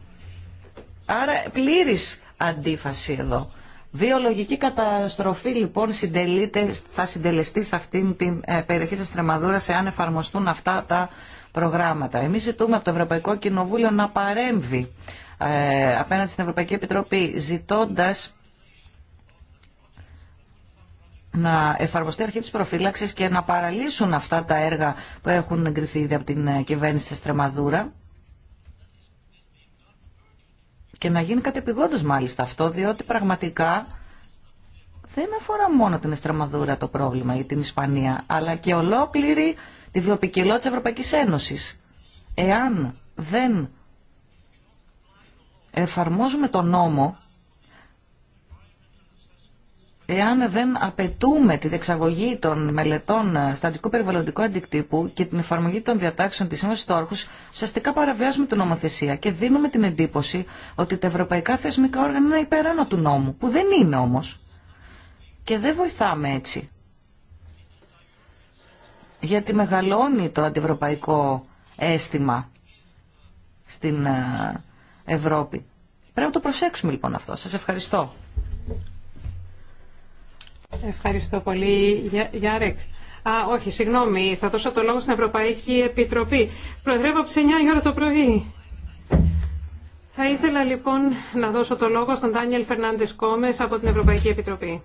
Άρα πλήρη αντίφαση εδώ. Βιολογική καταστροφή λοιπόν συντελείται, θα συντελεστεί σε αυτήν την ε, περιοχή της Τρεμαδούρας εάν εφαρμοστούν αυτά τα προγράμματα. Εμείς ζητούμε από το Ευρωπαϊκό Κοινοβούλιο να παρέμβει ε, απέναντι στην Ευρωπαϊκή Επιτροπή ζητώντας να εφαρμοστεί αρχή της προφύλαξης και να παραλύσουν αυτά τα έργα που έχουν εγκριθεί ήδη από την ε, κυβέρνηση της Τρεμαδούρα και να γίνει κατεπηγόντως μάλιστα αυτό, διότι πραγματικά δεν αφορά μόνο την Εστρεμαδούρα το πρόβλημα ή την Ισπανία, αλλά και ολόκληρη τη βιοπικιλότητα της Ευρωπαϊκής Ένωσης. Εάν δεν εφαρμόζουμε τον νόμο, εάν δεν απαιτούμε τη δεξαγωγή των μελετών στατικού περιβαλλοντικού αντικτύπου και την εφαρμογή των διατάξεων τη Σύμβαση του ουσιαστικά παραβιάζουμε την νομοθεσία και δίνουμε την εντύπωση ότι τα ευρωπαϊκά θεσμικά όργανα είναι υπεράνω του νόμου, που δεν είναι όμω. Και δεν βοηθάμε έτσι. Γιατί μεγαλώνει το αντιευρωπαϊκό αίσθημα στην ε, Ευρώπη. Πρέπει να το προσέξουμε λοιπόν αυτό. Σας ευχαριστώ. Ευχαριστώ πολύ, Γιάρεκ. Α, όχι, συγγνώμη, θα δώσω το λόγο στην Ευρωπαϊκή Επιτροπή. Προεδρεύω από τις 9 η ώρα το πρωί. Θα ήθελα λοιπόν να δώσω το λόγο στον Τάνιελ Φερνάντε Κόμε από την Ευρωπαϊκή Επιτροπή.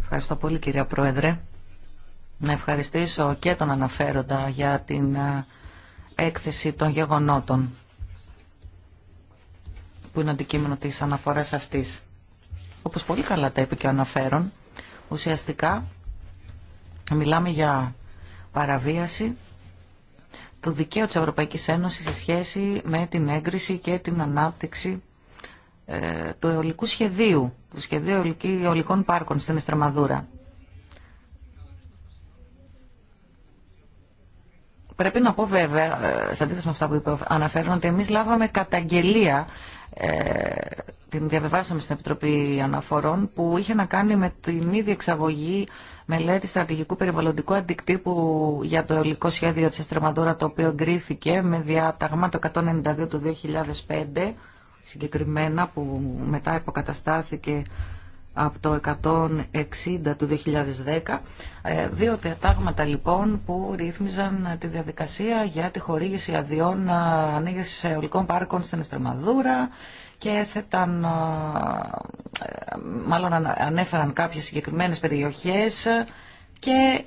Ευχαριστώ πολύ κυρία Πρόεδρε. Να ευχαριστήσω και τον αναφέροντα για την έκθεση των γεγονότων που είναι αντικείμενο της αναφοράς αυτής όπως πολύ καλά τα είπε και ο αναφέρον, ουσιαστικά μιλάμε για παραβίαση του δικαίου της Ευρωπαϊκής Ένωσης σε σχέση με την έγκριση και την ανάπτυξη ε, του αιωλικού σχεδίου, του σχεδίου αιωλικών πάρκων στην Εστραμαδούρα. Πρέπει να πω βέβαια, ε, σε αντίθεση με αυτά που είπε, αναφέρουν ότι εμείς λάβαμε καταγγελία ε, την διαβεβάσαμε στην Επιτροπή Αναφορών που είχε να κάνει με την ίδια εξαγωγή μελέτη στρατηγικού περιβαλλοντικού αντικτύπου για το ελληνικό σχέδιο της Εστρεμαντούρα το οποίο εγκρίθηκε με διάταγμα το 192 του 2005 συγκεκριμένα που μετά υποκαταστάθηκε από το 160 του 2010. Ε, δύο διατάγματα λοιπόν που ρύθμιζαν ε, τη διαδικασία για τη χορήγηση αδειών ε, ανοίγησης αιωλικών πάρκων στην Εστρεμαδούρα και έθεταν, μάλλον ανέφεραν κάποιες συγκεκριμένες περιοχές και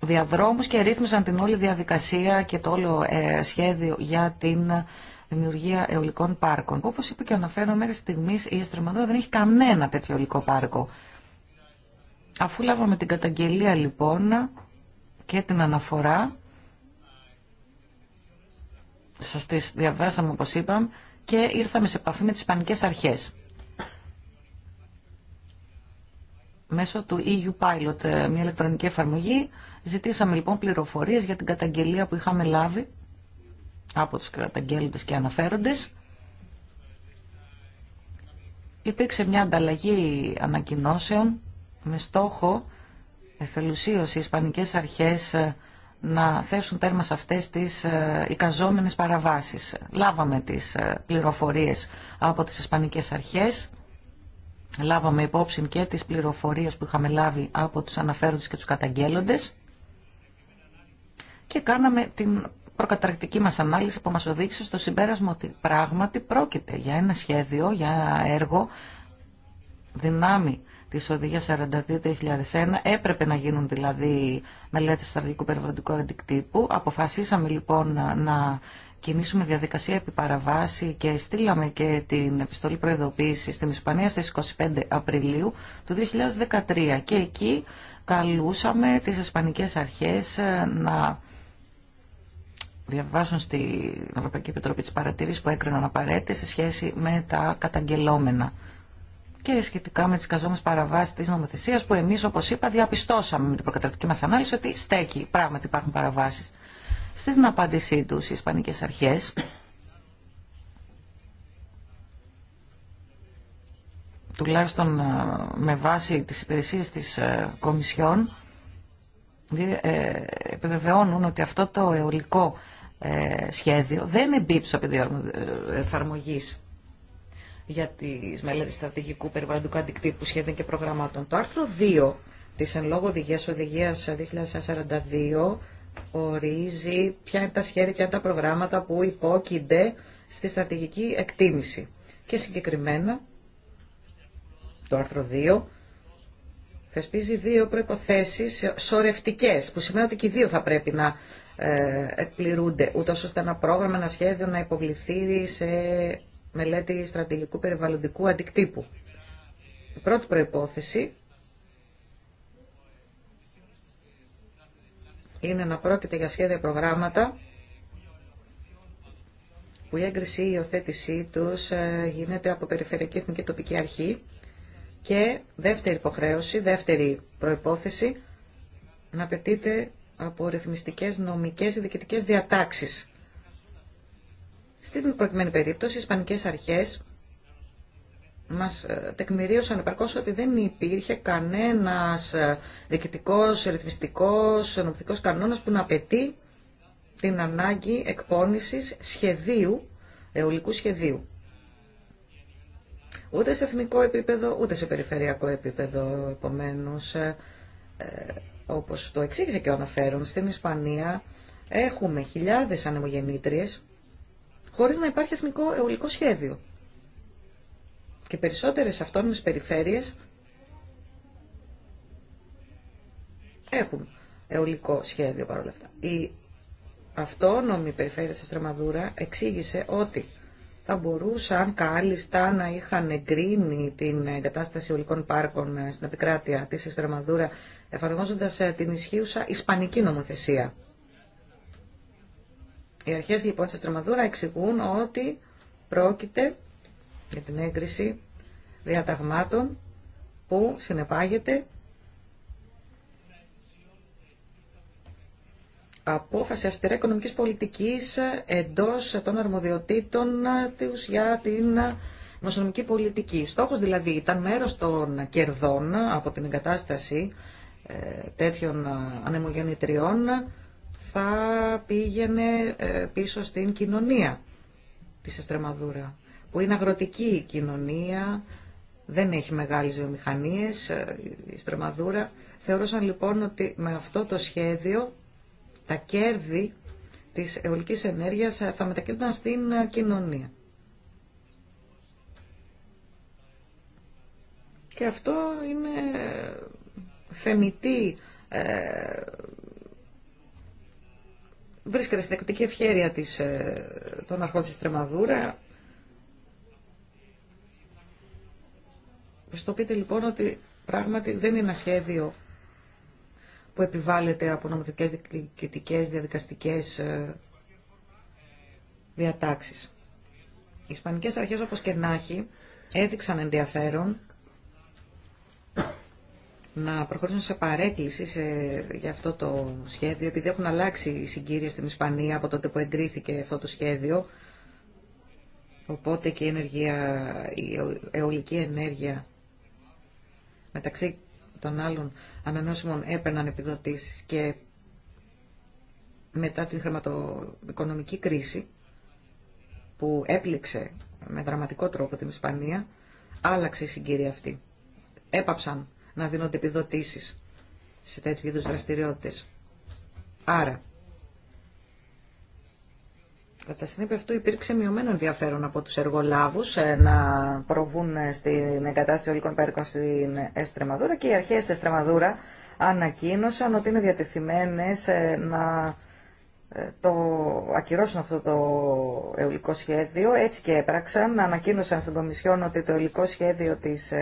διαδρόμους και ρύθμιζαν την όλη διαδικασία και το όλο σχέδιο για την δημιουργία αιωλικών πάρκων. Όπω είπε και αναφέρω, μέχρι στιγμή η Εστρεμαδούρα δεν έχει κανένα τέτοιο αιωλικό πάρκο. Αφού λάβαμε την καταγγελία λοιπόν και την αναφορά, σας τη διαβάσαμε όπω είπαμε, και ήρθαμε σε επαφή με τις ισπανικέ Αρχές. Μέσω του EU Pilot, ε, μια ηλεκτρονική εφαρμογή, ζητήσαμε λοιπόν πληροφορίες για την καταγγελία που είχαμε λάβει από τους καταγγέλλοντες και αναφέροντες. Υπήρξε μια ανταλλαγή ανακοινώσεων με στόχο εθελουσίως οι ισπανικές αρχές ε, να θέσουν τέρμα σε αυτές τις ε, ικαζόμενες παραβάσεις. Λάβαμε τις ε, πληροφορίες από τις ισπανικές αρχές, λάβαμε υπόψη και τις πληροφορίες που είχαμε λάβει από τους αναφέροντες και τους καταγγέλλοντες και κάναμε την προκαταρκτική μας ανάλυση που μας οδήγησε στο συμπέρασμα ότι πράγματι πρόκειται για ένα σχέδιο, για ένα έργο δυνάμει τη οδηγία 42-2001. Έπρεπε να γίνουν δηλαδή μελέτε στρατηγικού περιβαλλοντικού αντικτύπου. Αποφασίσαμε λοιπόν να κινήσουμε διαδικασία επί και στείλαμε και την επιστολή προειδοποίηση στην Ισπανία στις 25 Απριλίου του 2013. Και εκεί καλούσαμε τις Ισπανικές Αρχές να διαβάσουν στην Ευρωπαϊκή Επιτροπή τις παρατηρήσεις που έκριναν απαραίτητες σε σχέση με τα καταγγελόμενα και σχετικά με τις καζόμενες παραβάσεις της νομοθεσίας που εμείς όπως είπα διαπιστώσαμε με την προκαταρτική μας ανάλυση ότι στέκει πράγματι υπάρχουν παραβάσεις. Στην απάντησή τους οι Ισπανικές Αρχές τουλάχιστον ε, με βάση τις υπηρεσίες της ε, Κομισιόν ε, επιβεβαιώνουν ότι αυτό το αιωλικό ε, σχέδιο δεν εμπίπτει από εφαρμογή για τι μελέτε στρατηγικού περιβαλλοντικού αντικτύπου σχέδιων και προγραμμάτων. Το άρθρο 2 τη εν λόγω οδηγία οδηγία 2042 ορίζει ποια είναι τα σχέδια, ποια είναι τα προγράμματα που υπόκεινται στη στρατηγική εκτίμηση. Και συγκεκριμένα το άρθρο 2 θεσπίζει δύο προϋποθέσεις σορευτικές, που σημαίνει ότι και οι δύο θα πρέπει να ε, εκπληρούνται, ούτως ώστε ένα πρόγραμμα, ένα σχέδιο να υποβληθεί σε μελέτη στρατηγικού περιβαλλοντικού αντικτύπου. Η πρώτη προϋπόθεση είναι να πρόκειται για σχέδια προγράμματα που η έγκριση ή η υιοθέτησή τους ε, γίνεται από περιφερειακή εθνική τοπική αρχή και δεύτερη υποχρέωση, δεύτερη προϋπόθεση να απαιτείται από ρυθμιστικές νομικές ή διοικητικές διατάξεις. Στην προκειμένη περίπτωση, οι Ισπανικές αρχές μας ε, τεκμηρίωσαν επαρκώς ότι δεν υπήρχε κανένας ε, διοικητικός, ρυθμιστικός, νομικός κανόνας που να απαιτεί την ανάγκη εκπόνησης σχεδίου, αιωλικού σχεδίου. Ούτε σε εθνικό επίπεδο, ούτε σε περιφερειακό επίπεδο, επομένως, ε, όπως το εξήγησε και ο αναφέρον, στην Ισπανία έχουμε χιλιάδες ανεμογεννήτριες χωρίς να υπάρχει εθνικό αιωλικό σχέδιο. Και περισσότερες αυτόνομες περιφέρειες έχουν αιωλικό σχέδιο παρόλα αυτά. Η αυτόνομη περιφέρεια της Στρεμαδούρα εξήγησε ότι θα μπορούσαν κάλλιστα να είχαν εγκρίνει την εγκατάσταση ολικών πάρκων στην επικράτεια της Εστραμαδούρα εφαρμόζοντας ε, την ισχύουσα ισπανική νομοθεσία. Οι αρχές λοιπόν τη Αστραμαδούρα εξηγούν ότι πρόκειται για την έγκριση διαταγμάτων που συνεπάγεται απόφαση αυστηρά οικονομικής πολιτικής ε, εντός των αρμοδιοτήτων ε, τους για την νοσονομική πολιτική. Στόχος δηλαδή ήταν μέρος των κερδών από την εγκατάσταση ε, τέτοιων ε, ανεμογεννητριών θα πήγαινε ε, πίσω στην κοινωνία της Εστρεμαδούρα, που είναι αγροτική κοινωνία, δεν έχει μεγάλες βιομηχανίες η Στρεμαδούρα. Θεωρούσαν λοιπόν ότι με αυτό το σχέδιο τα κέρδη της αιωλικής ενέργειας θα μετακίνηταν στην κοινωνία. Και αυτό είναι θεμητή ε, βρίσκεται στην εκτική ευχέρεια της, ε, των αρχών της Τρεμαδούρα. Στο πείτε λοιπόν ότι πράγματι δεν είναι ένα σχέδιο που επιβάλλεται από νομοθετικές διοικητικές διαδικαστικές ε, διατάξεις. Οι Ισπανικές αρχές όπως και να έχει έδειξαν ενδιαφέρον να προχωρήσουν σε παρέκκληση σε, για αυτό το σχέδιο, επειδή έχουν αλλάξει οι συγκύρια στην Ισπανία από τότε που εγκρίθηκε αυτό το σχέδιο. Οπότε και η, ενεργεια, η αιωλική ενέργεια μεταξύ των άλλων ανανεώσιμων έπαιρναν επιδοτήσεις και μετά την χρηματοοικονομική κρίση που έπληξε με δραματικό τρόπο την Ισπανία, άλλαξε η συγκύρια αυτή. Έπαψαν να δίνονται επιδοτήσεις σε τέτοιου είδους δραστηριότητες. Άρα, Κατά συνέπεια αυτού υπήρξε μειωμένο ενδιαφέρον από τους εργολάβους ε, να προβούν ε, στην εγκατάσταση ολικών πέρκων στην Εστρεμαδούρα και οι αρχές της Εστρεμαδούρα ανακοίνωσαν ότι είναι διατεθειμένες ε, να το ακυρώσουν αυτό το αιωλικό σχέδιο. Έτσι και έπραξαν, ανακοίνωσαν στην Κομισιόν ότι το αιωλικό σχέδιο της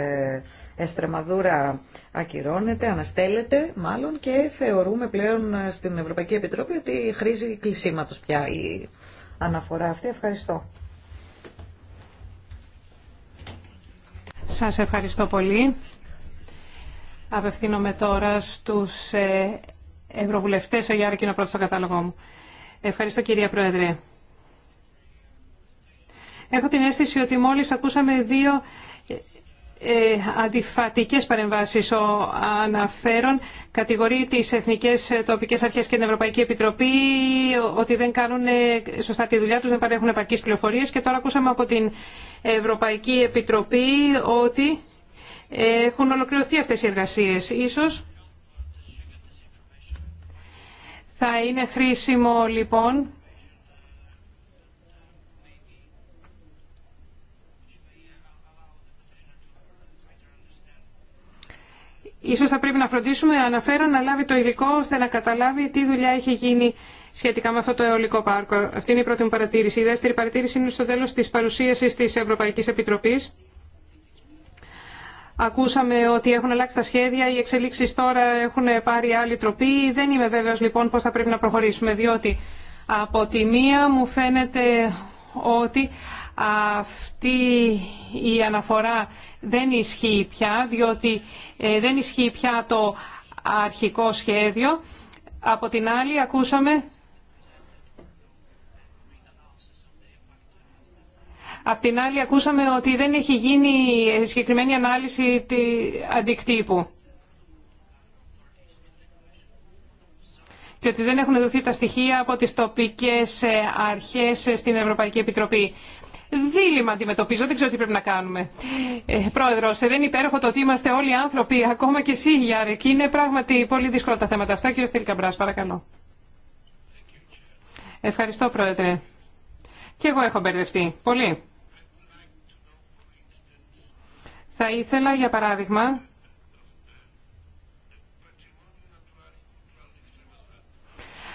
Εστρεμαδούρα ακυρώνεται, αναστέλλεται μάλλον και θεωρούμε πλέον στην Ευρωπαϊκή Επιτροπή ότι χρήζει κλεισίματος πια η αναφορά αυτή. Ευχαριστώ. Σας ευχαριστώ πολύ. Απευθύνομαι τώρα στους ε, ευρωβουλευτές. Ο Γιάρκη είναι ο πρώτος στο κατάλογό μου. Ευχαριστώ κυρία Πρόεδρε. Έχω την αίσθηση ότι μόλις ακούσαμε δύο ε, αντιφατικές παρεμβάσεις. Ο αναφέρον κατηγορεί τις Εθνικές ε, Τοπικές Αρχές και την Ευρωπαϊκή Επιτροπή ε, ότι δεν κάνουν σωστά τη δουλειά τους, δεν παρέχουν επαρκείς πληροφορίες και τώρα ακούσαμε από την Ευρωπαϊκή Επιτροπή ότι έχουν ολοκληρωθεί αυτές οι εργασίες. Ίσως θα είναι χρήσιμο λοιπόν Ίσως θα πρέπει να φροντίσουμε αναφέρω, να λάβει το υλικό ώστε να καταλάβει τι δουλειά έχει γίνει σχετικά με αυτό το αιωλικό πάρκο. Αυτή είναι η πρώτη μου παρατήρηση. Η δεύτερη παρατήρηση είναι στο τέλος της παρουσίασης της Ευρωπαϊκής Επιτροπής. Ακούσαμε ότι έχουν αλλάξει τα σχέδια, οι εξελίξεις τώρα έχουν πάρει άλλη τροπή. Δεν είμαι βέβαιος λοιπόν πώς θα πρέπει να προχωρήσουμε, διότι από τη μία μου φαίνεται ότι αυτή η αναφορά δεν ισχύει πια, διότι ε, δεν ισχύει πια το αρχικό σχέδιο. Από την άλλη ακούσαμε Απ' την άλλη ακούσαμε ότι δεν έχει γίνει συγκεκριμένη ανάλυση αντικτύπου. και ότι δεν έχουν δοθεί τα στοιχεία από τις τοπικές ε, αρχές ε, στην Ευρωπαϊκή Επιτροπή δίλημα αντιμετωπίζω. Δεν ξέρω τι πρέπει να κάνουμε. Ε, Πρόεδρο, ε, δεν υπέροχο το ότι είμαστε όλοι άνθρωποι, ακόμα και εσύ, Γιάννη, Και είναι πράγματι πολύ δύσκολα τα θέματα αυτά. Κύριε Στέλκαμπρά, παρακαλώ. Ευχαριστώ, Πρόεδρε. Και εγώ έχω μπερδευτεί. Πολύ. Θα ήθελα, για παράδειγμα,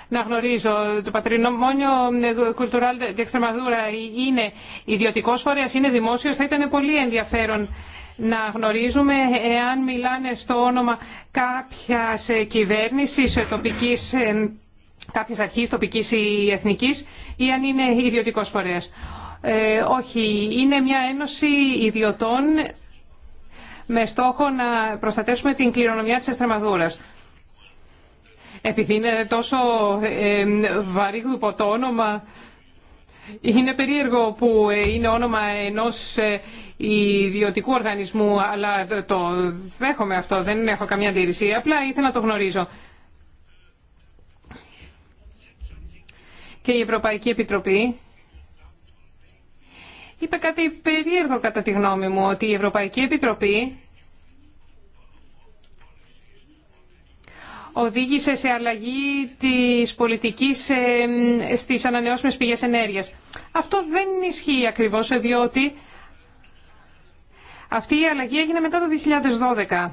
να γνωρίζω. Το Πατρινόμονιο ε, Κουλτουράλ Διεξτρεμαδούρα είναι ιδιωτικό φορέα, είναι δημόσιο. Θα ήταν πολύ ενδιαφέρον να γνωρίζουμε εάν μιλάνε στο όνομα κάποια ε, κυβέρνηση, ε, τοπικής κάποιες αρχής τοπικής ή εθνικής ή αν είναι ιδιωτικός φορέας. όχι, είναι μια ένωση ιδιωτών με στόχο να προστατεύσουμε την κληρονομιά της Εστρεμαδούρας. Επειδή είναι τόσο ε, βαρύγδουπο το όνομα, είναι περίεργο που ε, είναι όνομα ενός ε, ιδιωτικού οργανισμού, αλλά το δέχομαι αυτό, δεν έχω καμία αντίρρηση, απλά ήθελα να το γνωρίζω. Και η Ευρωπαϊκή Επιτροπή είπε κάτι περίεργο κατά τη γνώμη μου, ότι η Ευρωπαϊκή Επιτροπή οδήγησε σε αλλαγή της πολιτικής ε, στις ανανεώσιμες πηγές ενέργειας. Αυτό δεν ισχύει ακριβώς, διότι αυτή η αλλαγή έγινε μετά το 2012.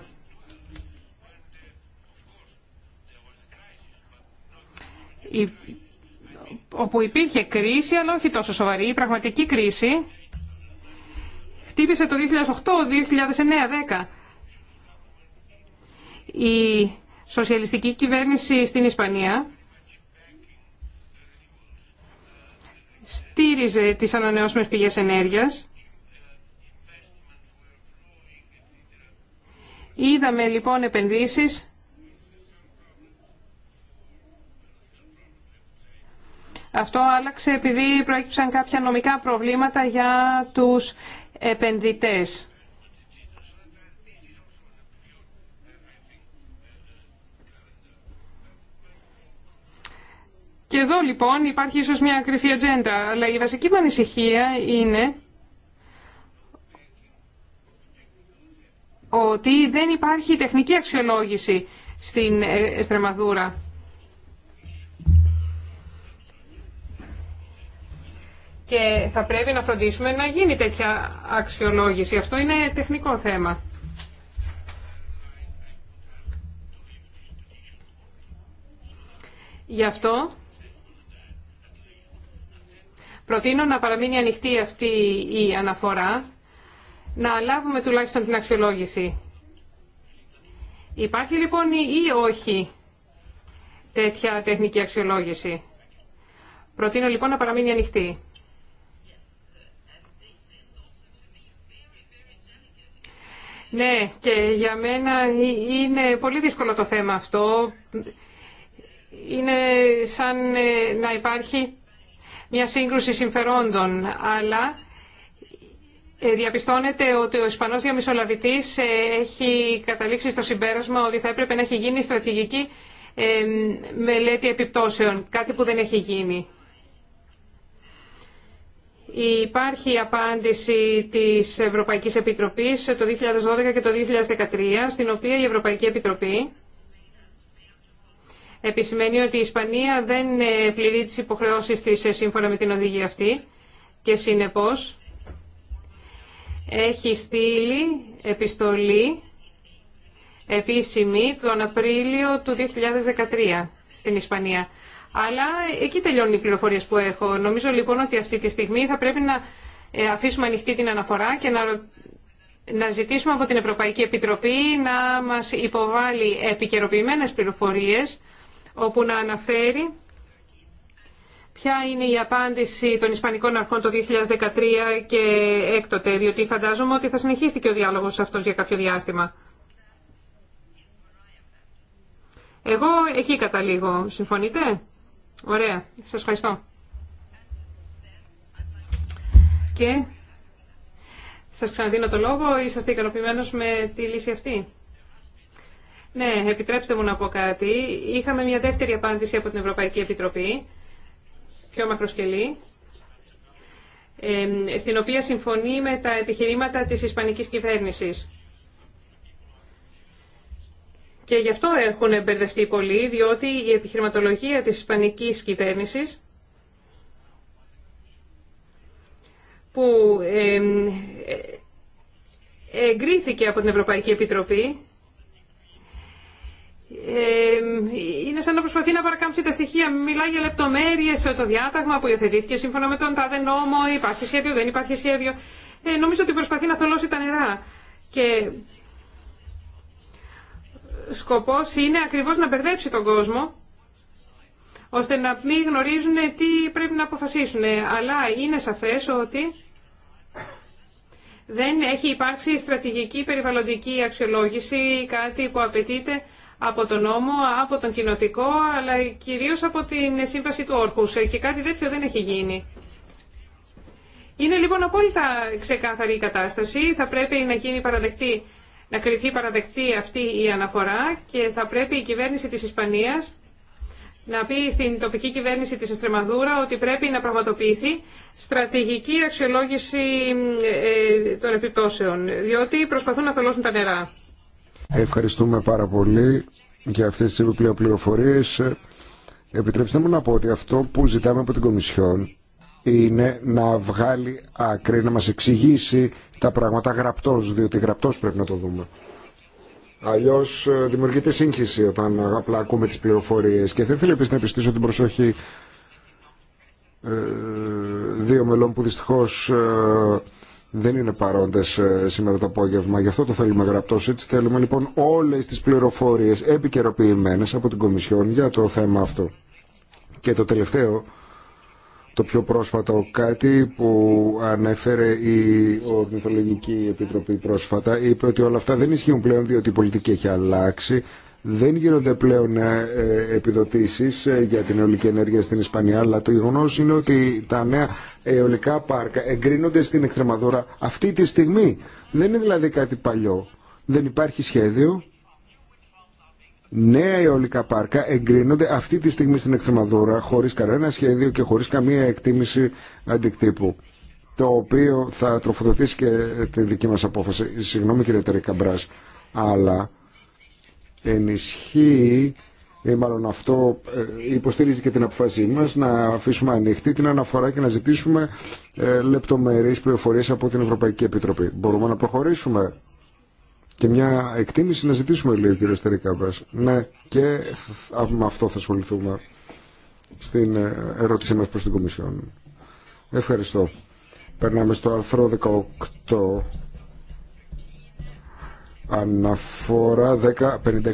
όπου υπήρχε κρίση, αλλά όχι τόσο σοβαρή, η πραγματική κρίση χτύπησε το 2008, 2009, 2010. Η σοσιαλιστική κυβέρνηση στην Ισπανία στήριζε τις ανανεώσιμες πηγές ενέργειας. Είδαμε λοιπόν επενδύσεις Αυτό άλλαξε επειδή προέκυψαν κάποια νομικά προβλήματα για τους επενδυτές. Και εδώ λοιπόν υπάρχει ίσως μια κρυφή ατζέντα, αλλά η βασική μου ανησυχία είναι ότι δεν υπάρχει τεχνική αξιολόγηση στην ε, Εστρεμαδούρα. Και θα πρέπει να φροντίσουμε να γίνει τέτοια αξιολόγηση. Αυτό είναι τεχνικό θέμα. Γι' αυτό Προτείνω να παραμείνει ανοιχτή αυτή η αναφορά, να λάβουμε τουλάχιστον την αξιολόγηση. Υπάρχει λοιπόν ή όχι τέτοια τεχνική αξιολόγηση. Προτείνω λοιπόν να παραμείνει ανοιχτή. Ναι, και για μένα είναι πολύ δύσκολο το θέμα αυτό. Είναι σαν ε, να υπάρχει μια σύγκρουση συμφερόντων, αλλά ε, διαπιστώνεται ότι ο Ισπανός διαμεσολαβητής ε, έχει καταλήξει στο συμπέρασμα ότι θα έπρεπε να έχει γίνει στρατηγική ε, μελέτη επιπτώσεων, κάτι που δεν έχει γίνει. Υπάρχει απάντηση της Ευρωπαϊκής Επιτροπής το 2012 και το 2013, στην οποία η Ευρωπαϊκή Επιτροπή επισημαίνει ότι η Ισπανία δεν ε, πληρεί τις υποχρεώσεις της ε, σύμφωνα με την οδηγία αυτή και συνεπώς έχει στείλει επιστολή επίσημη τον Απρίλιο του 2013 στην Ισπανία. Αλλά εκεί τελειώνουν οι πληροφορίες που έχω. Νομίζω λοιπόν ότι αυτή τη στιγμή θα πρέπει να ε, αφήσουμε ανοιχτή την αναφορά και να, να ζητήσουμε από την Ευρωπαϊκή Επιτροπή να μας υποβάλει επικαιροποιημένες πληροφορίες όπου να αναφέρει ποια είναι η απάντηση των Ισπανικών Αρχών το 2013 και έκτοτε, διότι φαντάζομαι ότι θα συνεχίστηκε ο διάλογος αυτός για κάποιο διάστημα. Εγώ εκεί καταλήγω. Συμφωνείτε? Ωραία. Σας ευχαριστώ. Και σας ξαναδίνω το λόγο. Είσαστε ικανοποιημένος με τη λύση αυτή. Ναι, επιτρέψτε μου να πω κάτι. Είχαμε μια δεύτερη απάντηση από την Ευρωπαϊκή Επιτροπή, πιο μακροσκελή, στην οποία συμφωνεί με τα επιχειρήματα της Ισπανικής κυβέρνησης. Και γι' αυτό έχουν μπερδευτεί πολλοί, διότι η επιχειρηματολογία της Ισπανικής κυβέρνησης που ε, εγκρίθηκε από την Ευρωπαϊκή Επιτροπή είναι σαν να προσπαθεί να παρακάμψει τα στοιχεία. Μιλάει για λεπτομέρειε, το διάταγμα που υιοθετήθηκε σύμφωνα με τον τάδε νόμο, υπάρχει σχέδιο, δεν υπάρχει σχέδιο. Ε, νομίζω ότι προσπαθεί να θολώσει τα νερά. Και σκοπός είναι ακριβώς να μπερδέψει τον κόσμο ώστε να μην γνωρίζουν τι πρέπει να αποφασίσουν. Αλλά είναι σαφέ ότι δεν έχει υπάρξει στρατηγική περιβαλλοντική αξιολόγηση, κάτι που απαιτείται από τον νόμο, από τον κοινοτικό, αλλά κυρίως από την σύμβαση του όρκους ε, και κάτι τέτοιο δεν έχει γίνει. Είναι λοιπόν απόλυτα ξεκάθαρη η κατάσταση. Θα πρέπει να γίνει παραδεκτή, να κρυθεί παραδεκτή αυτή η αναφορά και θα πρέπει η κυβέρνηση της Ισπανίας να πει στην τοπική κυβέρνηση της Εστρεμαδούρα ότι πρέπει να πραγματοποιηθεί στρατηγική αξιολόγηση ε, ε, των επιπτώσεων, διότι προσπαθούν να θολώσουν τα νερά. Ευχαριστούμε πάρα πολύ για αυτές τις επιπλέον πληροφορίες. Επιτρέψτε μου να πω ότι αυτό που ζητάμε από την Κομισιόν είναι να βγάλει άκρη, να μας εξηγήσει τα πράγματα γραπτός, διότι γραπτός πρέπει να το δούμε. Αλλιώς ε, δημιουργείται σύγχυση όταν απλά ακούμε τις πληροφορίες και θα ήθελα επίσης να επιστήσω την προσοχή ε, δύο μελών που δυστυχώς ε, δεν είναι παρόντες ε, σήμερα το απόγευμα. Γι' αυτό το θέλουμε γραπτό Έτσι θέλουμε λοιπόν όλες τις πληροφορίες επικαιροποιημένε από την Κομισιόν για το θέμα αυτό. Και το τελευταίο, το πιο πρόσφατο κάτι που ανέφερε η Ορνηθολογική Επιτροπή πρόσφατα, είπε ότι όλα αυτά δεν ισχύουν πλέον διότι η πολιτική έχει αλλάξει, δεν γίνονται πλέον ε, ε, επιδοτήσεις ε, για την αιωλική ενέργεια στην Ισπανία, αλλά το γεγονό είναι ότι τα νέα αιωλικά πάρκα εγκρίνονται στην Εκτρεμαδόρα αυτή τη στιγμή. Δεν είναι δηλαδή κάτι παλιό. Δεν υπάρχει σχέδιο. Νέα αιωλικά πάρκα εγκρίνονται αυτή τη στιγμή στην Εκτρεμαδόρα χωρίς κανένα σχέδιο και χωρίς καμία εκτίμηση αντικτύπου το οποίο θα τροφοδοτήσει και τη δική μας απόφαση. Συγγνώμη κύριε Τερικαμπράς, αλλά ενισχύει ή ε, μάλλον αυτό ε, υποστηρίζει και την αποφασή μας να αφήσουμε ανοιχτή την αναφορά και να ζητήσουμε ε, λεπτομερείς πληροφορίες από την Ευρωπαϊκή Επιτροπή. Μπορούμε να προχωρήσουμε και μια εκτίμηση να ζητήσουμε, λίγο ο κύριος Ναι, και με αυτό θα ασχοληθούμε στην ερώτησή μας προς την Κομισιόν. Ευχαριστώ. Περνάμε στο αρθρό 18 Αναφορά 1056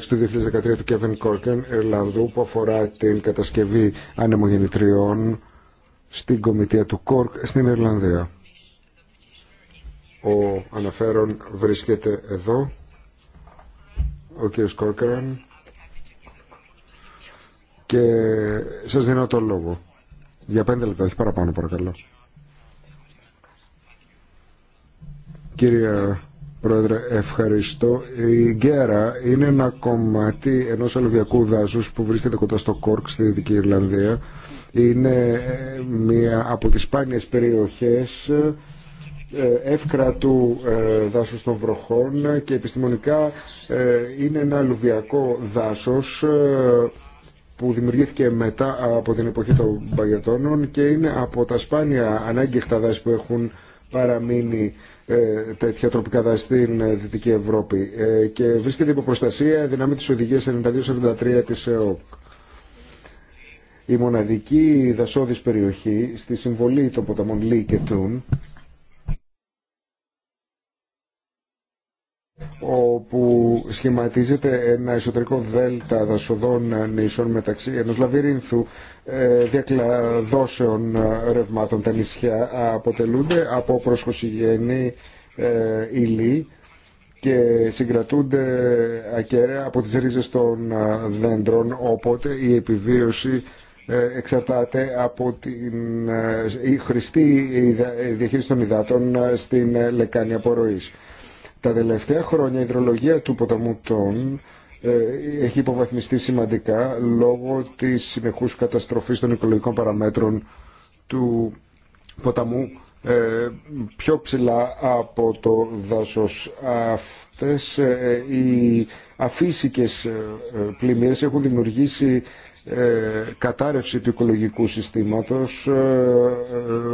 του 2013 του Κέβιν Κόρκεν, Ιρλανδού, που αφορά την κατασκευή ανεμογεννητριών στην κομιτεία του Κόρκ στην Ιρλανδία. Ο αναφέρον βρίσκεται εδώ, ο κύριος Κόρκεν, και σας δίνω το λόγο. Για πέντε λεπτά, όχι παραπάνω παρακαλώ. Κύριε Πρόεδρε, ευχαριστώ. Η Γκέρα είναι ένα κομμάτι ενός αλουβιακού δάσους που βρίσκεται κοντά στο Κόρκ στη Δυτική Ιρλανδία. Είναι ε, μια από τι σπάνιε περιοχές ε, εύκρατου ε, δάσους των βροχών και επιστημονικά είναι ένα αλουβιακό δάσος που δημιουργήθηκε μετά από την εποχή των Παγετώνων και είναι από τα σπάνια ανάγκη δάση που έχουν παραμείνει ε, τέτοια τροπικά δάση στην ε, Δυτική Ευρώπη ε, και βρίσκεται υπό προστασία δυνάμει της οδηγίας 92-43 της ΕΟΚ. Η μοναδική δασόδης περιοχή στη συμβολή των ποταμών Λί και Τούν όπου σχηματίζεται ένα εσωτερικό δέλτα δασοδών νησών μεταξύ ενός λαβυρίνθου ε, διακλαδώσεων ε, ρευμάτων. Τα νησιά αποτελούνται από προσχωσιγέννη ύλη ε, και συγκρατούνται ακέραια από τις ρίζες των δέντρων, οπότε η επιβίωση εξαρτάται από την η χρηστή διαχείριση των υδάτων στην λεκάνη απορροής. Τα τελευταία χρόνια η υδρολογία του ποταμού Τόν ε, έχει υποβαθμιστεί σημαντικά λόγω της συνεχούς καταστροφής των οικολογικών παραμέτρων του ποταμού ε, πιο ψηλά από το δάσος. Αυτές ε, οι αφύσικες πλημμύρες έχουν δημιουργήσει ε, κατάρρευση του οικολογικού συστήματος. Ε,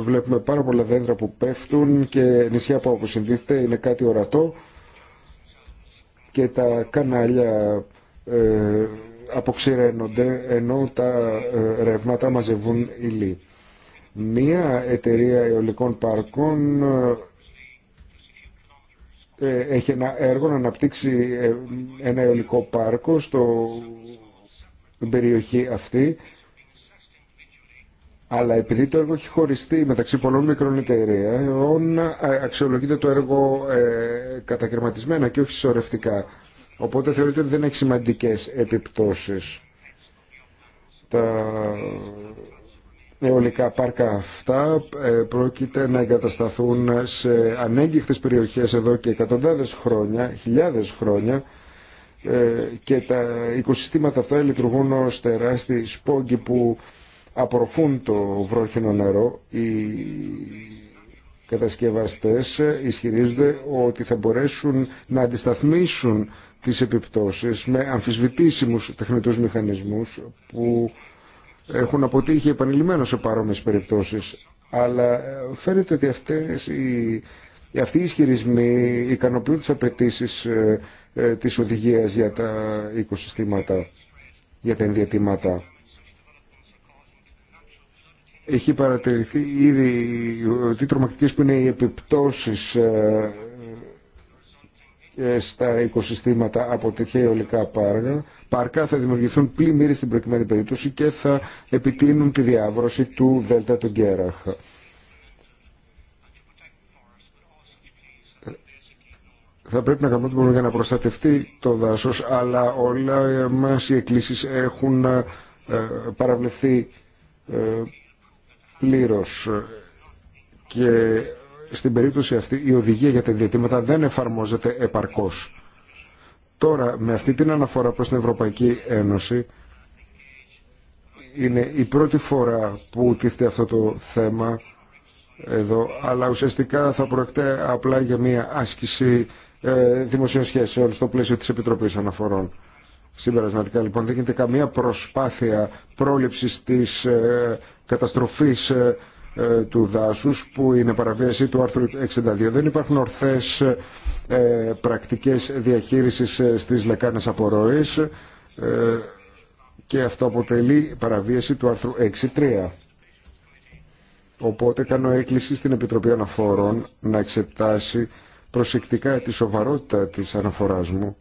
βλέπουμε πάρα πολλά δέντρα που πέφτουν και νησιά που συνδείχεται είναι κάτι ορατό και τα κανάλια ε, αποξηραίνονται ενώ τα ρεύματα μαζεύουν υλή. Μία εταιρεία αιωλικών πάρκων έχει ένα έργο να αναπτύξει ένα αιωλικό πάρκο στο την περιοχή αυτή. Αλλά επειδή το έργο έχει χωριστεί μεταξύ πολλών μικρών εταιρεών, ε, αξιολογείται το έργο ε, και όχι σωρευτικά. Οπότε θεωρείται ότι δεν έχει σημαντικές επιπτώσεις. Τα αιωλικά πάρκα αυτά ε, πρόκειται να εγκατασταθούν σε ανέγγιχτες περιοχές εδώ και εκατοντάδες χρόνια, χιλιάδες χρόνια ε, και τα οικοσυστήματα αυτά λειτουργούν ως τεράστιοι σπόγγοι που απορροφούν το βρόχινο νερό. Οι κατασκευαστές ισχυρίζονται ότι θα μπορέσουν να αντισταθμίσουν τις επιπτώσεις με αμφισβητήσιμους τεχνητούς μηχανισμούς που έχουν αποτύχει επανειλημμένως σε παρόμοιες περιπτώσεις. Αλλά ε, φαίνεται ότι αυτές οι, αυτοί οι ισχυρισμοί ικανοποιούν τις απαιτήσει ε, ε, της οδηγίας για τα οικοσυστήματα, για τα ενδιατήματα. Έχει παρατηρηθεί ήδη τι τρομακτικές που είναι οι επιπτώσεις ε, ε, στα οικοσυστήματα από τέτοια αιωλικά πάρκα. πάρκα θα δημιουργηθούν πλημμύρες στην προκειμένη περίπτωση και θα επιτείνουν τη διάβρωση του Δέλτα του Γκέραχ. θα πρέπει να κάνουμε για να προστατευτεί το δάσος, αλλά όλα μας οι εκκλήσεις έχουν ε, παραβλεφθεί ε, πλήρως. Και στην περίπτωση αυτή η οδηγία για τα διατήματα δεν εφαρμόζεται επαρκώς. Τώρα, με αυτή την αναφορά προς την Ευρωπαϊκή Ένωση, είναι η πρώτη φορά που τίθεται αυτό το θέμα εδώ, αλλά ουσιαστικά θα προεκτέ απλά για μια άσκηση ε, δημοσίων σχέσεων στο πλαίσιο της Επιτροπής Αναφορών. Συμπερασματικά λοιπόν δεν γίνεται καμία προσπάθεια πρόληψης της ε, καταστροφής ε, του δάσους που είναι παραβίαση του άρθρου 62. Δεν υπάρχουν ορθές πρακτικές διαχείρισης στις λεκάνες απορροής και αυτό αποτελεί παραβίαση του άρθρου 6.3. Οπότε κάνω έκκληση στην Επιτροπή Αναφορών να εξετάσει προσεκτικά τη σοβαρότητα της αναφοράς μου,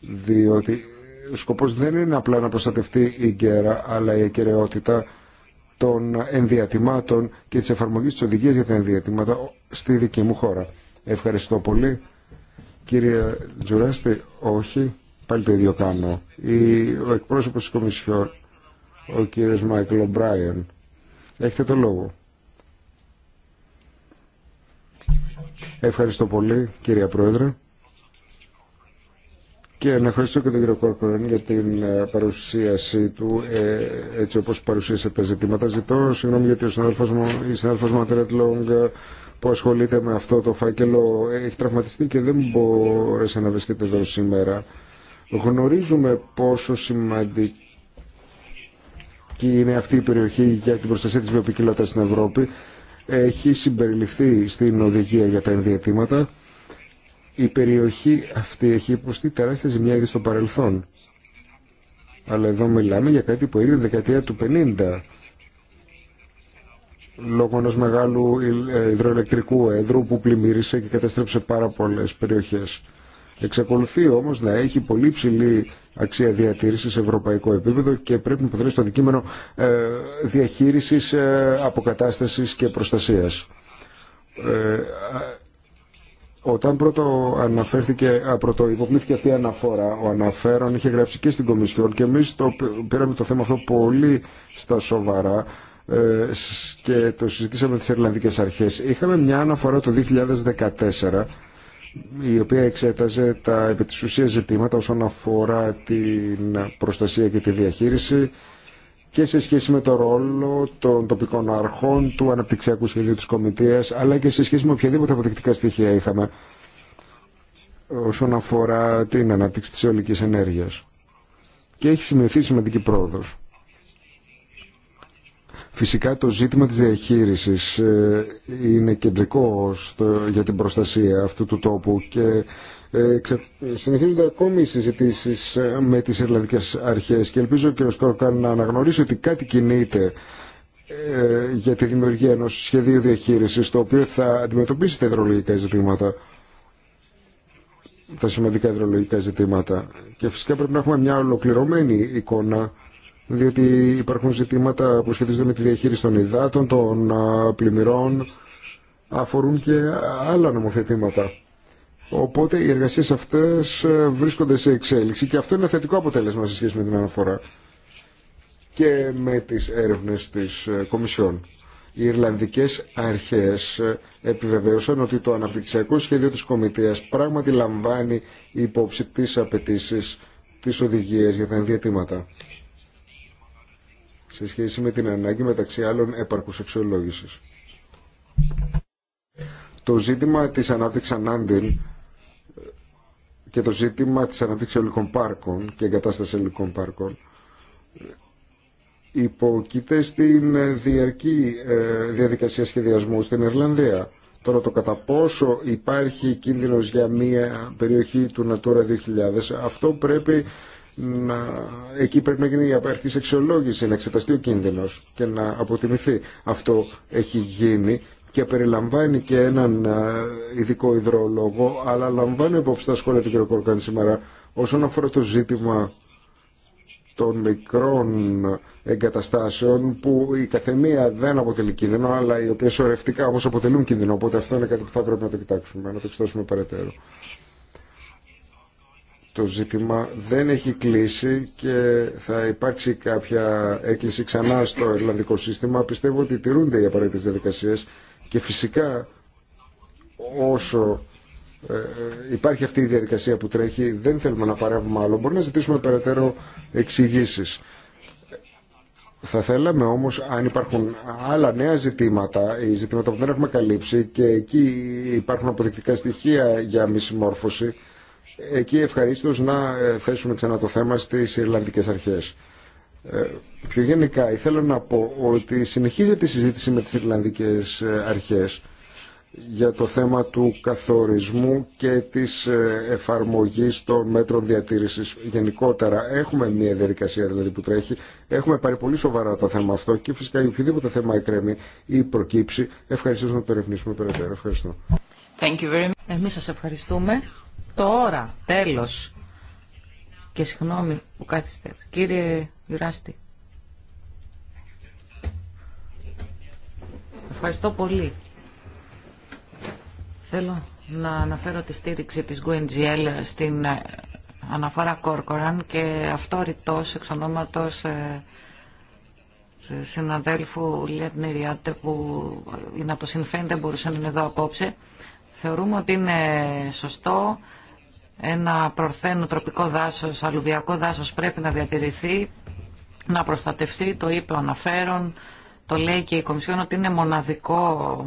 διότι ο σκοπός δεν είναι απλά να προστατευτεί η γκέρα, αλλά η αικαιρεότητα των ενδιατημάτων και της εφαρμογής της οδηγίας για τα ενδιατημάτα στη δική μου χώρα. Ευχαριστώ πολύ. Κύριε Τζουράστη, όχι, πάλι το ίδιο κάνω. Η, ο εκπρόσωπος της Κομισιόν, ο κύριος Μάικλ Ομπράιεν, έχετε το λόγο. Ευχαριστώ πολύ κυρία Πρόεδρε. Και να ευχαριστώ και τον κύριο Κόρκορεν για την ε, παρουσίασή του ε, έτσι όπως παρουσίασε τα ζητήματα. Ζητώ συγγνώμη γιατί ο συνάδελφος μου, η συνάδελφος μου Λόγκ που ασχολείται με αυτό το φάκελο έχει τραυματιστεί και δεν μπόρεσε να βρίσκεται εδώ σήμερα. Γνωρίζουμε πόσο σημαντική είναι αυτή η περιοχή για την προστασία της βιοποικιλότητας στην Ευρώπη έχει συμπεριληφθεί στην οδηγία για τα ενδιατήματα. Η περιοχή αυτή έχει υποστεί τεράστια ζημιά ήδη στο παρελθόν. Αλλά εδώ μιλάμε για κάτι που έγινε δεκαετία του 50 λόγω ενός μεγάλου ε, υδροελεκτρικού έδρου που πλημμύρισε και καταστρέψε πάρα πολλές περιοχές. Εξακολουθεί όμως να έχει πολύ ψηλή αξία διατήρηση σε ευρωπαϊκό επίπεδο και πρέπει να αποτελέσει το αντικείμενο ε, διαχείρισης, ε, αποκατάστασης και προστασίας. Ε, όταν πρώτο αναφέρθηκε, πρώτο υποβλήθηκε αυτή η αναφορά, ο αναφέρον είχε γράψει και στην Κομισιόν και εμείς το, πήραμε το θέμα αυτό πολύ στα σοβαρά ε, και το συζητήσαμε με τις Ιρλανδικές Αρχές. Είχαμε μια αναφορά το 2014 η οποία εξέταζε τα επί της ουσίας ζητήματα όσον αφορά την προστασία και τη διαχείριση και σε σχέση με το ρόλο των τοπικών αρχών του αναπτυξιακού σχεδίου της Κομιτείας αλλά και σε σχέση με οποιαδήποτε αποδεικτικά στοιχεία είχαμε όσον αφορά την ανάπτυξη της αιωλικής ενέργειας. Και έχει σημειωθεί σημαντική πρόοδος. Φυσικά το ζήτημα της διαχείρισης ε, είναι κεντρικό για την προστασία αυτού του τόπου και ε, συνεχίζονται ακόμη οι συζητήσεις ε, με τις ελληνικές αρχές και ελπίζω ο κ. Κόρκαν να αναγνωρίσει ότι κάτι κινείται για τη δημιουργία ενός σχεδίου διαχείρισης το οποίο θα αντιμετωπίσει τα υδρολογικά ζητήματα τα σημαντικά υδρολογικά ζητήματα και φυσικά πρέπει να έχουμε μια ολοκληρωμένη εικόνα διότι υπάρχουν ζητήματα που σχετίζονται με τη διαχείριση των υδάτων, των πλημμυρών, αφορούν και άλλα νομοθετήματα. Οπότε οι εργασίες αυτές ε, βρίσκονται σε εξέλιξη και αυτό είναι θετικό αποτέλεσμα σε σχέση με την αναφορά και με τις έρευνες της ε, Κομισιόν. Οι Ιρλανδικές αρχές ε, επιβεβαίωσαν ότι το αναπτυξιακό σχέδιο της Κομιτείας πράγματι λαμβάνει υπόψη τις απαιτήσει τις οδηγίες για τα ενδιατήματα σε σχέση με την ανάγκη μεταξύ άλλων επαρκούς αξιολόγησης. Το ζήτημα της ανάπτυξης ανάντιν και το ζήτημα της ανάπτυξης ελικών πάρκων και εγκατάστασης ελικών πάρκων υποκείται στην διαρκή ε, διαδικασία σχεδιασμού στην Ιρλανδία. Τώρα το κατά πόσο υπάρχει κίνδυνος για μια περιοχή του Natura 2000, αυτό πρέπει να, εκεί πρέπει να γίνει η απαρχής αξιολόγηση, να εξεταστεί ο κίνδυνο και να αποτιμηθεί. Αυτό έχει γίνει και περιλαμβάνει και έναν ε, ειδικό υδρολόγο, αλλά λαμβάνει υπόψη τα σχόλια του κ. Κορκάνη σήμερα όσον αφορά το ζήτημα των μικρών εγκαταστάσεων που η καθεμία δεν αποτελεί κίνδυνο αλλά οι οποίε ορευτικά όμω αποτελούν κίνδυνο οπότε αυτό είναι κάτι που θα πρέπει να το κοιτάξουμε να το εξετάσουμε περαιτέρω το ζήτημα δεν έχει κλείσει και θα υπάρξει κάποια έκκληση ξανά στο ελληνικό σύστημα. Πιστεύω ότι τηρούνται οι απαραίτητες διαδικασίες και φυσικά όσο ε, ε, υπάρχει αυτή η διαδικασία που τρέχει δεν θέλουμε να παρεύουμε άλλο. Μπορεί να ζητήσουμε περαιτέρω εξηγήσει. Θα θέλαμε όμως αν υπάρχουν άλλα νέα ζητήματα, ή ζητήματα που δεν έχουμε καλύψει και εκεί υπάρχουν αποδεικτικά στοιχεία για μη συμμόρφωση, εκεί ευχαριστώ να ε, θέσουμε ξανά το θέμα στι Ιρλανδικέ αρχέ. Ε, πιο γενικά, ήθελα να πω ότι συνεχίζεται η συζήτηση με τι Ιρλανδικέ ε, αρχέ για το θέμα του καθορισμού και της ε, εφαρμογής των μέτρων διατήρησης γενικότερα. Έχουμε μια διαδικασία δηλαδή που τρέχει, έχουμε πάρει πολύ σοβαρά το θέμα αυτό και φυσικά οποιοδήποτε θέμα εκκρέμει ή προκύψει, ευχαριστώ να το ερευνήσουμε περαιτέρω. Ευχαριστώ. Thank you Εμείς σας ευχαριστούμε. Τώρα, τέλος. Και συγγνώμη που κάθεστε. Κύριε Γιουράστη. Ευχαριστώ πολύ. Θέλω να αναφέρω τη στήριξη της GUNGL στην ε, αναφορά Κόρκοραν και αυτό ρητός εξ ονόματος ε, συναδέλφου Λιέτ που είναι από το Συνφέν δεν μπορούσε να είναι εδώ απόψε. Θεωρούμε ότι είναι σωστό ένα προρθένο τροπικό δάσος, αλουβιακό δάσος πρέπει να διατηρηθεί, να προστατευτεί, το είπε ο αναφέρον, το λέει και η Κομισιόν ότι είναι μοναδικό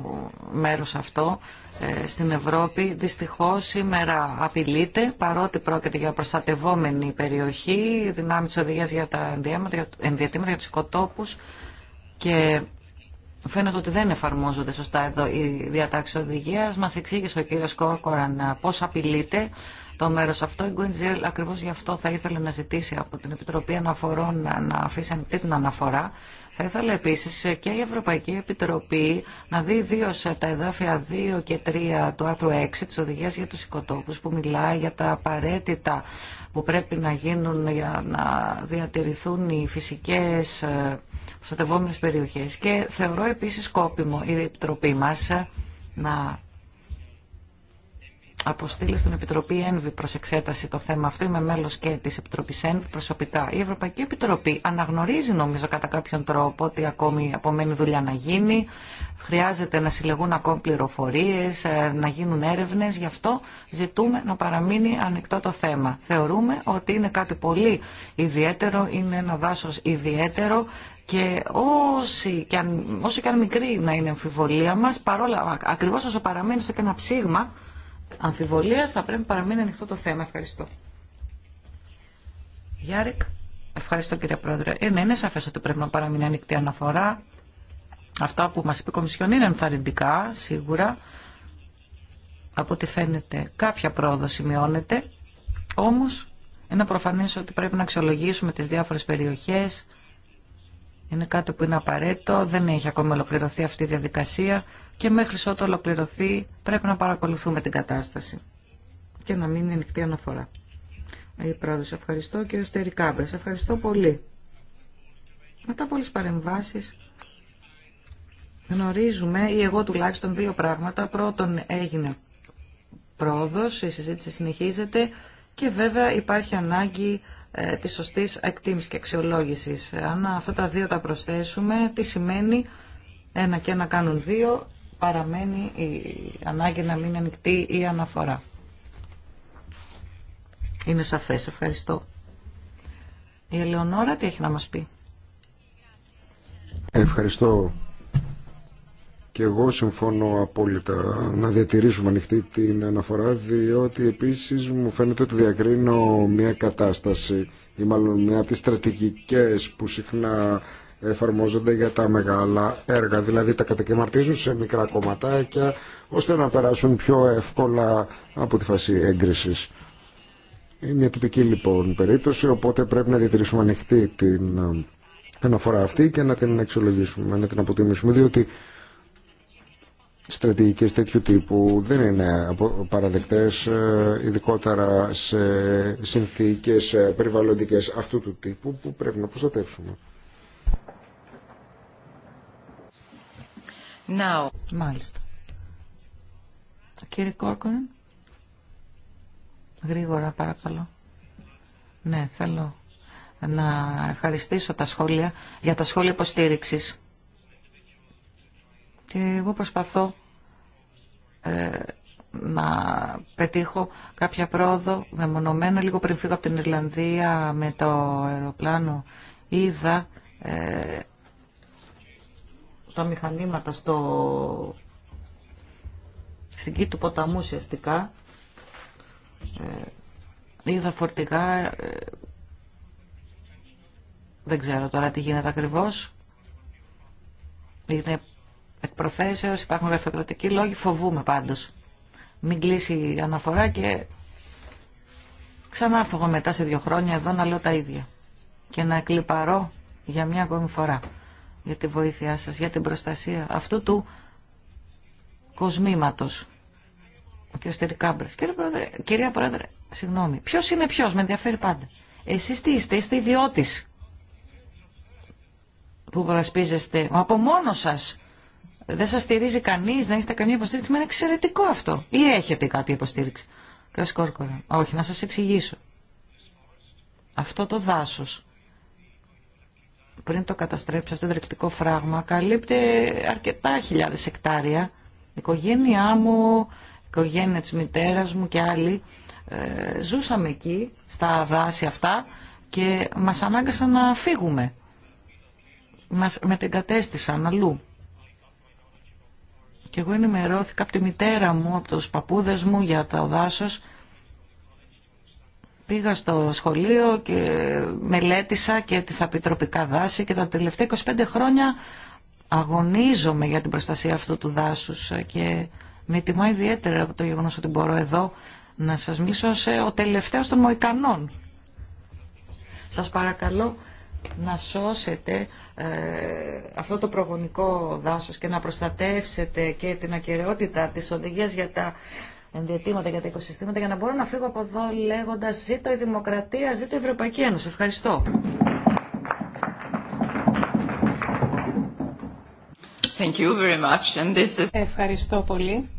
μέρος αυτό ε, στην Ευρώπη. Δυστυχώς σήμερα απειλείται, παρότι πρόκειται για προστατευόμενη περιοχή, δυνάμει της οδηγίας για τα ενδιατήματα, για τους οικοτόπους και Φαίνεται ότι δεν εφαρμόζονται σωστά εδώ οι διατάξει οδηγία. Μα εξήγησε ο κύριο Κόκοραν πώ απειλείται το μέρο αυτό. Η Γκουεντζέλ ακριβώ γι' αυτό θα ήθελε να ζητήσει από την Επιτροπή Αναφορών να αφήσει ανοιχτή την αναφορά. Θα ήθελα επίση και η Ευρωπαϊκή Επιτροπή να δει ιδίω τα εδάφια 2 και 3 του άρθρου 6 τη οδηγία για του Οικοτόπους που μιλάει για τα απαραίτητα που πρέπει να γίνουν για να διατηρηθούν οι φυσικέ ε, προστατευόμενε περιοχέ. Και θεωρώ επίση σκόπιμο η Επιτροπή μα. να αποστείλει στην Επιτροπή ΕΝΒΗ προ εξέταση το θέμα αυτό. Είμαι μέλο και τη Επιτροπή ΕΝΒΗ προσωπικά. Η Ευρωπαϊκή Επιτροπή αναγνωρίζει νομίζω κατά κάποιον τρόπο ότι ακόμη απομένει δουλειά να γίνει. Χρειάζεται να συλλεγούν ακόμη πληροφορίε, ε, να γίνουν έρευνε. Γι' αυτό ζητούμε να παραμείνει ανοιχτό το θέμα. Θεωρούμε ότι είναι κάτι πολύ ιδιαίτερο, είναι ένα δάσο ιδιαίτερο και όσοι και αν, όσο και αν μικρή να είναι η αμφιβολία μας, παρόλα, ακριβώς όσο παραμένει στο και ένα ψήγμα, αμφιβολία θα πρέπει να παραμείνει ανοιχτό το θέμα. Ευχαριστώ. Γιάρικ, ευχαριστώ κύριε Πρόεδρε. Ε, ναι, είναι σαφέ ότι πρέπει να παραμείνει ανοιχτή αναφορά. Αυτά που μα είπε η Κομισιόν είναι ενθαρρυντικά, σίγουρα. Από ό,τι φαίνεται κάποια πρόοδο σημειώνεται. Όμω, είναι προφανέ ότι πρέπει να αξιολογήσουμε τι διάφορε περιοχέ. Είναι κάτι που είναι απαραίτητο, δεν έχει ακόμα ολοκληρωθεί αυτή η διαδικασία και μέχρι ότου ολοκληρωθεί πρέπει να παρακολουθούμε την κατάσταση και να μην είναι ανοιχτή αναφορά. Η ε, πρόεδρος, ευχαριστώ. Κύριο σε ευχαριστώ πολύ. Μετά από όλες τις παρεμβάσεις γνωρίζουμε, ή εγώ τουλάχιστον, δύο πράγματα. Πρώτον έγινε πρόοδος, η συζήτηση συνεχίζεται και βέβαια υπάρχει ανάγκη ε, της σωστής εκτίμησης και αξιολόγησης. Αν αυτά τα δύο τα προσθέσουμε, τι σημαίνει ένα και ένα κάνουν δύο, παραμένει η ανάγκη να μην ανοιχτή η αναφορά. Είναι σαφές. Ευχαριστώ. Η Ελεονόρα τι έχει να μας πει. Ευχαριστώ. Και εγώ συμφωνώ απόλυτα να διατηρήσουμε ανοιχτή την αναφορά διότι επίσης μου φαίνεται ότι διακρίνω μια κατάσταση ή μάλλον μια από τις στρατηγικές που συχνά εφαρμόζονται για τα μεγάλα έργα. Δηλαδή τα κατακαιμαρτίζουν σε μικρά κομματάκια ώστε να περάσουν πιο εύκολα από τη φάση έγκρισης. Είναι μια τυπική λοιπόν περίπτωση, οπότε πρέπει να διατηρήσουμε ανοιχτή την ε, αναφορά αυτή και να την εξολογήσουμε να την αποτιμήσουμε, διότι στρατηγικές τέτοιου τύπου δεν είναι παραδεκτές ε, ειδικότερα σε συνθήκες περιβαλλοντικές αυτού του τύπου που πρέπει να προστατεύσουμε. Now. Μάλιστα. Κύριε Κόρκονεν. γρήγορα παρακαλώ. Ναι, θέλω να ευχαριστήσω τα σχόλια για τα σχόλια υποστήριξη. Και εγώ προσπαθώ ε, να πετύχω κάποια πρόοδο μεμονωμένα. Λίγο πριν φύγω από την Ιρλανδία με το αεροπλάνο είδα ε, τα μηχανήματα στο φυγή του ποταμού ουσιαστικά, ε, είδα φορτηγά, ε, δεν ξέρω τώρα τι γίνεται ακριβώς, είναι εκ υπάρχουν γραφειοκρατικοί λόγοι, φοβούμε πάντως. Μην κλείσει η αναφορά και ξανά εγώ μετά σε δύο χρόνια εδώ να λέω τα ίδια και να εκλυπαρώ για μια ακόμη φορά για τη βοήθειά σας, για την προστασία αυτού του κοσμήματος. Ο κ. Στερικάμπρας. κυρία Πρόεδρε, συγγνώμη, ποιος είναι ποιος, με ενδιαφέρει πάντα. Εσείς τι είστε, είστε ιδιώτης που προασπίζεστε από μόνο σας. Δεν σας στηρίζει κανείς, δεν έχετε καμία υποστήριξη. Με είναι εξαιρετικό αυτό. Ή έχετε κάποια υποστήριξη. Κύριε Σκόρκορα, όχι, να σας εξηγήσω. Αυτό το δάσος πριν το καταστρέψει αυτό το ρεκτικό φράγμα, καλύπτει αρκετά χιλιάδες εκτάρια. Η οικογένειά μου, η οικογένεια της μητέρας μου και άλλοι ε, ζούσαμε εκεί, στα δάση αυτά και μας ανάγκασαν να φύγουμε. Μας μετεγκατέστησαν αλλού. Και εγώ ενημερώθηκα από τη μητέρα μου, από τους παππούδες μου για το δάσος Πήγα στο σχολείο και μελέτησα και τη θα δάση και τα τελευταία 25 χρόνια αγωνίζομαι για την προστασία αυτού του δάσους και με τιμά ιδιαίτερα από το γεγονός ότι μπορώ εδώ να σας μίσω σε ο τελευταίος των Μοϊκανών. Σας παρακαλώ να σώσετε ε, αυτό το προγονικό δάσος και να προστατεύσετε και την ακαιρεότητα της οδηγίας για τα ενδιατήματα για τα οικοσυστήματα για να μπορώ να φύγω από εδώ λέγοντα ζήτω η δημοκρατία, ζήτω η Ευρωπαϊκή Ένωση. Ευχαριστώ. Thank you very much. And this is... Ευχαριστώ πολύ.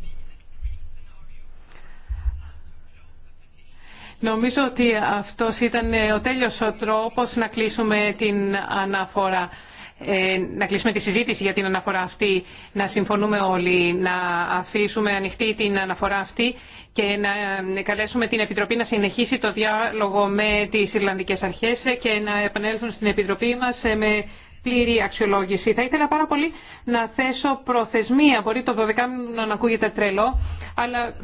Νομίζω ότι αυτός ήταν ο τέλειος ο τρόπος να κλείσουμε την αναφορά. Ε, να κλείσουμε τη συζήτηση για την αναφορά αυτή, να συμφωνούμε όλοι, να αφήσουμε ανοιχτή την αναφορά αυτή και να ε, καλέσουμε την Επιτροπή να συνεχίσει το διάλογο με τις Ιρλανδικές Αρχές και να επανέλθουν στην Επιτροπή μας ε, με πλήρη αξιολόγηση. Θα ήθελα πάρα πολύ να θέσω προθεσμία. Μπορεί το 12 να ακούγεται τρελό, αλλά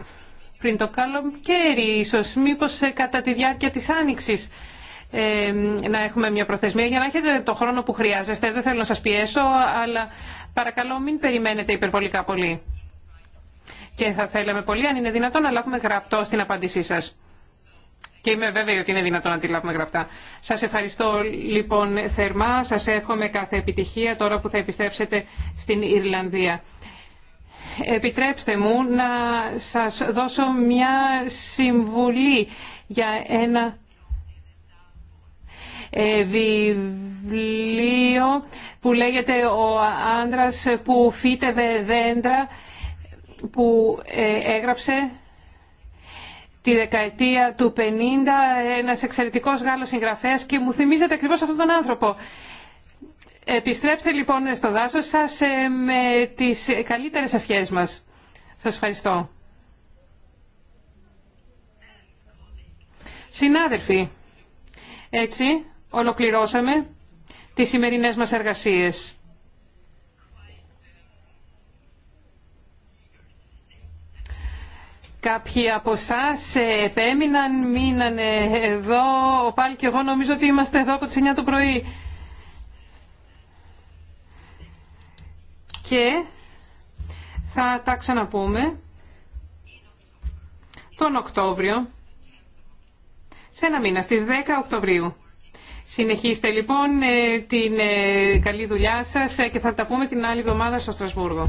πριν το καλοκαίρι ίσως, μήπως κατά τη διάρκεια της Άνοιξης να έχουμε μια προθεσμία για να έχετε το χρόνο που χρειάζεστε. Δεν θέλω να σας πιέσω, αλλά παρακαλώ μην περιμένετε υπερβολικά πολύ. Και θα θέλαμε πολύ, αν είναι δυνατόν, να λάβουμε γραπτό στην απάντησή σας. Και είμαι βέβαιη ότι είναι δυνατόν να τη λάβουμε γραπτά. Σας ευχαριστώ λοιπόν θερμά. Σας εύχομαι κάθε επιτυχία τώρα που θα επιστρέψετε στην Ιρλανδία. Επιτρέψτε μου να σας δώσω μια συμβουλή για ένα ε, βιβλίο που λέγεται «Ο άντρας που φύτευε δέντρα» που ε, έγραψε τη δεκαετία του 50 ένας εξαιρετικός Γάλλος συγγραφέας και μου θυμίζεται ακριβώς αυτόν τον άνθρωπο. Επιστρέψτε λοιπόν στο δάσος σας ε, με τις καλύτερες ευχές μας. Σας ευχαριστώ. Συνάδελφοι, έτσι ολοκληρώσαμε τις σημερινές μας εργασίες. Κάποιοι από εσά επέμειναν, μείνανε εδώ. Πάλι και εγώ νομίζω ότι είμαστε εδώ από τις 9 το πρωί. Και θα τα ξαναπούμε τον Οκτώβριο, σε ένα μήνα, στις 10 Οκτωβρίου. Συνεχίστε λοιπόν ε, την ε, καλή δουλειά σας ε, και θα τα πούμε την άλλη εβδομάδα στο Στρασβούργο.